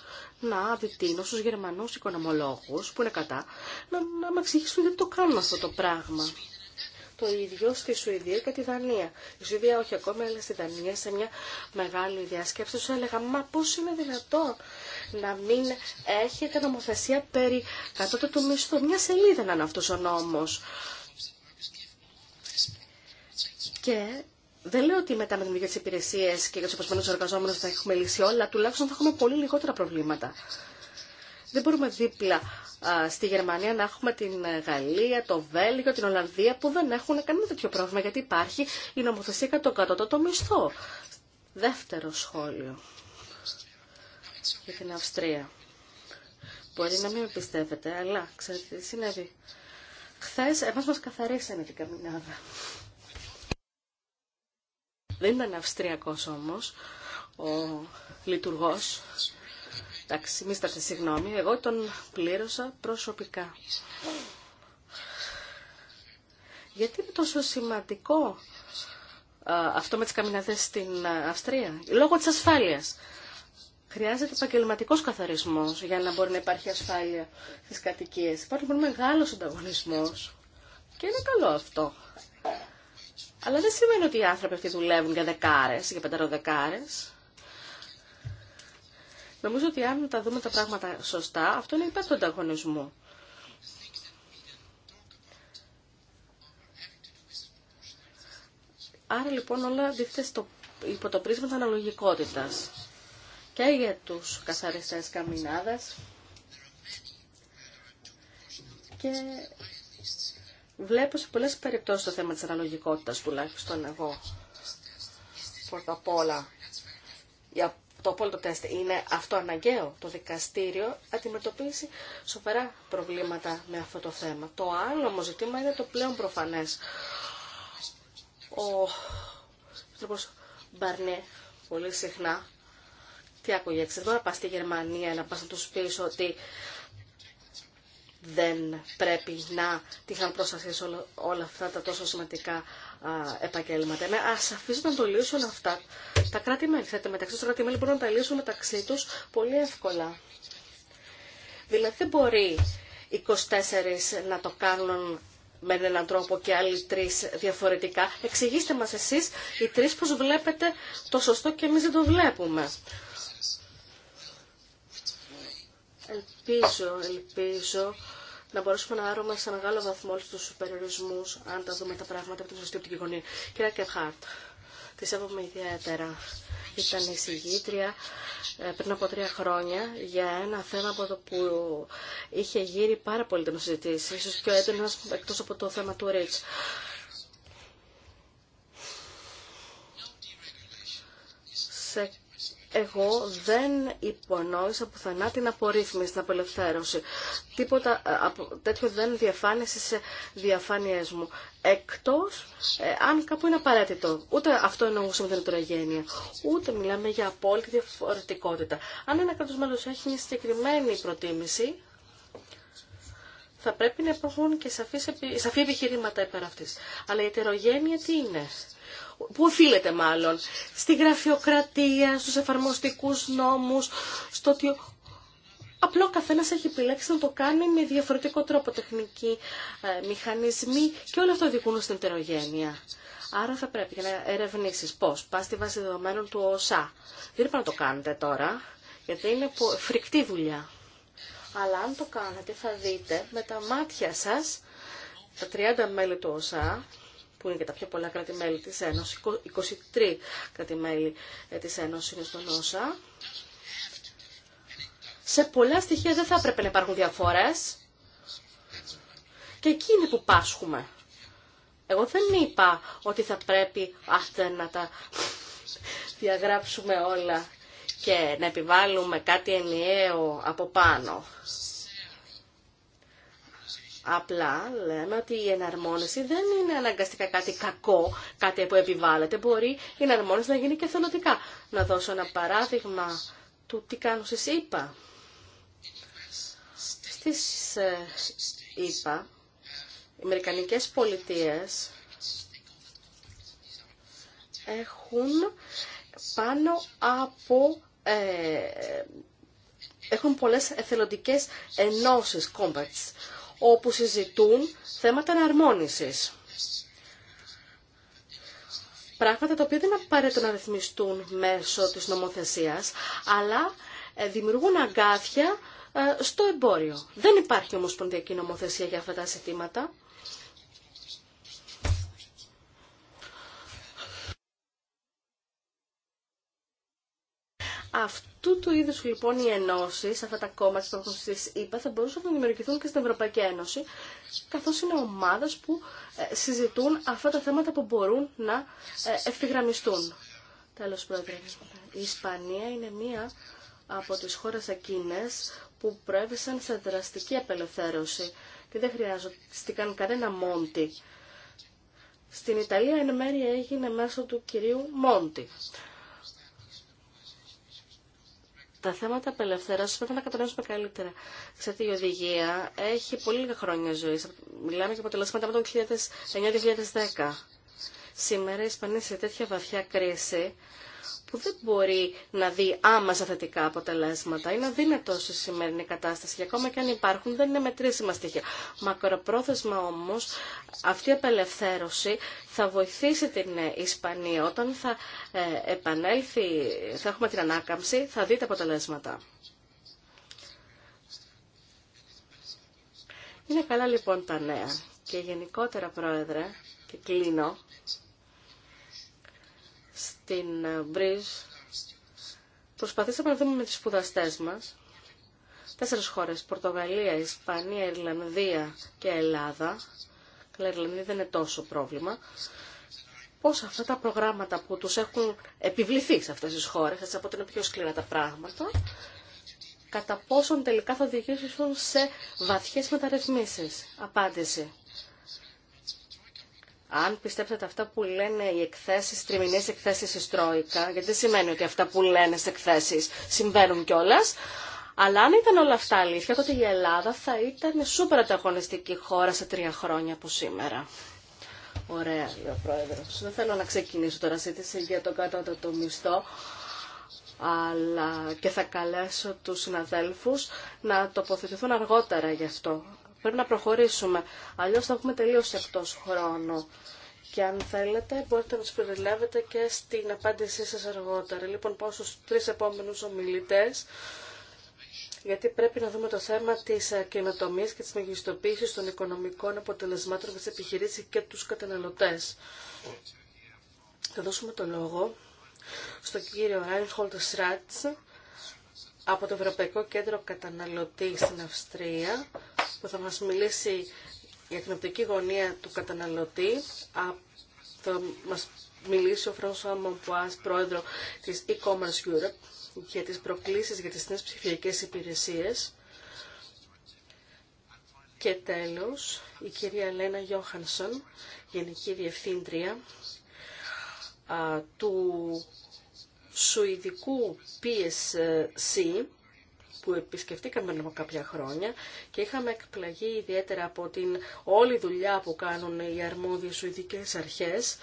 C: να διτείνω στους Γερμανούς οικονομολόγους που είναι κατά να, να με εξηγήσουν γιατί το κάνουν αυτό το πράγμα. Το ίδιο στη Σουηδία και τη Δανία. Η Σουηδία όχι ακόμα, αλλά στη Δανία σε μια μεγάλη διάσκεψη του έλεγα «Μα πώς είναι δυνατό να μην έχετε νομοθεσία περί κατώτε του μισθού». Μια σελίδα να είναι αυτός ο νόμος. Και δεν λέω ότι μετά με τι τη υπηρεσίε και για του αποσπασμένου εργαζόμενου θα έχουμε λύσει όλα, τουλάχιστον θα έχουμε πολύ λιγότερα προβλήματα. Δεν μπορούμε δίπλα στη Γερμανία να έχουμε την Γαλλία, το Βέλγιο, την Ολλανδία που δεν έχουν κανένα τέτοιο πρόβλημα γιατί υπάρχει η νομοθεσία κατά το κατώτατο μισθό. Δεύτερο σχόλιο για την Αυστρία. Μπορεί να μην με πιστεύετε, αλλά ξέρετε τι συνέβη. Χθε εμά μα καθαρίσανε την καμινάδα. Δεν ήταν αυστριακό όμω ο λειτουργό. Εντάξει, μη συγγνώμη. Εγώ τον πλήρωσα προσωπικά. Γιατί είναι τόσο σημαντικό αυτό με τις καμιναδές στην Αυστρία. Λόγω της ασφάλειας. Χρειάζεται επαγγελματικό καθαρισμό για να μπορεί να υπάρχει ασφάλεια στι κατοικίε. Υπάρχει μεγάλο ανταγωνισμό και είναι καλό αυτό. Αλλά δεν σημαίνει ότι οι άνθρωποι αυτοί δουλεύουν για δεκάρες, για πενταροδεκάρες. Νομίζω ότι αν τα δούμε τα πράγματα σωστά, αυτό είναι υπέρ του ανταγωνισμού. Άρα λοιπόν όλα δείχνουν στο, υπό το πρίσμα της αναλογικότητας. Και για τους καθαριστές καμινάδες και Βλέπω σε πολλές περιπτώσεις το θέμα της αναλογικότητας, τουλάχιστον εγώ. Πρώτα απ' όλα, το απόλυτο είναι αυτό αναγκαίο. Το δικαστήριο αντιμετωπίσει σοβαρά προβλήματα με αυτό το θέμα. Το άλλο όμως ζητήμα είναι το πλέον προφανές. Ο Επιτροπός Μπαρνέ πολύ συχνά τι άκουγε, ξέρω να πας στη Γερμανία να πας να τους πεις ότι δεν πρέπει να τύχαν προστασία σε όλα, αυτά τα τόσο σημαντικά α, επαγγέλματα. ας αφήσουν να το λύσουν αυτά τα κράτη-μέλη. Ξέρετε, μεταξύ των κράτη-μέλη μπορούν να τα λύσουν μεταξύ τους πολύ εύκολα. Δηλαδή δεν μπορεί 24 να το κάνουν με έναν τρόπο και άλλοι τρει διαφορετικά. Εξηγήστε μας εσείς οι τρεις πώς βλέπετε το σωστό και εμείς δεν το βλέπουμε. ελπίζω, ελπίζω να μπορέσουμε να άρουμε σε μεγάλο βαθμό όλου του περιορισμού, αν τα δούμε τα πράγματα από την σωστή οπτική γωνία. Κυρία Κεφχάρτ, τη σέβομαι ιδιαίτερα. Ήταν συγγήτρια ε, πριν από τρία χρόνια για ένα θέμα από το που είχε γύρει πάρα πολύ την συζητήσει, ίσω πιο έντονο εκτό από το θέμα του Ρίτ. Σε εγώ δεν υπονόησα πουθενά την απορρίθμιση, την απελευθέρωση. Τίποτα ε, τέτοιο δεν διαφάνισε σε διαφάνειές μου. Εκτός ε, αν κάπου είναι απαραίτητο. Ούτε αυτό εννοούσαμε την ετερογένεια. Ούτε μιλάμε για απόλυτη διαφορετικότητα. Αν ένα κράτος μέλος έχει μια συγκεκριμένη προτίμηση, θα πρέπει να υπάρχουν και σαφή επιχειρήματα υπέρ αυτή. Αλλά η ετερογένεια τι είναι. Πού οφείλεται μάλλον. Στη γραφειοκρατία, στους εφαρμοστικούς νόμους, στο ότι Απλό καθένας καθένα έχει επιλέξει να το κάνει με διαφορετικό τρόπο. Τεχνικοί ε, μηχανισμοί και όλα αυτά οδηγούν στην ετερογένεια. Άρα θα πρέπει να ερευνήσει πώ. Πα στη βάση δεδομένων του ΩΣΑ. Δεν πρέπει να το κάνετε τώρα, γιατί είναι φρικτή δουλειά. Αλλά αν το κάνετε θα δείτε με τα μάτια σας τα 30 μέλη του ΩΣΑ, που είναι και τα πιο πολλά κράτη-μέλη της Ένωσης, 23 κράτη-μέλη ε, της Ένωσης είναι στον ΩΣΑ, σε πολλά στοιχεία δεν θα έπρεπε να υπάρχουν διαφορές. Και εκεί είναι που πάσχουμε. Εγώ δεν είπα ότι θα πρέπει αυτά να τα [LAUGHS] διαγράψουμε όλα και να επιβάλλουμε κάτι ενιαίο από πάνω. Απλά λέμε ότι η εναρμόνιση δεν είναι αναγκαστικά κάτι κακό, κάτι που επιβάλλεται. Μπορεί η εναρμόνιση να γίνει και θελοντικά. Να δώσω ένα παράδειγμα του τι κάνουν στις ΗΠΑ. Στις ε, ΗΠΑ, οι Αμερικανικές πολιτείες έχουν πάνω από ε, έχουν πολλές εθελοντικές ενώσεις, combats, όπου συζητούν θέματα εναρμόνισης. Πράγματα τα οποία δεν απαραίτητο να ρυθμιστούν μέσω της νομοθεσίας, αλλά ε, δημιουργούν αγκάθια ε, στο εμπόριο. Δεν υπάρχει όμως ποντιακή νομοθεσία για αυτά τα ζητήματα. Αυτού του είδου λοιπόν οι ενώσει, αυτά τα κόμματα έχουν στι ΗΠΑ, θα μπορούσαν να δημιουργηθούν και στην Ευρωπαϊκή Ένωση, καθώ είναι ομάδε που ε, συζητούν αυτά τα θέματα που μπορούν να ε, ευθυγραμμιστούν. Τέλος πρόεδρε, η Ισπανία είναι μία από τι χώρε εκείνες που προέβησαν σε δραστική απελευθέρωση και δεν χρειάζονταν κανένα μόντι. Στην Ιταλία εν μέρει έγινε μέσω του κυρίου Μόντι τα θέματα απελευθέρωση πρέπει να κατανοήσουμε καλύτερα. Ξέρετε, η οδηγία έχει πολύ λίγα χρόνια ζωή. Μιλάμε για αποτελέσματα από το 2009-2010. Σήμερα η Ισπανία σε τέτοια βαθιά κρίση που δεν μπορεί να δει άμεσα θετικά αποτελέσματα. Είναι αδύνατο στη σημερινή κατάσταση και ακόμα και αν υπάρχουν δεν είναι μετρήσιμα στοιχεία. Μακροπρόθεσμα όμως αυτή η απελευθέρωση θα βοηθήσει την Ισπανία. Όταν θα ε, επανέλθει, θα έχουμε την ανάκαμψη, θα δείτε αποτελέσματα. Είναι καλά λοιπόν τα νέα. Και γενικότερα, Πρόεδρε, και κλείνω, στην ε, Μπρίζ προσπαθήσαμε να δούμε με τις σπουδαστέ μας τέσσερις χώρες, Πορτογαλία, Ισπανία, Ιρλανδία και Ελλάδα, η Ιρλανδία δεν είναι τόσο πρόβλημα, πώς αυτά τα προγράμματα που τους έχουν επιβληθεί σε αυτές τις χώρες, έτσι από ότι είναι πιο σκληρά τα πράγματα, κατά πόσον τελικά θα οδηγήσουν σε βαθιές μεταρρυθμίσεις. Απάντηση αν πιστέψετε αυτά που λένε οι εκθέσει, τριμηνέ εκθέσει τη Τρόικα, γιατί δεν σημαίνει ότι αυτά που λένε σε εκθέσει συμβαίνουν κιόλα. Αλλά αν ήταν όλα αυτά αλήθεια, τότε η Ελλάδα θα ήταν σούπερ ανταγωνιστική χώρα σε τρία χρόνια από σήμερα. Ωραία, λέει ο Πρόεδρο. Δεν θέλω να ξεκινήσω τώρα συζήτηση για τον κατώτατο μισθό, αλλά και θα καλέσω του συναδέλφου να τοποθετηθούν αργότερα γι' αυτό. Πρέπει να προχωρήσουμε. Αλλιώς θα έχουμε τελείως εκτός χρόνου. Και αν θέλετε, μπορείτε να τους περιλάβετε και στην απάντησή σας αργότερα. Λοιπόν, πάω στους τρεις επόμενους ομιλητές, γιατί πρέπει να δούμε το θέμα της ε, καινοτομία και τη μεγιστοποίηση των οικονομικών αποτελεσμάτων τι επιχειρήσει και του καταναλωτέ. Θα δώσουμε το λόγο στον κύριο Ράινχολτ Σράτς, από το Ευρωπαϊκό Κέντρο Καταναλωτή στην Αυστρία που θα μας μιλήσει για την οπτική γωνία του καταναλωτή. Θα μας μιλήσει ο Φρόνσο Μομπουάς, πρόεδρο της e-commerce Europe για τις προκλήσεις για τις νέες ψηφιακές υπηρεσίες. Και τέλος, η κυρία Λένα Γιώχανσον, Γενική Διευθύντρια του σουηδικού PSC που επισκεφτήκαμε πριν κάποια χρόνια και είχαμε εκπλαγεί ιδιαίτερα από την όλη δουλειά που κάνουν οι αρμόδιες σουηδικές αρχές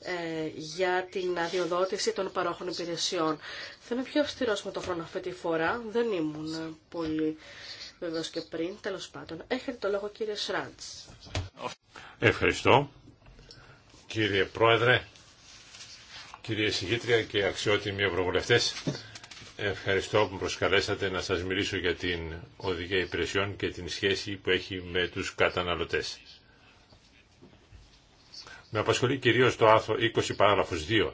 C: ε, για την αδειοδότηση των παρόχων υπηρεσιών. Θα είμαι πιο αυστηρό με το χρόνο αυτή τη φορά. Δεν ήμουν πολύ βεβαίω και πριν. Τέλο πάντων, έχετε το λόγο κύριε Σράντ.
D: Ευχαριστώ. Κύριε Πρόεδρε, Κυρία Συγήτρια και αξιότιμοι ευρωβουλευτέ, ευχαριστώ που με προσκαλέσατε να σας μιλήσω για την οδηγία υπηρεσιών και την σχέση που έχει με τους καταναλωτές. Με απασχολεί κυρίως το άρθρο 20 παράγραφος 2,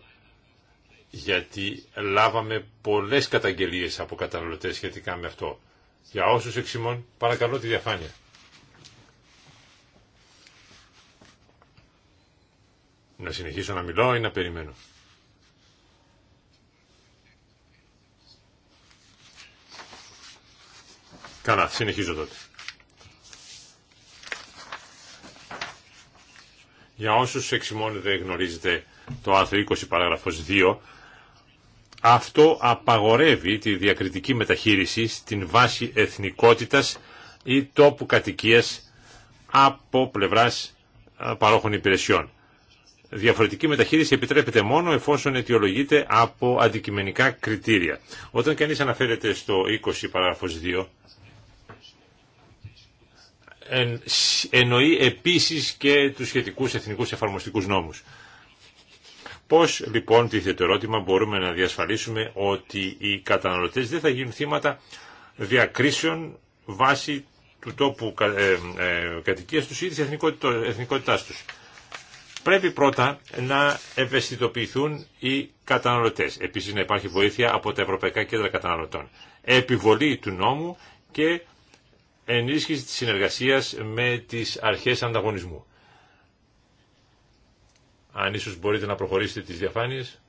D: γιατί λάβαμε πολλές καταγγελίες από καταναλωτές σχετικά με αυτό. Για όσους εξημών, παρακαλώ τη διαφάνεια. Να συνεχίσω να μιλώ ή να περιμένω. Καλά, συνεχίζω τότε. Για όσους εξημών δεν γνωρίζετε το άρθρο 20 παράγραφος 2, αυτό απαγορεύει τη διακριτική μεταχείριση στην βάση εθνικότητας ή τόπου κατοικίας από πλευράς παρόχων υπηρεσιών. Διαφορετική μεταχείριση επιτρέπεται μόνο εφόσον αιτιολογείται από αντικειμενικά κριτήρια. Όταν κανείς αναφέρεται στο 20 παράγραφος 2, εννοεί επίσης και τους σχετικούς εθνικούς εφαρμοστικούς νόμους. Πώς λοιπόν τη το ερώτημα μπορούμε να διασφαλίσουμε ότι οι καταναλωτές δεν θα γίνουν θύματα διακρίσεων βάσει του τόπου ε, ε, κατοικίας τους ή της εθνικότητάς τους. Πρέπει πρώτα να ευαισθητοποιηθούν οι καταναλωτές. Επίσης να υπάρχει βοήθεια από τα Ευρωπαϊκά Κέντρα Καταναλωτών. Επιβολή του νόμου και ενίσχυση της συνεργασίας με τις αρχές ανταγωνισμού. Αν ίσως μπορείτε να προχωρήσετε τις διαφάνειες.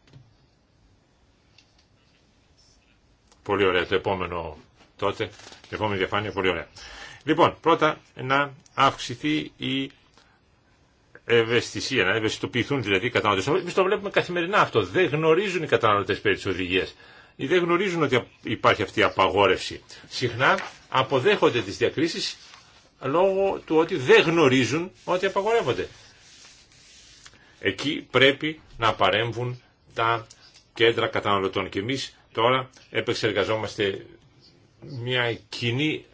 D: Πολύ ωραία το επόμενο τότε, η επόμενη διαφάνεια, πολύ ωραία. Λοιπόν, πρώτα να αυξηθεί η ευαισθησία, να ευαισθητοποιηθούν δηλαδή οι καταναλωτές. Εμείς το βλέπουμε καθημερινά αυτό. Δεν γνωρίζουν οι καταναλωτές περί της οδηγίας. Ή δεν γνωρίζουν ότι υπάρχει αυτή απαγόρευση. Συχνά αποδέχονται τις διακρίσεις λόγω του ότι δεν γνωρίζουν ότι απαγορεύονται. Εκεί πρέπει να παρέμβουν τα κέντρα καταναλωτών. Και εμείς τώρα επεξεργαζόμαστε μια κοινή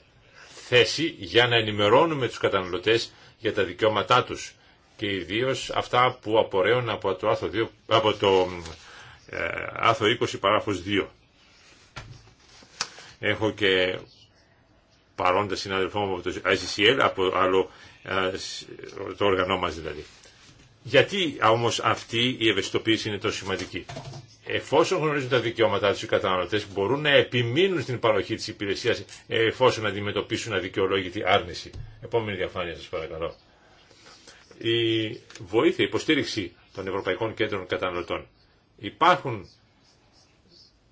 D: θέση για να ενημερώνουμε τους καταναλωτές για τα δικαιώματά τους και ιδίως αυτά που απορρέουν από το άθρο, 2, από το, ε, 20 παράγραφος 2. Έχω και παρόντα συναδελφό μου από το ICCL, από άλλο ε, το όργανό μας δηλαδή. Γιατί όμως αυτή η ευαισθητοποίηση είναι τόσο σημαντική. Εφόσον γνωρίζουν τα δικαιώματά του οι καταναλωτέ, μπορούν να επιμείνουν στην παροχή τη υπηρεσία εφόσον αντιμετωπίσουν αδικαιολόγητη άρνηση. Επόμενη διαφάνεια σα παρακαλώ. Η βοήθεια, η υποστήριξη των Ευρωπαϊκών Κέντρων Καταναλωτών. Υπάρχουν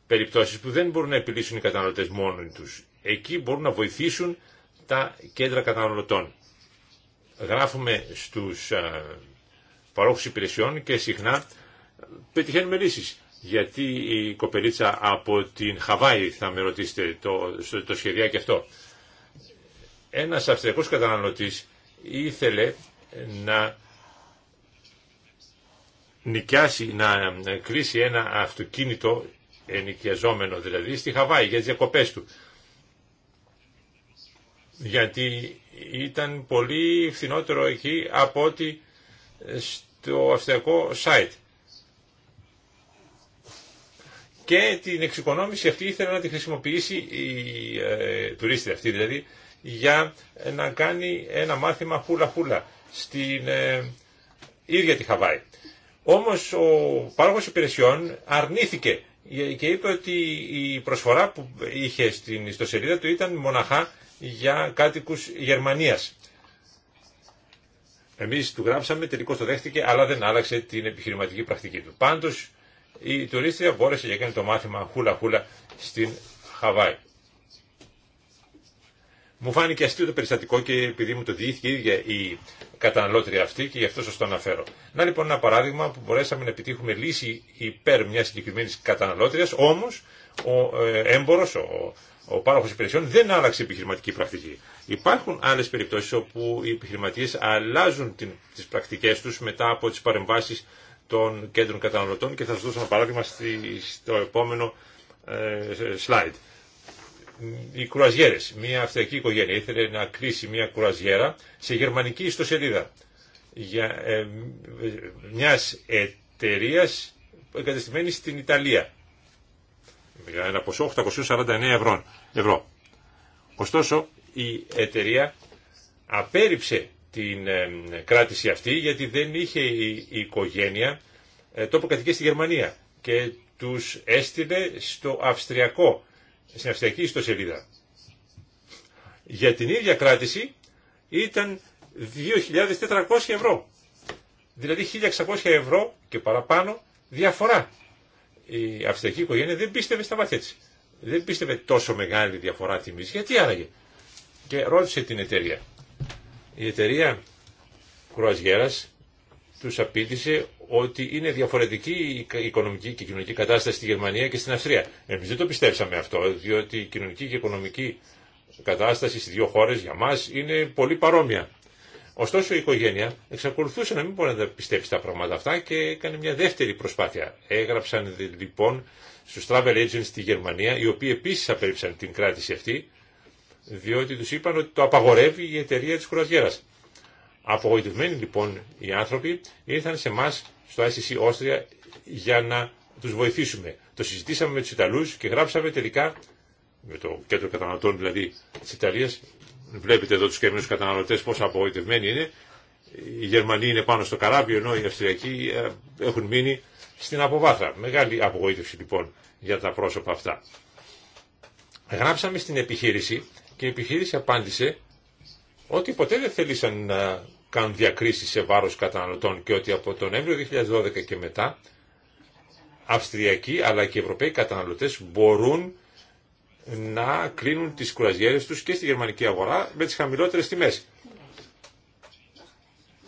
D: περιπτώσει που δεν μπορούν να επιλύσουν οι καταναλωτέ μόνοι του εκεί μπορούν να βοηθήσουν τα κέντρα καταναλωτών. Γράφουμε στους ε, παρόχους υπηρεσιών και συχνά ε, πετυχαίνουμε λύσεις. Γιατί η κοπελίτσα από την Χαβάη θα με ρωτήσετε το, το σχεδιάκι αυτό. Ένας αυστριακός καταναλωτής ήθελε να νοικιάσει, να ε, κλείσει ένα αυτοκίνητο ενοικιαζόμενο δηλαδή στη Χαβάη για τις διακοπές του γιατί ήταν πολύ φθηνότερο εκεί από ότι στο αυστριακό site. Και την εξοικονόμηση αυτή ήθελε να τη χρησιμοποιήσει η ε, τουρίστη αυτή δηλαδή για να κάνει ένα φούλα φούλα στην ε, ίδια τη Χαβάη. Όμως ο πάροχος υπηρεσιών αρνήθηκε και είπε ότι η προσφορά που είχε στην ιστοσελίδα του ήταν μοναχά για κάτοικους Γερμανίας. Εμείς του γράψαμε, τελικώς το δέχτηκε, αλλά δεν άλλαξε την επιχειρηματική πρακτική του. Πάντως, η τουρίστρια μπόρεσε για κάνει το μάθημα χούλα-χούλα στην Χαβάη. Μου φάνηκε αστείο το περιστατικό και επειδή μου το διήθηκε η ίδια η καταναλώτρια αυτή και γι' αυτό σα το αναφέρω. Να λοιπόν ένα παράδειγμα που μπορέσαμε να επιτύχουμε λύση υπέρ μια συγκεκριμένη καταναλώτρια, όμω ο ε, έμπορο, ο ο πάροχος υπηρεσιών δεν άλλαξε επιχειρηματική πρακτική. Υπάρχουν άλλες περιπτώσεις όπου οι επιχειρηματίες αλλάζουν την, τις πρακτικές τους μετά από τις παρεμβάσεις των κέντρων καταναλωτών και θα σας δώσω ένα παράδειγμα στο επόμενο ε, slide. Οι κουραζιέρες. Μια αυθιακή οικογένεια ήθελε να κρίσει μια κουραζιέρα σε γερμανική ιστοσελίδα για, ε, μιας εταιρείας εγκατεστημένη στην Ιταλία για ένα ποσό 849 ευρώ. ευρώ. Ωστόσο, η εταιρεία απέρριψε την κράτηση αυτή γιατί δεν είχε η οικογένεια ε, τόπο κατοικία στη Γερμανία και τους έστειλε στο αυστριακό, στην αυστριακή ιστοσελίδα. Για την ίδια κράτηση ήταν 2.400 ευρώ. Δηλαδή 1.600 ευρώ και παραπάνω διαφορά η αυστριακή οικογένεια δεν πίστευε στα μάτια της. Δεν πίστευε τόσο μεγάλη διαφορά τιμή, Γιατί άραγε. Και ρώτησε την εταιρεία. Η εταιρεία Κρουαζιέρας τους απίτησε ότι είναι διαφορετική η οικονομική και η κοινωνική κατάσταση στη Γερμανία και στην Αυστρία. Εμείς δεν το πιστέψαμε αυτό, διότι η κοινωνική και η οικονομική κατάσταση στις δύο χώρες για μας είναι πολύ παρόμοια. Ωστόσο η οικογένεια εξακολουθούσε να μην μπορεί να πιστέψει τα πράγματα αυτά και έκανε μια δεύτερη προσπάθεια. Έγραψαν λοιπόν στους travel agents στη Γερμανία, οι οποίοι επίσης απέρριψαν την κράτηση αυτή, διότι τους είπαν ότι το απαγορεύει η εταιρεία της κρουαζιέρας. Απογοητευμένοι λοιπόν οι άνθρωποι ήρθαν σε εμά στο ICC Austria για να τους βοηθήσουμε. Το συζητήσαμε με τους Ιταλούς και γράψαμε τελικά, με το κέντρο καταναλωτών δηλαδή της Ιταλίας, Βλέπετε εδώ τους καινούς καταναλωτές πόσο απογοητευμένοι είναι. Οι Γερμανοί είναι πάνω στο καράβι, ενώ οι Αυστριακοί ε, έχουν μείνει στην αποβάθρα. Μεγάλη απογοήτευση λοιπόν για τα πρόσωπα αυτά. Γράψαμε στην επιχείρηση και η επιχείρηση απάντησε ότι ποτέ δεν θέλησαν να κάνουν διακρίσεις σε βάρος καταναλωτών και ότι από τον Νοέμβριο 2012 και μετά Αυστριακοί αλλά και Ευρωπαίοι καταναλωτές μπορούν να κλείνουν τις κουραζιέρες τους και στη γερμανική αγορά με τις χαμηλότερες τιμές.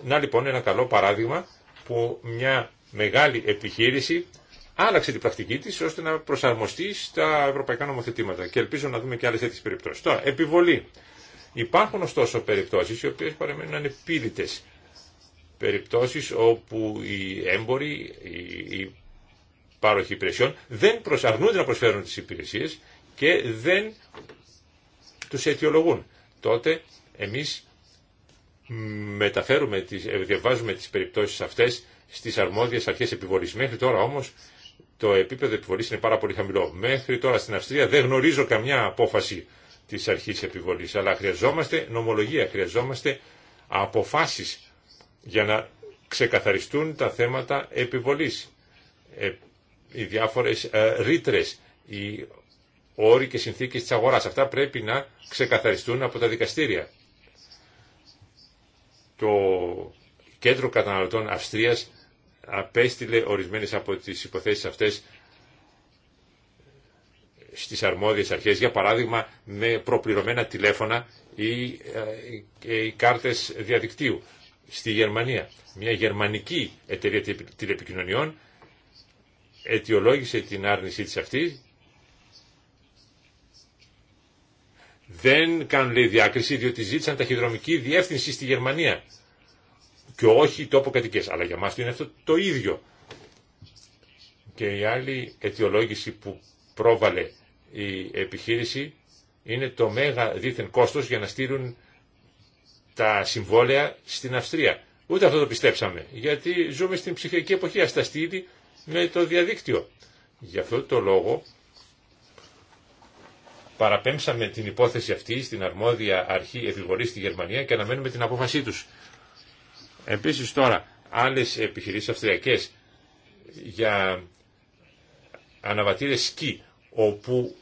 D: Να λοιπόν ένα καλό παράδειγμα που μια μεγάλη επιχείρηση άλλαξε την πρακτική της ώστε να προσαρμοστεί στα ευρωπαϊκά νομοθετήματα και ελπίζω να δούμε και άλλες τέτοιες περιπτώσεις. Τώρα, επιβολή. Υπάρχουν ωστόσο περιπτώσεις οι οποίες παραμένουν ανεπίδητες. Περιπτώσεις όπου οι έμποροι, οι πάροχοι υπηρεσιών δεν προσαρνούνται να προσφέρουν τις υπηρεσίες και δεν τους αιτιολογούν. Τότε εμείς μεταφέρουμε, τις, ε, διαβάζουμε τις περιπτώσεις αυτές στις αρμόδιες αρχές επιβολής. Μέχρι τώρα όμως το επίπεδο επιβολής είναι πάρα πολύ χαμηλό. Μέχρι τώρα στην Αυστρία δεν γνωρίζω καμιά απόφαση της αρχής επιβολής, αλλά χρειαζόμαστε νομολογία, χρειαζόμαστε αποφάσεις για να ξεκαθαριστούν τα θέματα επιβολής. Ε, οι διάφορες ε, ρήτρε, όροι και συνθήκες της αγοράς. Αυτά πρέπει να ξεκαθαριστούν από τα δικαστήρια. Το Κέντρο Καταναλωτών Αυστρίας απέστειλε ορισμένες από τις υποθέσεις αυτές στις αρμόδιες αρχές, για παράδειγμα με προπληρωμένα τηλέφωνα ή οι ε, ε, κάρτες διαδικτύου στη Γερμανία. Μια γερμανική εταιρεία τηλεπικοινωνιών αιτιολόγησε την άρνησή της αυτή δεν κάνουν λέει διάκριση διότι ζήτησαν ταχυδρομική διεύθυνση στη Γερμανία και όχι τόπο κατοικίας. Αλλά για μας είναι αυτό το ίδιο. Και η άλλη αιτιολόγηση που πρόβαλε η επιχείρηση είναι το μέγα δίθεν κόστος για να στείλουν τα συμβόλαια στην Αυστρία. Ούτε αυτό το πιστέψαμε, γιατί ζούμε στην ψηφιακή εποχή, ας με το διαδίκτυο. Γι' αυτό το λόγο παραπέμψαμε την υπόθεση αυτή στην αρμόδια αρχή επιβολή στη Γερμανία και αναμένουμε την απόφασή τους. Επίσης τώρα άλλε επιχειρήσεις αυστριακές για αναβατήρες σκι όπου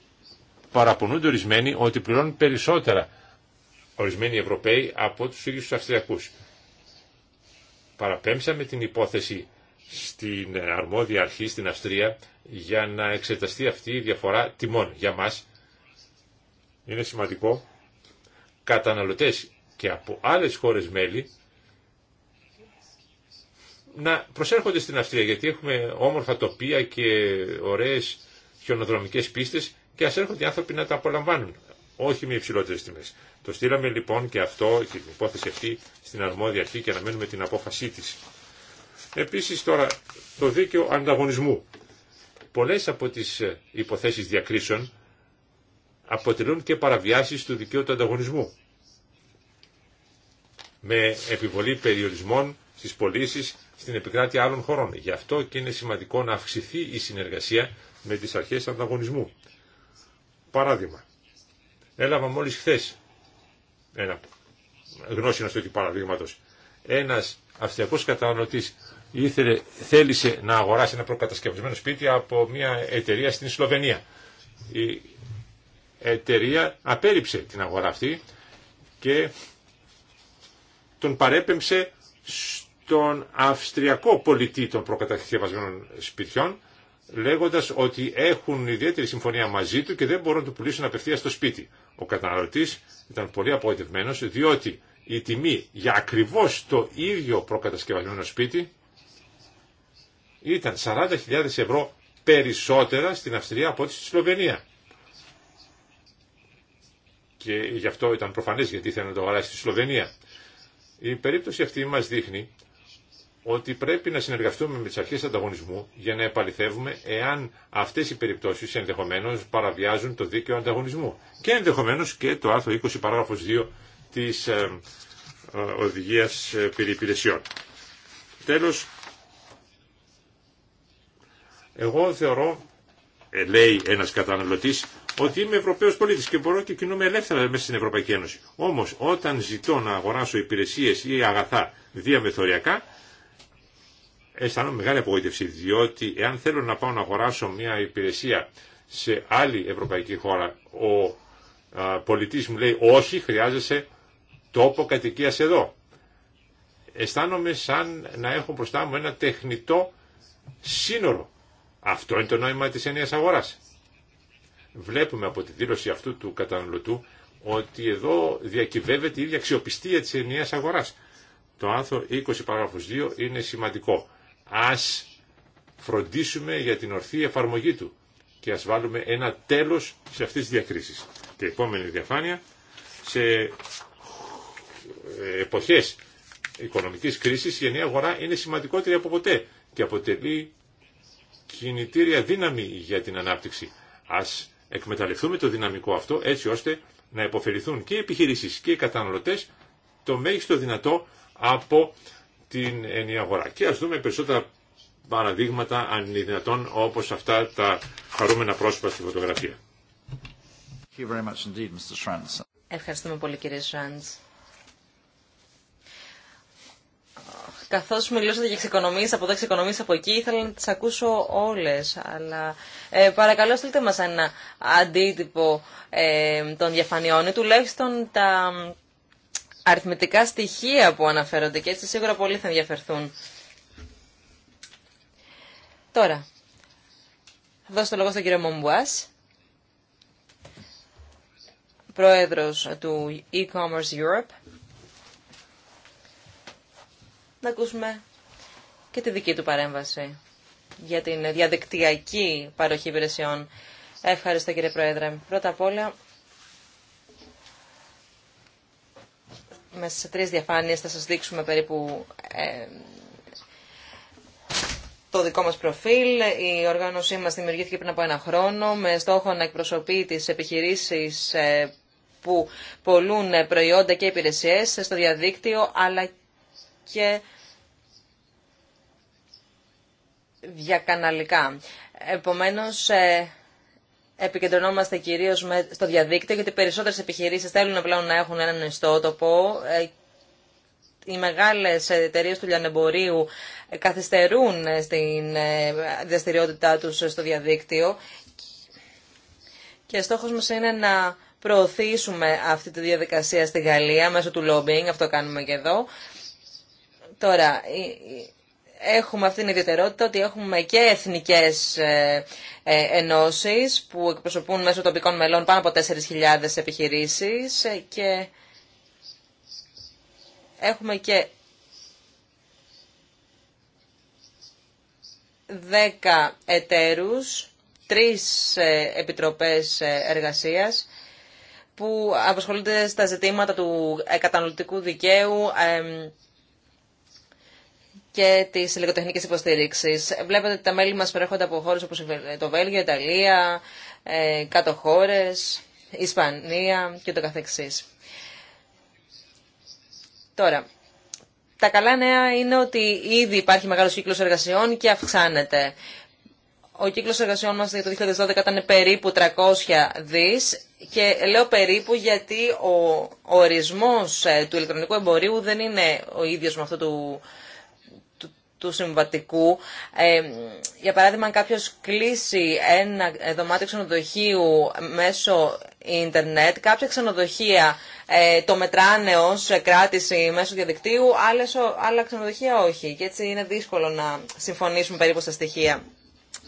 D: παραπονούνται ορισμένοι ότι πληρώνουν περισσότερα ορισμένοι Ευρωπαίοι από τους ίδιους τους Αυστριακούς. Παραπέμψαμε την υπόθεση στην αρμόδια αρχή στην Αυστρία για να εξεταστεί αυτή η διαφορά τιμών για μας είναι σημαντικό καταναλωτές και από άλλες χώρες μέλη να προσέρχονται στην Αυστρία γιατί έχουμε όμορφα τοπία και ωραίες χιονοδρομικές πίστες και ας έρχονται οι άνθρωποι να τα απολαμβάνουν όχι με υψηλότερες τιμές. Το στείλαμε λοιπόν και αυτό και την υπόθεση αυτή στην αρμόδια αρχή και αναμένουμε την απόφασή της. Επίσης τώρα το δίκαιο ανταγωνισμού. Πολλές από τις υποθέσεις διακρίσεων αποτελούν και παραβιάσεις του δικαίου του ανταγωνισμού με επιβολή περιορισμών στις πωλήσει στην επικράτεια άλλων χωρών. Γι' αυτό και είναι σημαντικό να αυξηθεί η συνεργασία με τις αρχές ανταγωνισμού. Παράδειγμα, έλαβα μόλις χθε ένα γνώση να παραδείγματος. Ένας αυστιακός καταναλωτής θέλησε να αγοράσει ένα προκατασκευασμένο σπίτι από μια εταιρεία στην Σλοβενία. Η εταιρεία απέριψε την αγορά αυτή και τον παρέπεμψε στον αυστριακό πολιτή των προκατασκευασμένων σπιτιών λέγοντας ότι έχουν ιδιαίτερη συμφωνία μαζί του και δεν μπορούν να του πουλήσουν απευθεία στο σπίτι. Ο καταναλωτής ήταν πολύ απογοητευμένος διότι η τιμή για ακριβώς το ίδιο προκατασκευασμένο σπίτι ήταν 40.000 ευρώ περισσότερα στην Αυστρία από ό,τι στη Σλοβενία και γι' αυτό ήταν προφανές γιατί ήθελε να το αγοράσει στη Σλοβενία. Η περίπτωση αυτή μας δείχνει ότι πρέπει να συνεργαστούμε με τι αρχέ ανταγωνισμού για να επαληθεύουμε εάν αυτές οι περιπτώσεις ενδεχομένως παραβιάζουν το δίκαιο ανταγωνισμού και ενδεχομένω και το άρθρο 20 παράγραφος 2 της ε, ε, οδηγίας ε, περί υπηρεσιών. Τέλος, εγώ θεωρώ, λέει ένα καταναλωτή ότι είμαι Ευρωπαίος πολίτης και μπορώ και κινούμαι ελεύθερα μέσα στην Ευρωπαϊκή Ένωση. Όμως όταν ζητώ να αγοράσω υπηρεσίες ή αγαθά διαμεθοριακά, αισθάνομαι μεγάλη απογοήτευση, διότι εάν θέλω να πάω να αγοράσω μια υπηρεσία σε άλλη ευρωπαϊκή χώρα, ο πολιτής μου λέει όχι, χρειάζεσαι τόπο κατοικία εδώ. Αισθάνομαι σαν να έχω μπροστά μου ένα τεχνητό σύνορο. Αυτό είναι το νόημα της ενίας αγοράς βλέπουμε από τη δήλωση αυτού του καταναλωτού ότι εδώ διακυβεύεται η ίδια αξιοπιστία της ενιαίας αγοράς. Το άνθρωπο 20 παράγραφος 2 είναι σημαντικό. Ας φροντίσουμε για την ορθή εφαρμογή του και ας βάλουμε ένα τέλος σε αυτές τις διακρίσεις. Και επόμενη διαφάνεια, σε ε, εποχές οικονομικής κρίσης η ενιαία αγορά είναι σημαντικότερη από ποτέ και αποτελεί κινητήρια δύναμη για την ανάπτυξη. Ας εκμεταλλευτούμε το δυναμικό αυτό έτσι ώστε να υποφεληθούν και οι επιχειρήσεις και οι καταναλωτές το μέγιστο δυνατό από την ενιαία αγορά. Και ας δούμε περισσότερα παραδείγματα αν είναι δυνατόν όπως αυτά τα χαρούμενα πρόσωπα στη φωτογραφία.
B: Ευχαριστούμε πολύ κύριε Σραντς. καθώς μιλούσατε για εξοικονομίες από εδώ, εξοικονομίες από εκεί, ήθελα να τις ακούσω όλες. Αλλά ε, παρακαλώ στείλτε μας ένα αντίτυπο ε, των διαφανειών ή τουλάχιστον τα αριθμητικά στοιχεία που αναφέρονται και έτσι σίγουρα πολλοί θα ενδιαφερθούν. Τώρα, θα δώσω το λόγο στον κύριο Μομπουάς, πρόεδρος του e-commerce Europe να ακούσουμε και τη δική του παρέμβαση για την διαδικτυακή παροχή υπηρεσιών. Ευχαριστώ κύριε Πρόεδρε. Πρώτα απ' όλα, μέσα σε τρεις διαφάνειες θα σας δείξουμε περίπου ε, το δικό μας προφίλ. Η οργάνωσή μας δημιουργήθηκε πριν από ένα χρόνο με στόχο να εκπροσωπεί τις επιχειρήσεις ε, που πολλούν προϊόντα και υπηρεσίες στο διαδίκτυο αλλά και διακαναλικά. Επομένως, ε, επικεντρωνόμαστε κυρίως στο διαδίκτυο, γιατί περισσότερες επιχειρήσεις θέλουν πλέον να έχουν έναν ιστότοπο. Ε, οι μεγάλες εταιρείε του λιανεμπορίου ε, καθυστερούν στην διαστηριότητά τους στο διαδίκτυο και στόχος μας είναι να προωθήσουμε αυτή τη διαδικασία στη Γαλλία μέσω του lobbying, αυτό κάνουμε και εδώ, Τώρα, ε, ε, έχουμε αυτή την ιδιαιτερότητα ότι έχουμε και εθνικές ε, ενώσεις που εκπροσωπούν μέσω τοπικών μελών πάνω από 4.000 επιχειρήσεις και έχουμε και 10 εταίρους, 3 επιτροπές εργασίας που απασχολούνται στα ζητήματα του καταναλωτικού δικαίου, και τη υλικοτεχνική υποστήριξη. Βλέπετε ότι τα μέλη μα προέρχονται από χώρε όπω το Βέλγιο, Ιταλία, ε, κάτω χώρε, Ισπανία και το καθεξής. Τώρα, τα καλά νέα είναι ότι ήδη υπάρχει μεγάλος κύκλος εργασιών και αυξάνεται. Ο κύκλος εργασιών μας για το 2012 ήταν περίπου 300 δις και λέω περίπου γιατί ο ορισμός ε, του ηλεκτρονικού εμπορίου δεν είναι ο ίδιος με αυτό του του συμβατικού. Ε, για παράδειγμα, αν κάποιος κλείσει ένα δωμάτιο ξενοδοχείου μέσω ίντερνετ, κάποια ξενοδοχεία ε, το μετράνε ως κράτηση μέσω διαδικτύου, άλλες, άλλα ξενοδοχεία όχι. Και έτσι είναι δύσκολο να συμφωνήσουμε περίπου στα στοιχεία.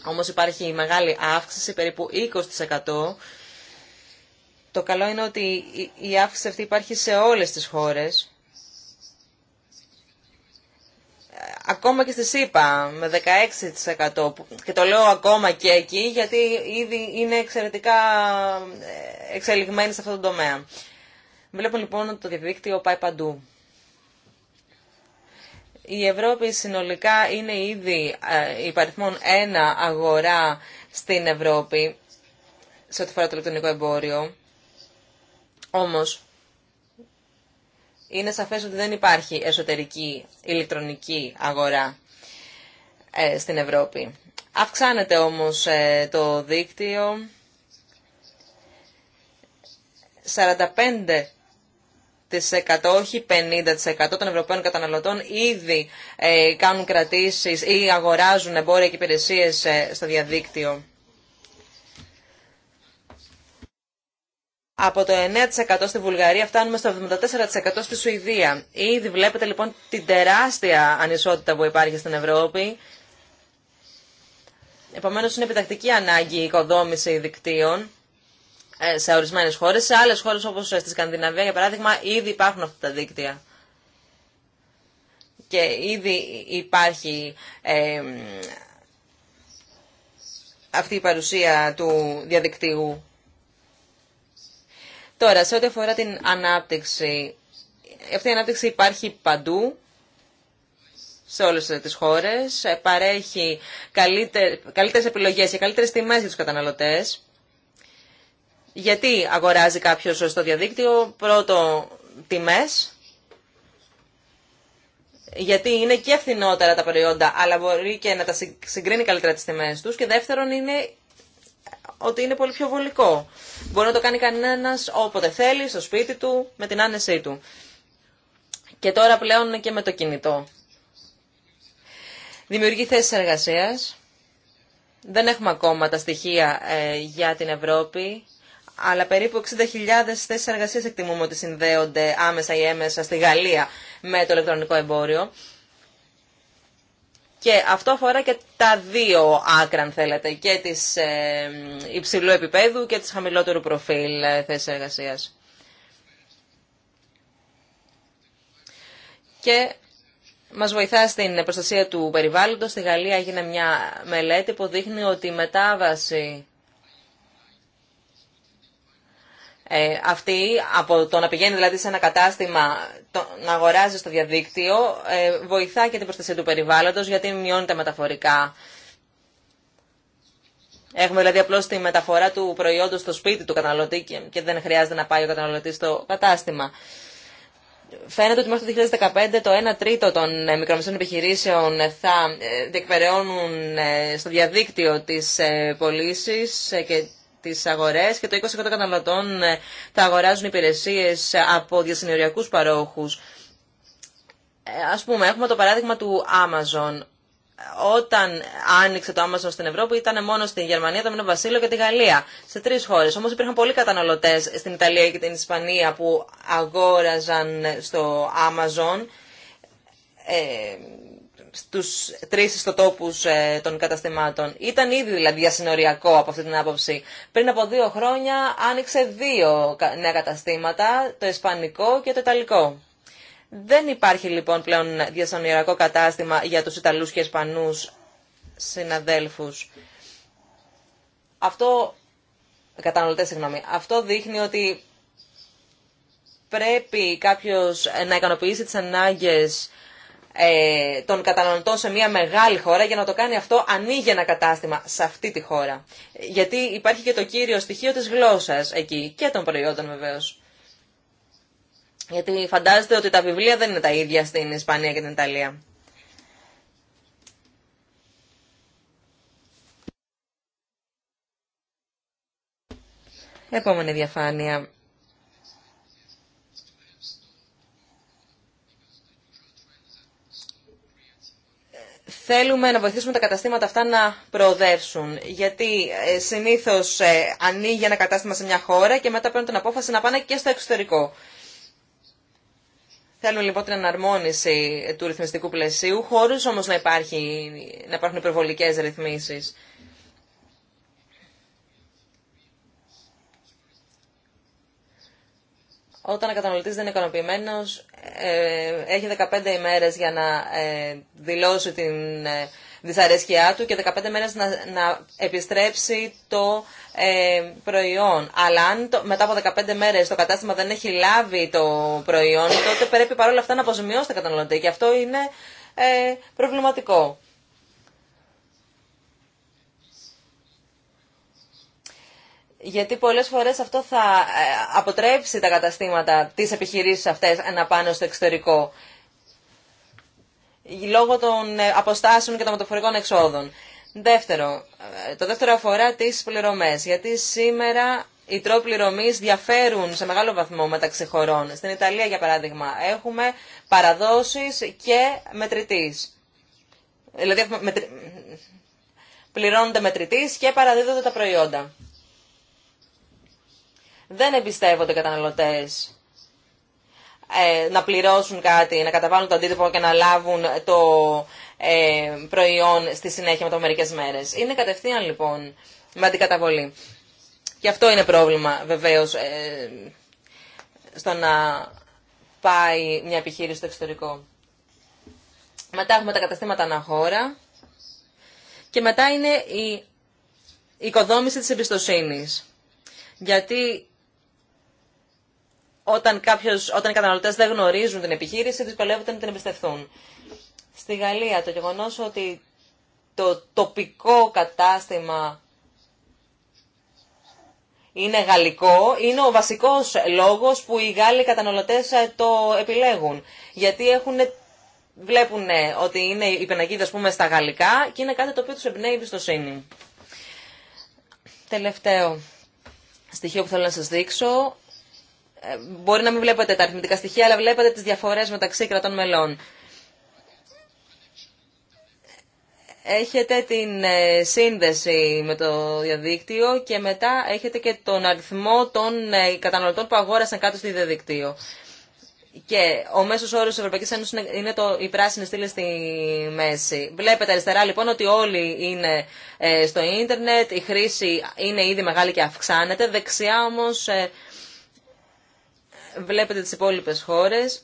B: Όμως υπάρχει μεγάλη αύξηση, περίπου 20%. Το καλό είναι ότι η αύξηση αυτή υπάρχει σε όλες τις χώρες ακόμα και στη ΣΥΠΑ με 16% και το λέω ακόμα και εκεί γιατί ήδη είναι εξαιρετικά ε, εξελιγμένη σε αυτό το τομέα. Βλέπω λοιπόν ότι το διαδίκτυο πάει παντού. Η Ευρώπη συνολικά είναι ήδη ε, υπαριθμόν ένα αγορά στην Ευρώπη σε ό,τι φορά το ηλεκτρονικό εμπόριο. Όμως, είναι σαφές ότι δεν υπάρχει εσωτερική ηλεκτρονική αγορά ε, στην Ευρώπη. Αυξάνεται όμως ε, το δίκτυο 45% όχι 50% των Ευρωπαίων καταναλωτών ήδη ε, κάνουν κρατήσεις ή αγοράζουν εμπόρια και υπηρεσίες στο διαδίκτυο. Από το 9% στη Βουλγαρία φτάνουμε στο 74% στη Σουηδία. Ήδη βλέπετε λοιπόν την τεράστια ανισότητα που υπάρχει στην Ευρώπη. Επομένως είναι επιτακτική ανάγκη η οικοδόμηση δικτύων ε, σε ορισμένες χώρες. Σε άλλες χώρες όπως στη Σκανδιναβία για παράδειγμα ήδη υπάρχουν αυτά τα δίκτυα. Και ήδη υπάρχει ε, αυτή η παρουσία του διαδικτύου Τώρα, σε ό,τι αφορά την ανάπτυξη, αυτή η ανάπτυξη υπάρχει παντού, σε όλες τις χώρες, ε, παρέχει καλύτερες επιλογές και καλύτερες τιμές για τους καταναλωτές. Γιατί αγοράζει κάποιος στο διαδίκτυο πρώτο τιμές, γιατί είναι και φθηνότερα τα προϊόντα, αλλά μπορεί και να τα συγκρίνει καλύτερα τις τιμές τους και δεύτερον είναι ότι είναι πολύ πιο βολικό. Μπορεί να το κάνει κανένας όποτε θέλει, στο σπίτι του, με την άνεσή του. Και τώρα πλέον και με το κινητό. Δημιουργεί θέσει εργασία. Δεν έχουμε ακόμα τα στοιχεία ε, για την Ευρώπη, αλλά περίπου 60.000 θέσει εργασία εκτιμούμε ότι συνδέονται άμεσα ή έμεσα στη Γαλλία με το ηλεκτρονικό εμπόριο. Και αυτό αφορά και τα δύο άκρα, αν θέλετε, και της ε, υψηλού επίπεδου και της χαμηλότερου προφίλ ε, θέση εργασία. Και μας βοηθά στην προστασία του περιβάλλοντος. Στη Γαλλία έγινε μια μελέτη που δείχνει ότι η μετάβαση Ε, αυτή από το να πηγαίνει δηλαδή σε ένα κατάστημα να αγοράζει στο διαδίκτυο ε, βοηθά και την προστασία του περιβάλλοντος γιατί μειώνεται μεταφορικά. Έχουμε δηλαδή απλώς τη μεταφορά του προϊόντος στο σπίτι του καταναλωτή και, δεν χρειάζεται να πάει ο καταναλωτής στο κατάστημα. Φαίνεται ότι μέχρι το 2015 το 1 τρίτο των ε, μικρομεσαίων επιχειρήσεων ε, θα ε, διεκπεραιώνουν στο διαδίκτυο τις πωλήσει και τι αγορέ και το 20% καταναλωτών ε, τα αγοράζουν υπηρεσίε ε, από διασυνοριακού παρόχου. Ε, Α πούμε, έχουμε το παράδειγμα του Amazon. Όταν άνοιξε το Amazon στην Ευρώπη ήταν μόνο στην Γερμανία, το Μήνο Βασίλειο και τη Γαλλία. Σε τρει χώρε. Όμω υπήρχαν πολλοί καταναλωτέ στην Ιταλία και την Ισπανία που αγόραζαν στο Amazon στους τρεις ιστοτόπους ε, των καταστημάτων. Ήταν ήδη δηλαδή διασυνοριακό από αυτή την άποψη. Πριν από δύο χρόνια άνοιξε δύο νέα καταστήματα, το ισπανικό και το ιταλικό. Δεν υπάρχει λοιπόν πλέον διασυνοριακό κατάστημα για τους Ιταλούς και Ισπανούς συναδέλφους. Αυτό, καταναλωτές συγγνώμη, αυτό δείχνει ότι πρέπει κάποιος να ικανοποιήσει τις ανάγκες ε, των καταναλωτών σε μια μεγάλη χώρα για να το κάνει αυτό ανοίγει ένα κατάστημα σε αυτή τη χώρα. Γιατί υπάρχει και το κύριο στοιχείο της γλώσσας εκεί και των προϊόντων βεβαίως. Γιατί φαντάζεστε ότι τα βιβλία δεν είναι τα ίδια στην Ισπανία και την Ιταλία. Επόμενη διαφάνεια. Θέλουμε να βοηθήσουμε τα καταστήματα αυτά να προοδεύσουν, γιατί ε, συνήθως ε, ανοίγει ένα κατάστημα σε μια χώρα και μετά παίρνουν την απόφαση να πάνε και στο εξωτερικό. Θέλουν λοιπόν την αναρμόνιση του ρυθμιστικού πλαισίου, χωρί όμως να, να υπάρχουν υπερβολικέ ρυθμίσει. Όταν ο καταναλωτής δεν είναι ικανοποιημένος, ε, έχει 15 ημέρες για να ε, δηλώσει την ε, δυσαρέσκειά του και 15 μέρες να, να επιστρέψει το προϊόν. Αλλά αν μετά από 15 μέρες το κατάστημα δεν έχει λάβει το προϊόν, τότε πρέπει παρόλα αυτά να αποζημιώσει το καταναλωτή και αυτό είναι ε, προβληματικό. Γιατί πολλές φορές αυτό θα ε, αποτρέψει τα καταστήματα της επιχειρήσεις αυτές να πάνε στο εξωτερικό. Λόγω των ε, αποστάσεων και των μεταφορικών εξόδων. Δεύτερο, ε, το δεύτερο αφορά τις πληρωμές. Γιατί σήμερα οι τρόποι πληρωμής διαφέρουν σε μεγάλο βαθμό μεταξύ χωρών. Στην Ιταλία, για παράδειγμα, έχουμε παραδόσεις και μετρητής. Δηλαδή, πληρώνονται μετρητής και παραδίδονται τα προϊόντα δεν εμπιστεύονται οι ε, να πληρώσουν κάτι, να καταβάλουν το αντίτυπο και να λάβουν το ε, προϊόν στη συνέχεια μετά μερικές μέρες. Είναι κατευθείαν λοιπόν με αντικαταβολή. Και αυτό είναι πρόβλημα βεβαίως ε, στο να πάει μια επιχείρηση στο εξωτερικό. Μετά έχουμε τα καταστήματα αναχώρα και μετά είναι η οικοδόμηση της εμπιστοσύνης. Γιατί όταν, κάποιος, όταν οι καταναλωτές δεν γνωρίζουν την επιχείρηση, δυσκολεύονται να την εμπιστευτούν. Στη Γαλλία το γεγονός ότι το τοπικό κατάστημα είναι γαλλικό, είναι ο βασικός λόγος που οι Γάλλοι καταναλωτές ε, το επιλέγουν. Γιατί έχουν, βλέπουν ε, ότι είναι η πενακίδα πούμε στα γαλλικά και είναι κάτι το οποίο τους εμπνέει η εμπιστοσύνη. Τελευταίο στοιχείο που θέλω να σας δείξω ε, μπορεί να μην βλέπετε τα αριθμητικά στοιχεία, αλλά βλέπετε τις διαφορές μεταξύ κρατών μελών. Έχετε την ε, σύνδεση με το διαδίκτυο και μετά έχετε και τον αριθμό των ε, καταναλωτών που αγόρασαν κάτω στο διαδίκτυο. Και ο μέσο όρο τη Ευρωπαϊκή Ένωση είναι το, η πράσινη στήλη στη μέση. Βλέπετε αριστερά λοιπόν ότι όλοι είναι στο ίντερνετ, η χρήση είναι ήδη μεγάλη και αυξάνεται. Δεξιά όμω βλέπετε τις υπόλοιπες χώρες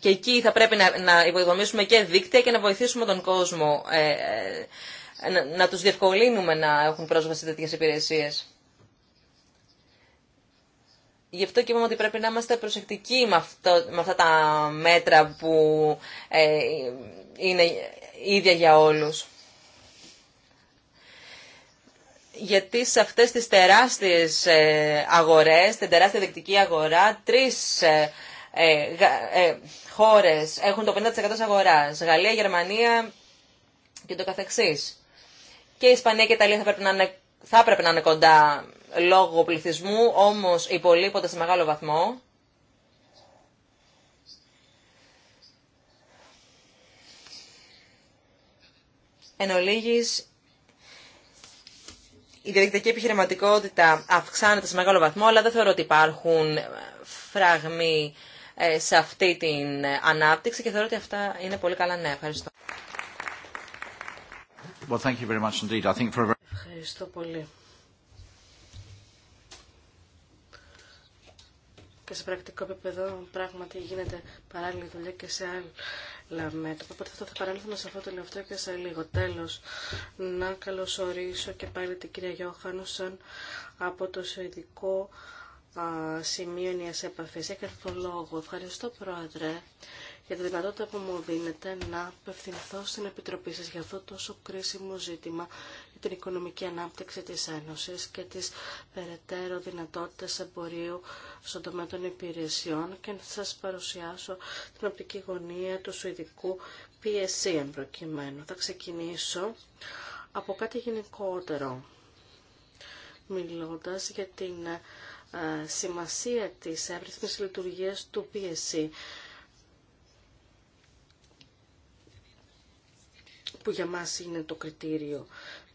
B: και εκεί θα πρέπει να, να υποδομήσουμε και δίκτυα και να βοηθήσουμε τον κόσμο ε, ε, να, να τους διευκολύνουμε να έχουν πρόσβαση σε τέτοιες υπηρεσίες. Γι' αυτό και είπαμε ότι πρέπει να είμαστε προσεκτικοί με, αυτά τα μέτρα που ε, είναι ίδια για όλους γιατί σε αυτές τις τεράστιες ε, αγορές, την τεράστια δεκτική αγορά, τρεις ε, ε, χώρες έχουν το 50% αγοράς. Γαλλία, Γερμανία και το καθεξής. Και η Ισπανία και η Ιταλία θα πρέπει να είναι, θα πρέπει κοντά λόγω πληθυσμού, όμως υπολείπονται σε μεγάλο βαθμό. Εν ολίγης, η διαδικτυακή επιχειρηματικότητα αυξάνεται σε μεγάλο βαθμό, αλλά δεν θεωρώ ότι υπάρχουν ε, φραγμοί ε, σε αυτή την ε, ανάπτυξη και θεωρώ ότι αυτά είναι πολύ καλά νέα. Ευχαριστώ.
A: thank you very much indeed. I think for...
B: Ευχαριστώ πολύ.
C: Και σε πρακτικό επίπεδο πράγματι γίνεται παράλληλη δουλειά και σε άλλη Λαμέτ. Οπότε αυτό θα παρέλθουμε σε αυτό το τελευταίο και σε λίγο. τέλο. να καλωσορίσω και πάλι την κυρία Γιώχανουσαν από το Σουηδικό Σημείο Νέα επαφή Έχετε το λόγο. Ευχαριστώ, Πρόεδρε για τη δυνατότητα που μου δίνεται να απευθυνθώ στην Επιτροπή σας για αυτό τόσο κρίσιμο ζήτημα για την οικονομική ανάπτυξη της Ένωσης και τις περαιτέρω δυνατότητες εμπορίου στον τομέα των υπηρεσιών και να σας παρουσιάσω την οπτική γωνία του Σουηδικού PSC εν Θα ξεκινήσω από κάτι γενικότερο, μιλώντας για την ε, σημασία της εύρυθμης λειτουργίας του PSC που για μας είναι το κριτήριο.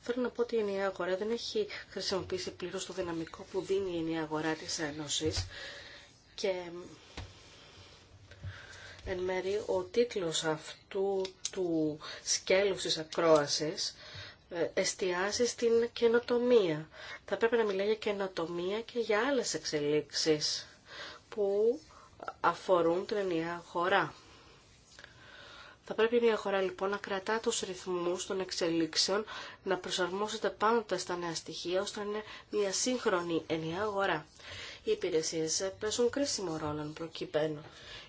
C: Θέλω να πω ότι η ενιαία αγορά δεν έχει χρησιμοποιήσει πλήρως το δυναμικό που δίνει η ενιαία αγορά τη Ένωση. και εν μέρει ο τίτλο αυτού του σκέλου τη ακρόασης ε, εστιάζει στην καινοτομία. Θα πρέπει να μιλάει για καινοτομία και για άλλες εξελίξεις που αφορούν την ενιαία αγορά. Θα πρέπει μια χώρα, λοιπόν να κρατά τους ρυθμούς των εξελίξεων, να προσαρμόζεται πάντα στα νέα στοιχεία, ώστε να είναι μια σύγχρονη ενιαία αγορά. Οι υπηρεσίες παίζουν κρίσιμο ρόλο προκειμένου.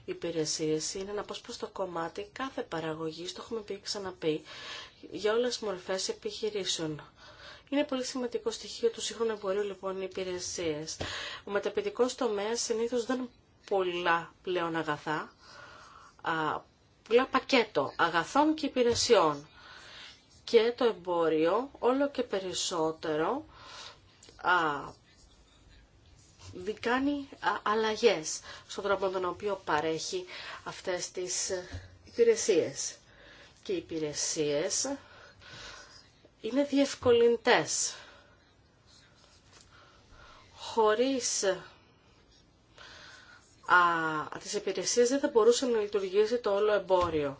C: Οι υπηρεσίες είναι ένα το κομμάτι κάθε παραγωγής, το έχουμε πει ξαναπεί, για όλες τις μορφές επιχειρήσεων. Είναι πολύ σημαντικό στοιχείο του σύγχρονου εμπορίου λοιπόν οι υπηρεσίες. Ο μεταπαιδικός τομέα συνήθω δεν πολλά πλέον αγαθά πολλά πακέτο αγαθών και υπηρεσιών. Και το εμπόριο όλο και περισσότερο α, κάνει αλλαγές στον τρόπο τον οποίο παρέχει αυτές τις ε, υπηρεσίες. Και οι υπηρεσίες είναι διευκολυντές χωρίς α, τις υπηρεσίε δεν θα μπορούσε να λειτουργήσει το όλο εμπόριο.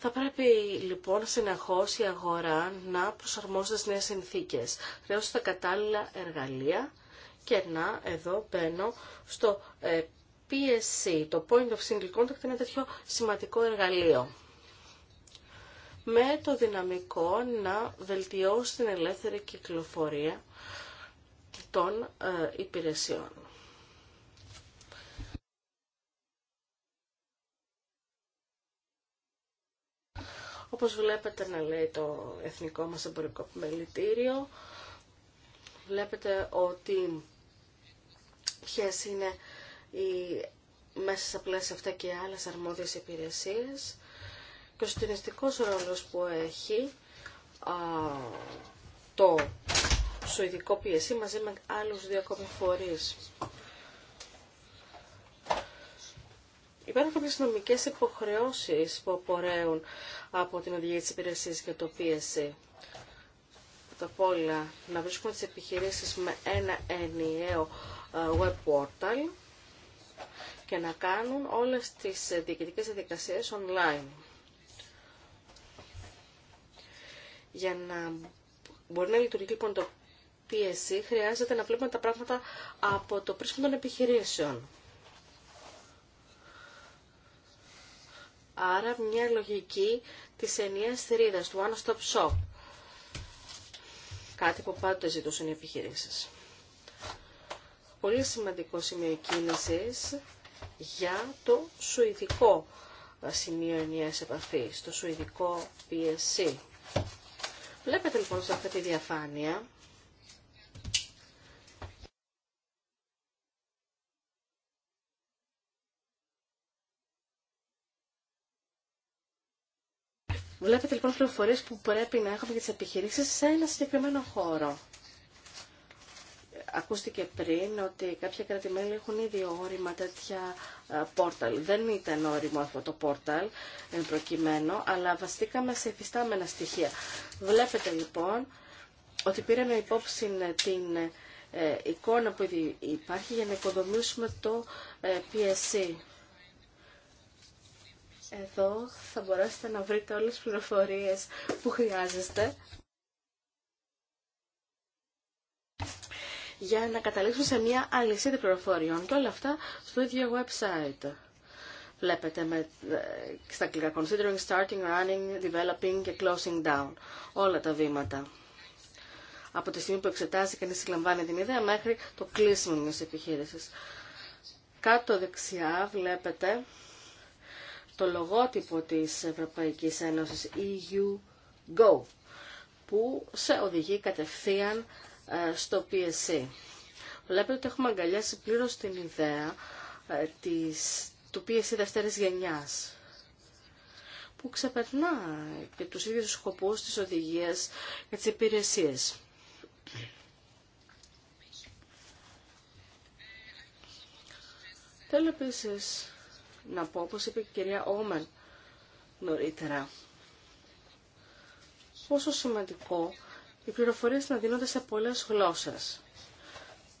C: Θα πρέπει λοιπόν συνεχώς η αγορά να προσαρμόζεται τις νέες συνθήκες. Χρειάζονται τα κατάλληλα εργαλεία και να εδώ μπαίνω στο PSC, ε, το Point of Single Contact είναι ένα τέτοιο σημαντικό εργαλείο με το δυναμικό να βελτιώσει την ελεύθερη κυκλοφορία των ε, υπηρεσιών. Όπως βλέπετε να λέει το εθνικό μας εμπορικό μελητήριο, βλέπετε ότι ποιες είναι οι, μέσα σε πλαίσια αυτά και άλλες αρμόδιες υπηρεσίες και ο συντηρητικός ρόλος που έχει α, το ειδικό πίεση μαζί με άλλους δύο ακόμη φορείς. Υπάρχουν κάποιες νομικές υποχρεώσεις που απορρέουν από την οδηγία της υπηρεσίας για το πίεση. Τα απ' να βρίσκουμε τις επιχειρήσεις με ένα ενιαίο ε, web portal και να κάνουν όλες τις διοικητικές διαδικασίες online. Για να μπορεί να λειτουργεί λοιπόν το πίεση, χρειάζεται να βλέπουμε τα πράγματα από το πρίσμα των επιχειρήσεων. Άρα μια λογική της ενιαίας θηρίδας, του one-stop shop. Κάτι που πάντοτε ζητούσαν οι επιχειρήσεις. Πολύ σημαντικό σημείο κίνηση για το σουηδικό σημείο ενιαίας επαφής, το σουηδικό PSC. Βλέπετε λοιπόν σε αυτή τη διαφάνεια Βλέπετε λοιπόν πληροφορίες που πρέπει να έχουμε για τις επιχειρήσεις σε ένα συγκεκριμένο χώρο. Ακούστηκε πριν ότι κάποια κρατημέλη έχουν ήδη όριμα τέτοια ε, πόρταλ. Δεν ήταν όριμο αυτό το πόρταλ ε, προκειμένο, αλλά βαστήκαμε σε υφιστάμενα στοιχεία. Βλέπετε λοιπόν ότι πήραμε υπόψη ε, την εικόνα που υπάρχει για να οικοδομήσουμε το PSC. Εδώ θα μπορέσετε να βρείτε όλες τις πληροφορίες που χρειάζεστε για να καταλήξουμε σε μια αλυσίδα πληροφοριών και όλα αυτά στο ίδιο website. Βλέπετε με, ε, στα αγγλικά Considering Starting, Running, Developing και Closing Down. Όλα τα βήματα. Από τη στιγμή που εξετάζει και συλλαμβάνει την ιδέα μέχρι το κλείσιμο μιας επιχείρησης. Κάτω δεξιά βλέπετε το λογότυπο της Ευρωπαϊκής Ένωσης EU Go που σε οδηγεί κατευθείαν ε, στο PSC. Βλέπετε ότι έχουμε αγκαλιάσει πλήρως την ιδέα ε, της, του PSC δεύτερης γενιάς που ξεπερνά και τους ίδιους τους σκοπούς της οδηγίας για τις υπηρεσίες. Θέλω επίσης να πω, όπως είπε η κυρία Όμεν νωρίτερα, πόσο σημαντικό οι πληροφορίες να δίνονται σε πολλές γλώσσες.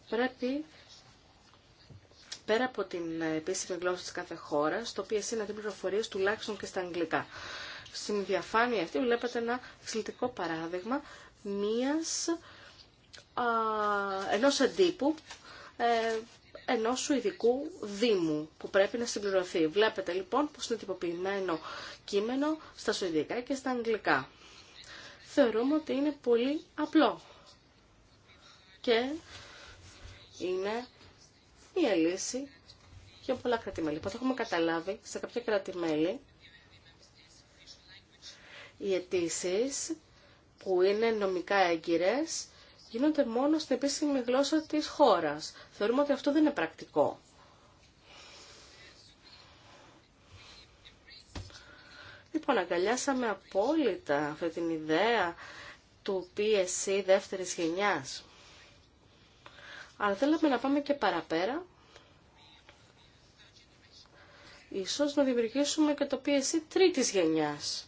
C: Πρέπει πέρα από την επίσημη γλώσσα της κάθε χώρας, το οποίο είναι να πληροφορίες τουλάχιστον και στα αγγλικά. Στην διαφάνεια αυτή βλέπετε ένα εξαιρετικό παράδειγμα μίας, α, ενός εντύπου... Ε, ενός Σουηδικού Δήμου που πρέπει να συμπληρωθεί. Βλέπετε λοιπόν πως είναι τυποποιημένο κείμενο στα Σουηδικά και στα Αγγλικά. Θεωρούμε ότι είναι πολύ απλό και είναι μια λύση για πολλά κρατημέλη. Λοιπόν, έχουμε καταλάβει σε κάποια κρατημέλη οι αιτήσει που είναι νομικά έγκυρες γίνονται μόνο στην επίσημη γλώσσα της χώρας. Θεωρούμε ότι αυτό δεν είναι πρακτικό. Λοιπόν, αγκαλιάσαμε απόλυτα αυτή την ιδέα του PSC δεύτερης γενιάς. Αλλά θέλαμε να πάμε και παραπέρα. Ίσως να δημιουργήσουμε και το PSC τρίτης γενιάς.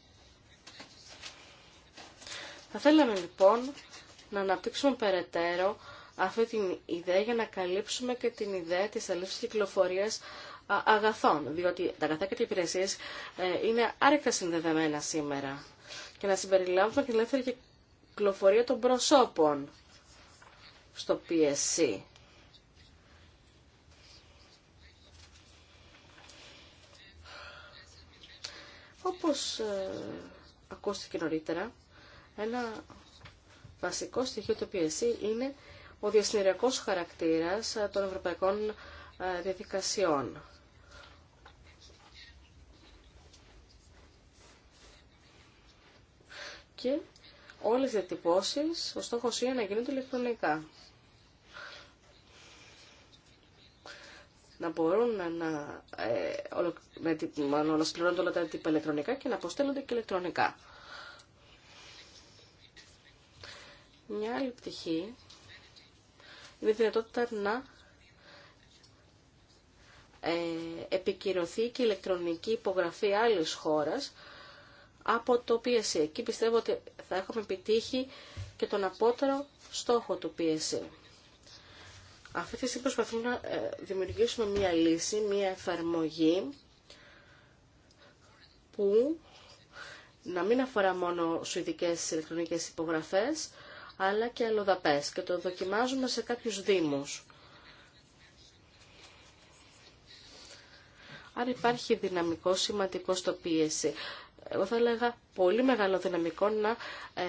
C: Θα θέλαμε λοιπόν να αναπτύξουμε περαιτέρω αυτή την ιδέα για να καλύψουμε και την ιδέα της αλήθεια κυκλοφορίας αγαθών, διότι τα αγαθά και οι υπηρεσίε ε, είναι άρρηκτα συνδεδεμένα σήμερα και να συμπεριλάβουμε την ελεύθερη κυκλοφορία των προσώπων στο PSC. Όπως ε, ακούστηκε νωρίτερα, ένα βασικό στοιχείο του PSC είναι ο διασυνεριακός χαρακτήρας των ευρωπαϊκών διαδικασιών. Και όλες οι διατυπώσεις, ο στόχος είναι να γίνονται ηλεκτρονικά. να μπορούν να, ε, να, όλα τα τύπα ηλεκτρονικά και να αποστέλλονται και ηλεκτρονικά. Μια άλλη πτυχή είναι η δυνατότητα να ε, επικυρωθεί και η ηλεκτρονική υπογραφή άλλης χώρας από το PSE. Εκεί πιστεύω ότι θα έχουμε επιτύχει και τον απότερο στόχο του PSE. Αυτή τη στιγμή προσπαθούμε να ε, δημιουργήσουμε μία λύση, μία εφαρμογή που να μην αφορά μόνο σουηδικές ηλεκτρονικές υπογραφές, αλλά και αλλοδαπές και το δοκιμάζουμε σε κάποιους δήμους. Άρα υπάρχει δυναμικό σημαντικό στο πίεση. Εγώ θα έλεγα πολύ μεγάλο δυναμικό να ε,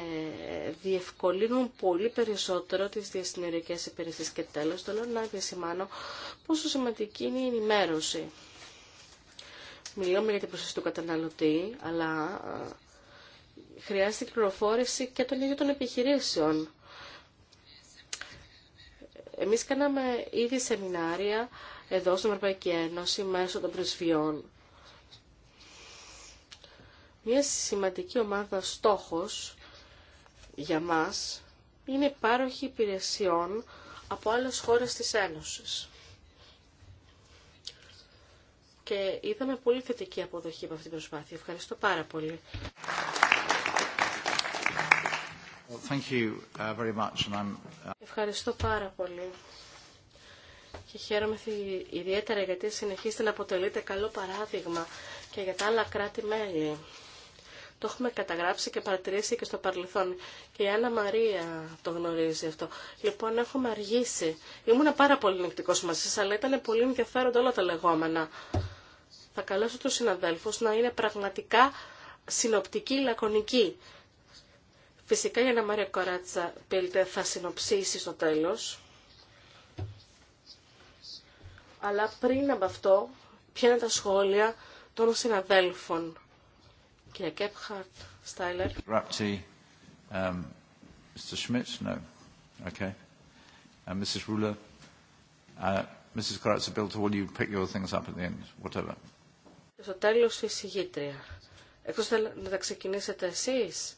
C: διευκολύνουν πολύ περισσότερο τις διασυνοριακές υπηρεσίες. Και τέλος, θέλω να επισημάνω πόσο σημαντική είναι η ενημέρωση. Μιλάμε για την προσέγγιση του καταναλωτή, αλλά Χρειάζεται πληροφόρηση και των ίδιων των επιχειρήσεων. Εμείς κάναμε ήδη σεμινάρια εδώ στην Ευρωπαϊκή Ένωση μέσω των πρεσβειών. Μια σημαντική ομάδα στόχος για μας είναι η πάροχη υπηρεσιών από άλλες χώρες της Ένωσης. Και είδαμε πολύ θετική αποδοχή από αυτή την προσπάθεια. Ευχαριστώ πάρα πολύ.
A: Uh, uh,
C: Ευχαριστώ πάρα πολύ. Και χαίρομαι ιδιαίτερα γιατί συνεχίστε να αποτελείτε καλό παράδειγμα και για τα άλλα κράτη-μέλη. Το έχουμε καταγράψει και παρατηρήσει και στο παρελθόν. Και η Άννα Μαρία το γνωρίζει αυτό. Λοιπόν, έχουμε αργήσει. Ήμουν πάρα πολύ νεκτικός μαζί σας, αλλά ήταν πολύ ενδιαφέροντα όλα τα λεγόμενα. Θα καλέσω τους συναδέλφους να είναι πραγματικά συνοπτικοί, λακωνικοί. Φυσικά η Ανά Μαρία Κοράτσα Πίλτε θα συνοψίσει στο τέλος. Αλλά πριν από αυτό, ποια είναι τα σχόλια των συναδέλφων. Κύριε Κέπχαρτ, Στάιλερ.
A: Ράπτη, Mr. Schmidt, no. Okay. And Mrs. Ruler, uh, Mrs. Karatza Bill, will you pick your things up at the end, whatever.
C: Στο τέλος η συγγήτρια. Εκτός να τα ξεκινήσετε εσείς.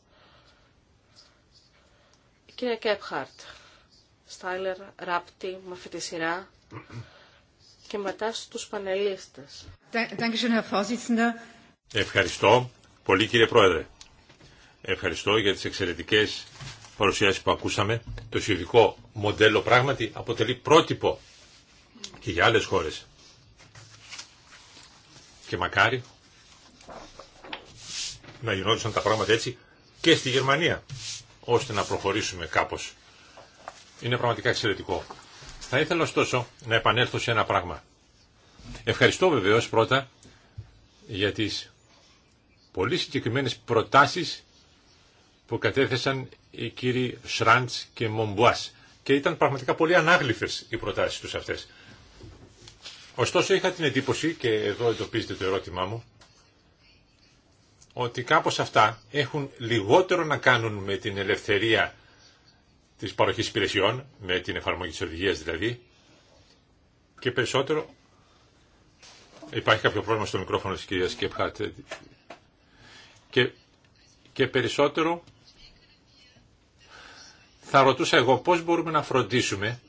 C: Κυρία Κέπχαρτ, Στάιλερ, Ράπτη, με αυτή τη σειρά και μετά στους πανελίστες.
D: Ευχαριστώ πολύ κύριε Πρόεδρε. Ευχαριστώ για τις εξαιρετικές παρουσιάσεις που ακούσαμε. Το σιωδικό μοντέλο πράγματι αποτελεί πρότυπο και για άλλες χώρες. Και μακάρι να γινόντουσαν τα πράγματα έτσι και στη Γερμανία ώστε να προχωρήσουμε κάπως. Είναι πραγματικά εξαιρετικό. Θα ήθελα ωστόσο να επανέλθω σε ένα πράγμα. Ευχαριστώ βεβαίως πρώτα για τις πολύ συγκεκριμένες προτάσεις που κατέθεσαν οι κύριοι Σραντς και Μομπουάς και ήταν πραγματικά πολύ ανάγλυφες οι προτάσεις τους αυτές. Ωστόσο είχα την εντύπωση, και εδώ εντοπίζεται το ερώτημά μου, ότι κάπως αυτά έχουν λιγότερο να κάνουν με την ελευθερία της παροχής υπηρεσιών, με την εφαρμογή της οδηγίας δηλαδή, και περισσότερο... Υπάρχει κάποιο πρόβλημα στο μικρόφωνο της κυρίας Κεπχάτ. Και, και περισσότερο θα ρωτούσα εγώ πώς μπορούμε να φροντίσουμε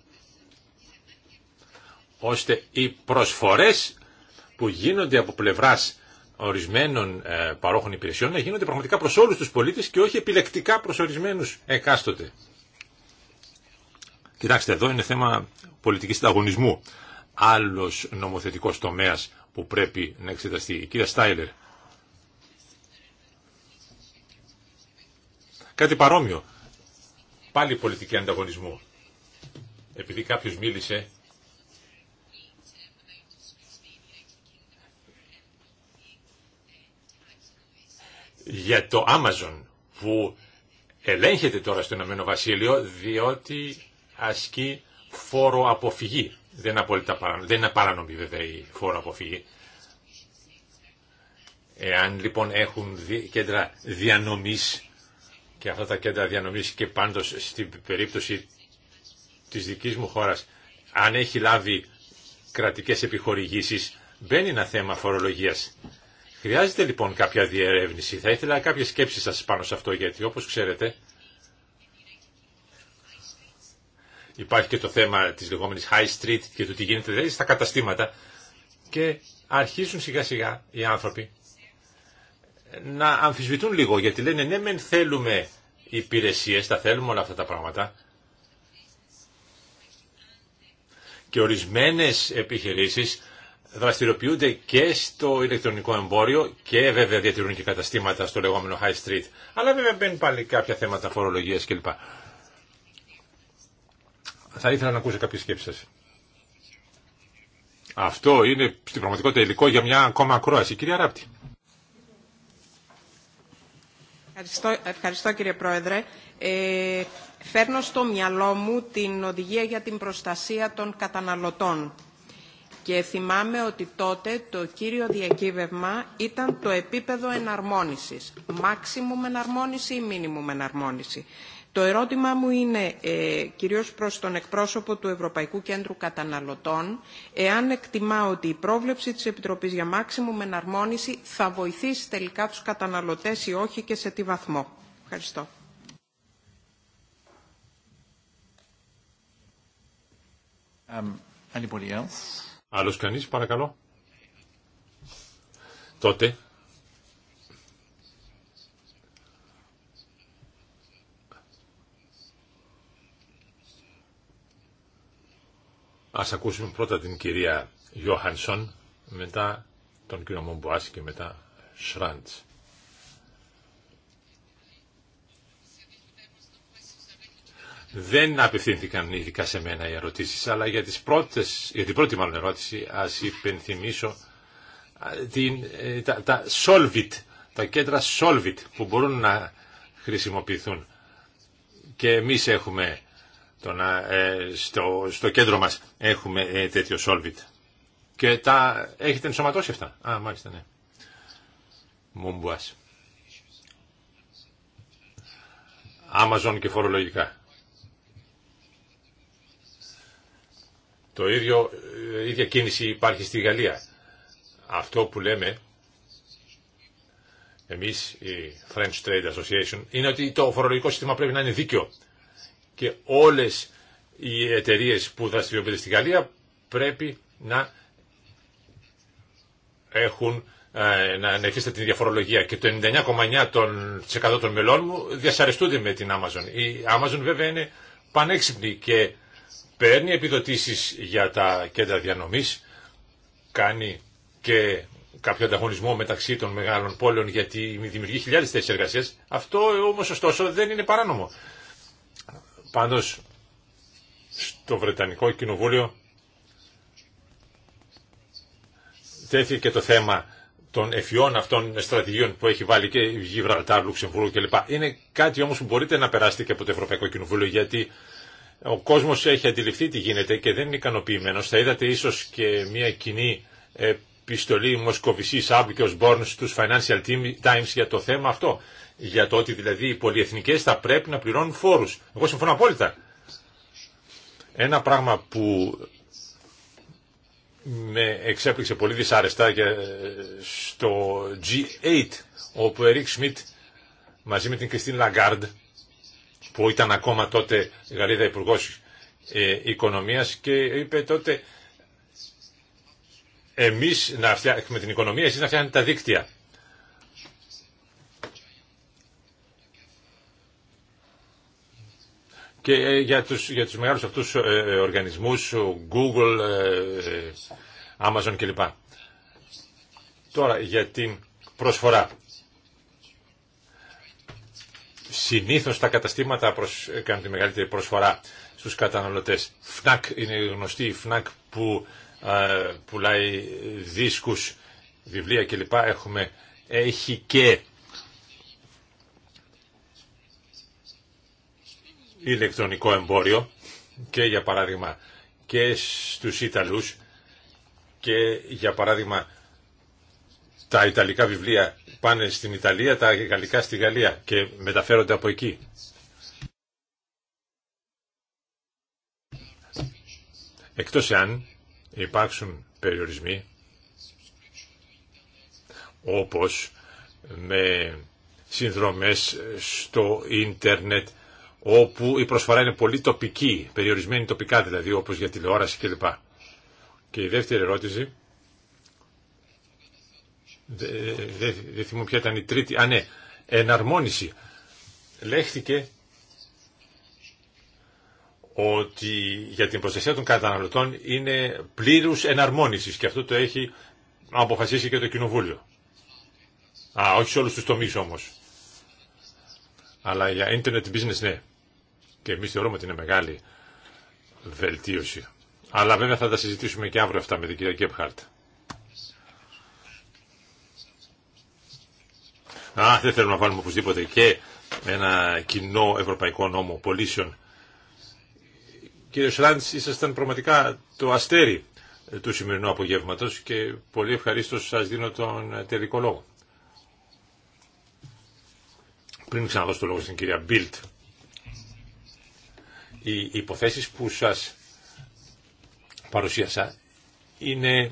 D: ώστε οι προσφορές που γίνονται από πλευράς ορισμένων ε, παρόχων υπηρεσιών να γίνονται πραγματικά προς όλους τους πολίτες και όχι επιλεκτικά προς ορισμένους εκάστοτε. Κοιτάξτε, εδώ είναι θέμα πολιτικής ανταγωνισμού. Άλλος νομοθετικός τομέας που πρέπει να εξεταστεί. Η κυρία Στάιλερ. Κάτι παρόμοιο. Πάλι πολιτική ανταγωνισμού. Επειδή κάποιος μίλησε για το Amazon που ελέγχεται τώρα στο Ηνωμένο Βασίλειο διότι ασκεί φόρο αποφυγή. Δεν είναι, απόλυτα παράνομη, δεν είναι βέβαια η φόρο αποφυγή. Εάν λοιπόν έχουν κέντρα διανομής και αυτά τα κέντρα διανομής και πάντως στην περίπτωση της δικής μου χώρας αν έχει λάβει κρατικές επιχορηγήσεις μπαίνει ένα θέμα φορολογίας Χρειάζεται λοιπόν κάποια διερεύνηση. Θα ήθελα κάποιες σκέψεις σας πάνω σε αυτό γιατί όπως ξέρετε υπάρχει και το θέμα της λεγόμενης high street και του τι γίνεται δηλαδή στα καταστήματα και αρχίζουν σιγά σιγά οι άνθρωποι να αμφισβητούν λίγο γιατί λένε ναι μεν θέλουμε υπηρεσίες, τα θέλουμε όλα αυτά τα πράγματα και ορισμένες επιχειρήσεις δραστηριοποιούνται και στο ηλεκτρονικό εμπόριο και βέβαια διατηρούν και καταστήματα στο λεγόμενο high street. Αλλά βέβαια μπαίνουν πάλι κάποια θέματα φορολογία κλπ. Θα ήθελα να ακούσω κάποιε σκέψει. σα. Αυτό είναι στην πραγματικότητα υλικό για μια ακόμα ακρόαση. Κυρία Ράπτη.
E: Ευχαριστώ, κύριε Πρόεδρε. Ε, φέρνω στο μυαλό μου την οδηγία για την προστασία των καταναλωτών και θυμάμαι ότι τότε το κύριο διακύβευμα ήταν το επίπεδο εναρμόνισης. με εναρμόνιση ή μίνιμουμ εναρμόνιση. Το ερώτημά μου είναι ε, κυρίως προς τον εκπρόσωπο του Ευρωπαϊκού Κέντρου Καταναλωτών εάν εκτιμά ότι η πρόβλεψη της Επιτροπής για με εναρμόνιση θα βοηθήσει τελικά τους καταναλωτές ή όχι και σε τι βαθμό. Ευχαριστώ.
D: Um, anybody else? Άλλος κανείς, παρακαλώ. Τότε. Ας ακούσουμε πρώτα την κυρία Γιώχανσον, μετά τον κύριο Μομποάση και μετά Σραντς. Δεν απευθύνθηκαν ειδικά σε μένα οι ερωτήσεις, αλλά για, τις πρώτες, για την πρώτη μάλλον ερώτηση α υπενθυμίσω την, ε, τα, τα τα κέντρα Solvit που μπορούν να χρησιμοποιηθούν. Και εμείς έχουμε το, ε, στο, στο κέντρο μας έχουμε ε, τέτοιο Solvit. Και τα έχετε ενσωματώσει αυτά. Α, μάλιστα, ναι. Μουμπουάς. Amazon και φορολογικά. Το ίδιο, η ε, ίδια κίνηση υπάρχει στη Γαλλία. Αυτό που λέμε εμείς, η French Trade Association, είναι ότι το φορολογικό σύστημα πρέπει να είναι δίκαιο. Και όλες οι εταιρείε που δραστηριοποιούνται στη Γαλλία πρέπει να έχουν ε, να υφίσταται την διαφορολογία και το 99,9% των, των μελών μου διασαρεστούνται με την Amazon. Η Amazon βέβαια είναι πανέξυπνη και παίρνει επιδοτήσεις για τα κέντρα διανομής, κάνει και κάποιο ανταγωνισμό μεταξύ των μεγάλων πόλεων γιατί δημιουργεί χιλιάδες θέσεις εργασίας. Αυτό όμως ωστόσο δεν είναι παράνομο. Πάντως στο Βρετανικό Κοινοβούλιο τέθηκε το θέμα των εφιών αυτών στρατηγίων που έχει βάλει και η Γιβραλτάρ, Λουξεμβούργο κλπ. Είναι κάτι όμως που μπορείτε να περάσετε και από το Ευρωπαϊκό Κοινοβούλιο γιατί ο κόσμος έχει αντιληφθεί τι γίνεται και δεν είναι ικανοποιημένος. Θα είδατε ίσως και μια κοινή επιστολή Μοσκοβισής Άμπικος Μπόρν στους Financial Times για το θέμα αυτό. Για το ότι δηλαδή οι πολυεθνικές θα πρέπει να πληρώνουν φόρους. Εγώ συμφωνώ απόλυτα. Ένα πράγμα που με εξέπληξε πολύ δυσάρεστα στο G8 όπου ο Ερικ Σμιτ μαζί με την Κριστίν Λαγκάρντ που ήταν ακόμα τότε Γαλλίδα Υπουργό ε, Οικονομίας και είπε τότε εμείς να φτιάχνουμε την οικονομία, εσείς να φτιάχνετε τα δίκτυα. Και ε, για τους, για τους μεγάλους αυτούς ε, ε, οργανισμούς, Google, Amazon κλπ. Τώρα για την προσφορά συνήθως τα καταστήματα προς κάνουν τη μεγαλύτερη προσφορά στους καταναλωτές. Φνακ είναι γνωστή, η Φνακ που ε, πουλάει δίσκους, βιβλία κλπ. Έχουμε, έχει και ηλεκτρονικό εμπόριο και για παράδειγμα και στους Ιταλούς και για παράδειγμα τα Ιταλικά βιβλία πάνε στην Ιταλία, τα γαλλικά στη Γαλλία και μεταφέρονται από εκεί. Εκτός εάν υπάρξουν περιορισμοί όπως με συνδρομές στο ίντερνετ όπου η προσφορά είναι πολύ τοπική, περιορισμένη τοπικά δηλαδή όπως για τηλεόραση κλπ. Και η δεύτερη ερώτηση δεν δε θυμούμαι ποια ήταν η τρίτη, α ναι, εναρμόνιση. Λέχθηκε ότι για την προστασία των καταναλωτών είναι πλήρους εναρμόνισης και αυτό το έχει αποφασίσει και το Κοινοβούλιο. Α, όχι σε όλους τους τομείς όμως. Αλλά για internet business ναι. Και εμείς θεωρούμε ότι είναι μεγάλη βελτίωση. Αλλά βέβαια θα τα συζητήσουμε και αύριο αυτά με την κυρία Κέπχαρτ. Α, δεν θέλουμε να βάλουμε οπωσδήποτε και ένα κοινό ευρωπαϊκό νόμο πωλήσεων. Κύριε Σράντς, ήσασταν πραγματικά το αστέρι του σημερινού απογεύματος και πολύ ευχαρίστω σας δίνω τον τελικό λόγο. Πριν ξαναδώσω το λόγο στην κυρία Μπίλτ, οι υποθέσεις που σας παρουσίασα είναι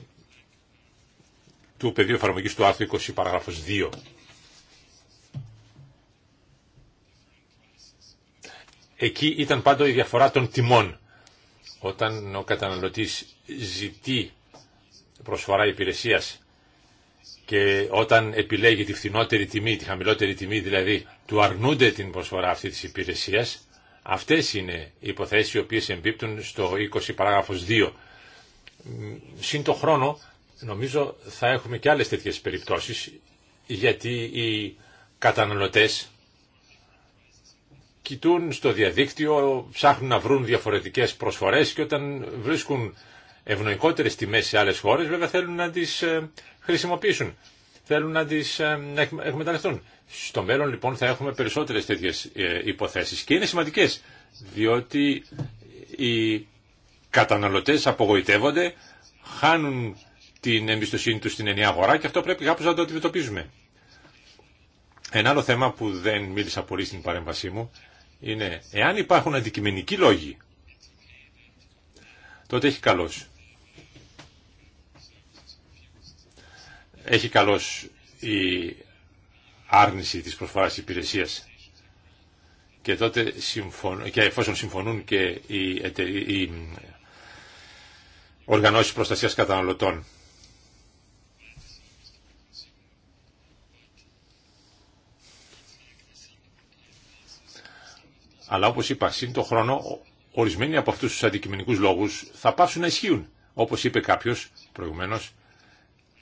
D: του πεδίου εφαρμογή του άρθρου 20 παράγραφος 2 Εκεί ήταν πάντοτε η διαφορά των τιμών. Όταν ο καταναλωτής ζητεί προσφορά υπηρεσίας και όταν επιλέγει τη φθηνότερη τιμή, τη χαμηλότερη τιμή δηλαδή, του αρνούνται την προσφορά αυτή της υπηρεσίας, αυτές είναι οι υποθέσεις οι οποίες εμπίπτουν στο 20 παράγραφος 2. Συν το χρόνο, νομίζω θα έχουμε και άλλες τέτοιες περιπτώσεις, γιατί οι καταναλωτές κοιτούν στο διαδίκτυο, ψάχνουν να βρουν διαφορετικές προσφορές και όταν βρίσκουν ευνοϊκότερες τιμές σε άλλες χώρες βέβαια θέλουν να τις ε, χρησιμοποιήσουν, θέλουν να τις ε, εκμεταλλευτούν. Στο μέλλον λοιπόν θα έχουμε περισσότερες τέτοιες ε, υποθέσεις και είναι σημαντικές διότι οι καταναλωτές απογοητεύονται, χάνουν την εμπιστοσύνη τους στην ενιαία αγορά και αυτό πρέπει κάπως να το αντιμετωπίζουμε. Ένα άλλο θέμα που δεν μίλησα πολύ στην παρέμβασή μου είναι εάν υπάρχουν αντικειμενικοί λόγοι, τότε έχει καλός. Έχει καλός η άρνηση της προσφοράς υπηρεσίας. Και τότε και εφόσον συμφωνούν και οι, οργανώσει οι οργανώσεις προστασίας καταναλωτών. Αλλά όπως είπα, σύν το χρόνο, ορισμένοι από αυτούς τους αντικειμενικούς λόγους θα πάψουν να ισχύουν. Όπως είπε κάποιος προηγουμένως,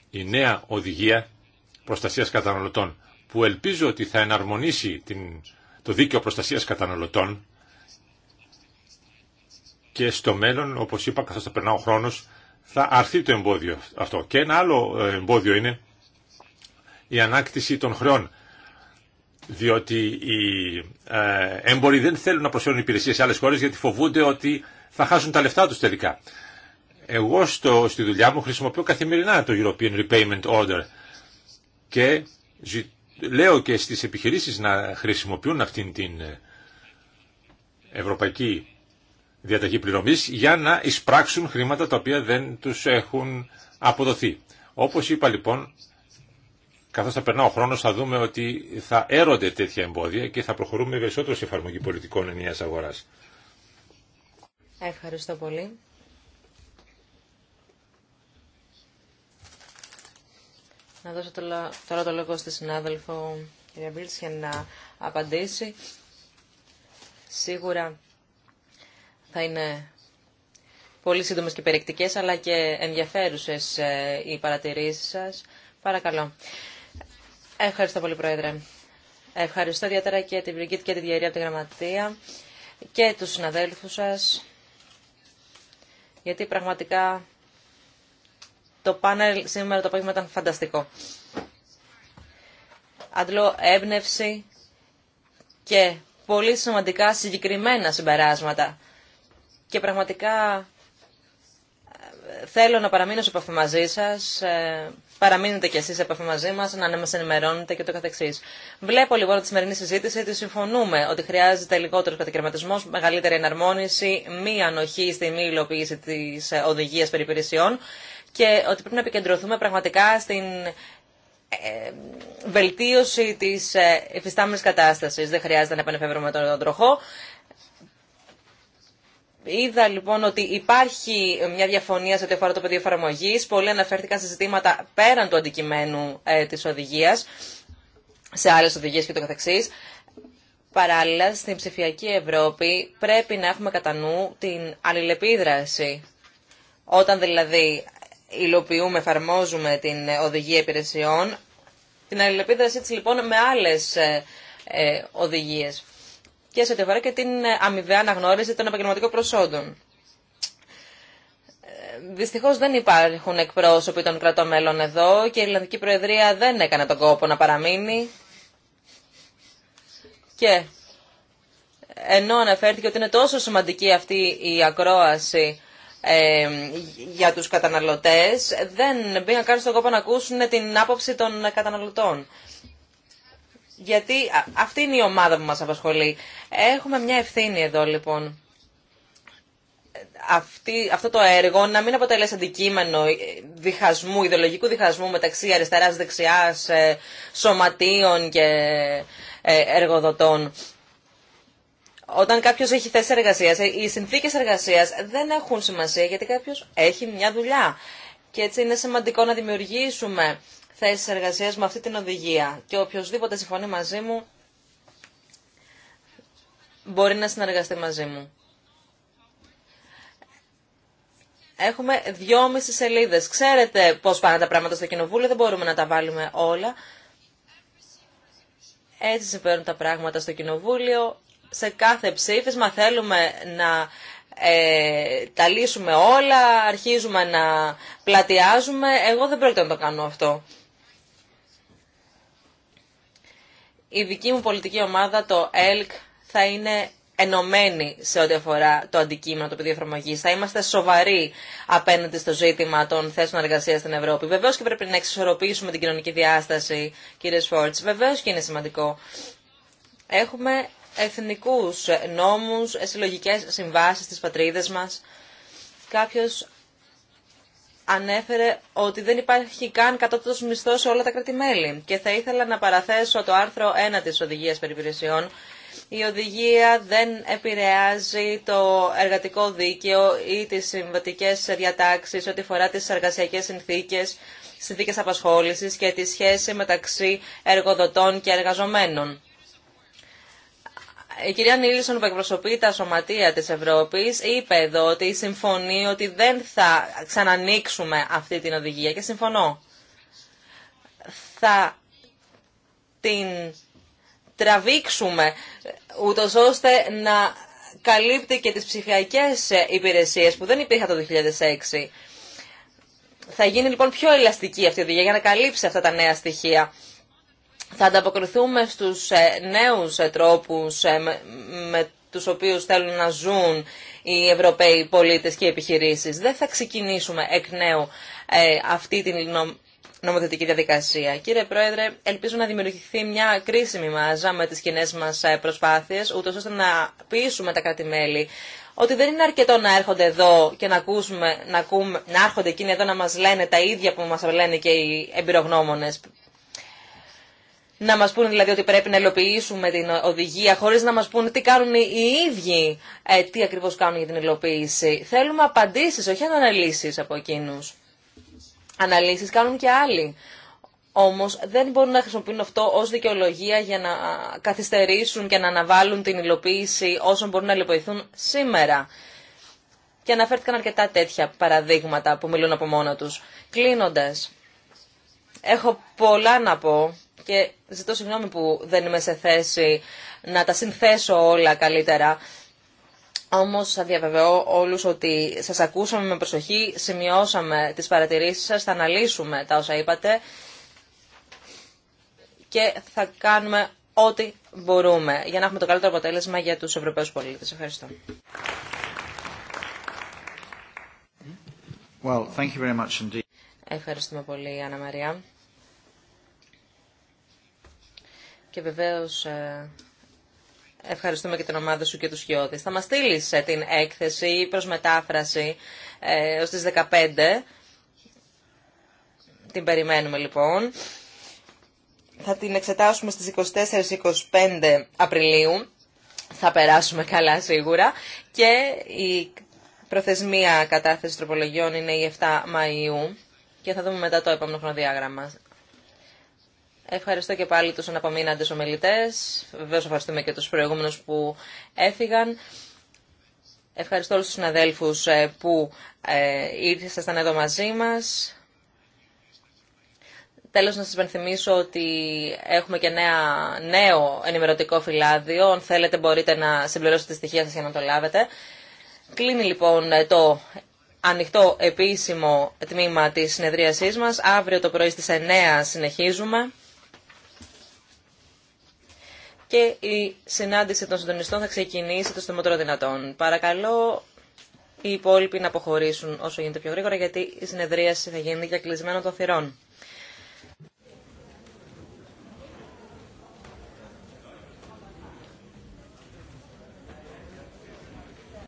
D: η νέα οδηγία προστασίας καταναλωτών, που ελπίζω ότι θα εναρμονίσει την, το δίκαιο προστασίας καταναλωτών και στο μέλλον, όπως είπα, καθώς θα περνά ο χρόνος, θα αρθεί το εμπόδιο αυτό. Και ένα άλλο ε, εμπόδιο είναι η ανάκτηση των χρεών διότι οι ε, έμποροι δεν θέλουν να προσφέρουν υπηρεσίες σε άλλες χώρες γιατί φοβούνται ότι θα χάσουν τα λεφτά τους τελικά. Εγώ στο, στη δουλειά μου χρησιμοποιώ καθημερινά το European Repayment Order και λέω και στις επιχειρήσεις να χρησιμοποιούν αυτήν την ε, ευρωπαϊκή διαταγή πληρωμής για να εισπράξουν χρήματα τα οποία δεν τους έχουν αποδοθεί. Όπως είπα λοιπόν, καθώς θα περνά ο χρόνος θα δούμε ότι θα έρονται τέτοια εμπόδια και θα προχωρούμε περισσότερο σε εφαρμογή πολιτικών ενιαίας αγοράς.
B: Ευχαριστώ πολύ. Να δώσω τώρα το λόγο στη συνάδελφο κυρία Μπίλτς για να απαντήσει. Σίγουρα θα είναι πολύ σύντομες και περιεκτικές αλλά και ενδιαφέρουσες ε, οι παρατηρήσεις σας. Παρακαλώ. Ευχαριστώ πολύ, Πρόεδρε. Ευχαριστώ ιδιαίτερα και την Βρυγκίτ και τη Διαρία από τη Γραμματεία και τους συναδέλφους σας, γιατί πραγματικά το πάνελ σήμερα το απόγευμα ήταν φανταστικό. Αντλώ έμπνευση και πολύ σημαντικά συγκεκριμένα συμπεράσματα. Και πραγματικά ε, θέλω να παραμείνω σε επαφή μαζί σας, ε, παραμείνετε κι εσεί σε επαφή μαζί μα να μα ενημερώνετε και το καθεξή. Βλέπω λοιπόν τη σημερινή συζήτηση ότι συμφωνούμε ότι χρειάζεται λιγότερο κατακαιρματισμό, μεγαλύτερη εναρμόνιση, μία ανοχή στη μη υλοποίηση οδηγία περιπηρεσιών και ότι πρέπει να επικεντρωθούμε πραγματικά στην ε, βελτίωση της ε, υφιστάμενης κατάσταση. Δεν χρειάζεται να επανεφεύρουμε τον τροχό. Είδα λοιπόν ότι υπάρχει μια διαφωνία σε ό,τι αφορά το πεδίο εφαρμογή. Πολλοί αναφέρθηκαν σε ζητήματα πέραν του αντικειμένου ε, τη οδηγία, σε άλλε οδηγίε και το καθεξής. Παράλληλα, στην ψηφιακή Ευρώπη πρέπει να έχουμε κατά νου την αλληλεπίδραση. Όταν δηλαδή υλοποιούμε, εφαρμόζουμε την οδηγία υπηρεσιών, την αλληλεπίδρασή τη, λοιπόν με άλλε ε, ε και σε τη αφορά και την αμοιβαία αναγνώριση των επαγγελματικών προσόντων. Ε, Δυστυχώ δεν υπάρχουν εκπρόσωποι των κρατών μέλων εδώ και η Ιρλανδική Προεδρία δεν έκανε τον κόπο να παραμείνει. Και ενώ αναφέρθηκε ότι είναι τόσο σημαντική αυτή η ακρόαση ε, για τους καταναλωτές, δεν μπήκαν καν στον κόπο να ακούσουν την άποψη των καταναλωτών γιατί αυτή είναι η ομάδα που μας απασχολεί. Έχουμε μια ευθύνη εδώ λοιπόν. Αυτή, αυτό το έργο να μην αποτελέσει αντικείμενο διχασμού, ιδεολογικού διχασμού μεταξύ αριστεράς, δεξιάς, ε, σωματείων και ε, εργοδοτών. Όταν κάποιο έχει θέση εργασία, ε, οι συνθήκε εργασία δεν έχουν σημασία γιατί κάποιο έχει μια δουλειά. Και έτσι είναι σημαντικό να δημιουργήσουμε Θέσει εργασία με αυτή την οδηγία. Και οποιοδήποτε συμφωνεί μαζί μου μπορεί να συνεργαστεί μαζί μου. Έχουμε δυόμιση σελίδε. Ξέρετε πώ πάνε τα πράγματα στο Κοινοβούλιο, δεν μπορούμε να τα βάλουμε όλα. Έτσι συμβαίνουν τα πράγματα στο Κοινοβούλιο. Σε κάθε ψήφισμα θέλουμε να ε, τα λύσουμε όλα, αρχίζουμε να πλατιάζουμε. Εγώ δεν πρόκειται να το κάνω αυτό. η δική μου πολιτική ομάδα, το ΕΛΚ, θα είναι ενωμένη σε ό,τι αφορά το αντικείμενο το πεδίο εφαρμογή. Θα είμαστε σοβαροί απέναντι στο ζήτημα των θέσεων εργασία στην Ευρώπη. Βεβαίω και πρέπει να εξισορροπήσουμε την κοινωνική διάσταση, κύριε Σφόρτ. Βεβαίω και είναι σημαντικό. Έχουμε εθνικού νόμου, συλλογικέ συμβάσει στι πατρίδε μα. Κάποιο ανέφερε ότι δεν υπάρχει καν κατώτατος μισθό σε όλα τα κρατη Και θα ήθελα να παραθέσω το άρθρο 1 της Οδηγίας Περιπηρεσιών. Η οδηγία δεν επηρεάζει το εργατικό δίκαιο ή τι συμβατικέ διατάξει, ό,τι φορά τι εργασιακές συνθήκες, συνθήκε απασχόλησης και τη σχέση μεταξύ εργοδοτών και εργαζομένων. Ε, η κυρία Νίλσον που εκπροσωπεί τα σωματεία της Ευρώπης είπε εδώ ότι συμφωνεί ότι δεν θα ξανανοίξουμε αυτή την οδηγία και συμφωνώ. Θα την τραβήξουμε ούτως ώστε να καλύπτει και τις ψηφιακές υπηρεσίες που δεν υπήρχαν το 2006. Θα γίνει λοιπόν πιο ελαστική αυτή η οδηγία για να καλύψει αυτά τα νέα στοιχεία θα ανταποκριθούμε στους ε, νέους ε, τρόπους ε, με τους οποίους θέλουν να ζουν οι Ευρωπαίοι πολίτες και οι επιχειρήσεις. Δεν θα ξεκινήσουμε εκ νέου αυτή την νομοθετική διαδικασία. Κύριε Πρόεδρε, ελπίζω να δημιουργηθεί μια κρίσιμη μάζα με τις κοινέ μας προσπάθειες, ούτως ώστε να πείσουμε τα κράτη-μέλη ότι δεν είναι αρκετό να έρχονται εδώ και να, ακούσουμε, να, ακούμε, να έρχονται εκείνοι εδώ να μας λένε τα ίδια που μας λένε και οι εμπειρογνώμονες να μας πούνε δηλαδή ότι πρέπει να υλοποιήσουμε την οδηγία χωρίς να μας πούνε τι κάνουν οι ίδιοι, ε, τι ακριβώς κάνουν για την υλοποίηση. Θέλουμε απαντήσεις, όχι αναλύσεις από εκείνους. Αναλύσεις κάνουν και άλλοι. Όμως δεν μπορούν να χρησιμοποιούν αυτό ως δικαιολογία για να καθυστερήσουν και να αναβάλουν την υλοποίηση όσων μπορούν να υλοποιηθούν σήμερα. Και αναφέρθηκαν αρκετά τέτοια παραδείγματα που μιλούν από μόνα τους. Κλείνοντας, έχω πολλά να πω και ζητώ συγγνώμη που δεν είμαι σε θέση να τα συνθέσω όλα καλύτερα. Όμως θα διαβεβαιώ όλους ότι σας ακούσαμε με προσοχή, σημειώσαμε τις παρατηρήσεις σας, θα αναλύσουμε τα όσα είπατε και θα κάνουμε ό,τι μπορούμε για να έχουμε το καλύτερο αποτέλεσμα για τους Ευρωπαίους πολίτες. Ευχαριστώ.
A: Well, thank you very much indeed.
B: Ευχαριστούμε πολύ, Άννα Μαρία. Και βεβαίως ε, ευχαριστούμε και την ομάδα σου και τους Χιώδη. Θα μας στείλει ε, την έκθεση προς μετάφραση ε, 15. Την περιμένουμε λοιπόν. Θα την εξετάσουμε στις 24-25 Απριλίου. Θα περάσουμε καλά σίγουρα. Και η προθεσμία κατάθεση τροπολογιών είναι η 7 Μαΐου. Και θα δούμε μετά το επόμενο χρονοδιάγραμμα. Ευχαριστώ και πάλι τους αναπομείναντες ομιλητές. Βεβαίως ευχαριστούμε και τους προηγούμενους που έφυγαν. Ευχαριστώ όλους τους συναδέλφους ε, που ε, ήρθαν εδώ μαζί μας. Τέλος να σας υπενθυμίσω ότι έχουμε και νέο ενημερωτικό φυλάδιο. Αν θέλετε μπορείτε να συμπληρώσετε στοιχεία σας για να το λάβετε. Κλείνει λοιπόν ε, το ανοιχτό επίσημο τμήμα της συνεδρίασής μας. Αύριο το πρωί στις 9 συνεχίζουμε και η συνάντηση των συντονιστών θα ξεκινήσει το στομότερο δυνατόν. Παρακαλώ οι υπόλοιποι να αποχωρήσουν όσο γίνεται πιο γρήγορα γιατί η συνεδρίαση θα γίνει για κλεισμένο των θυρών.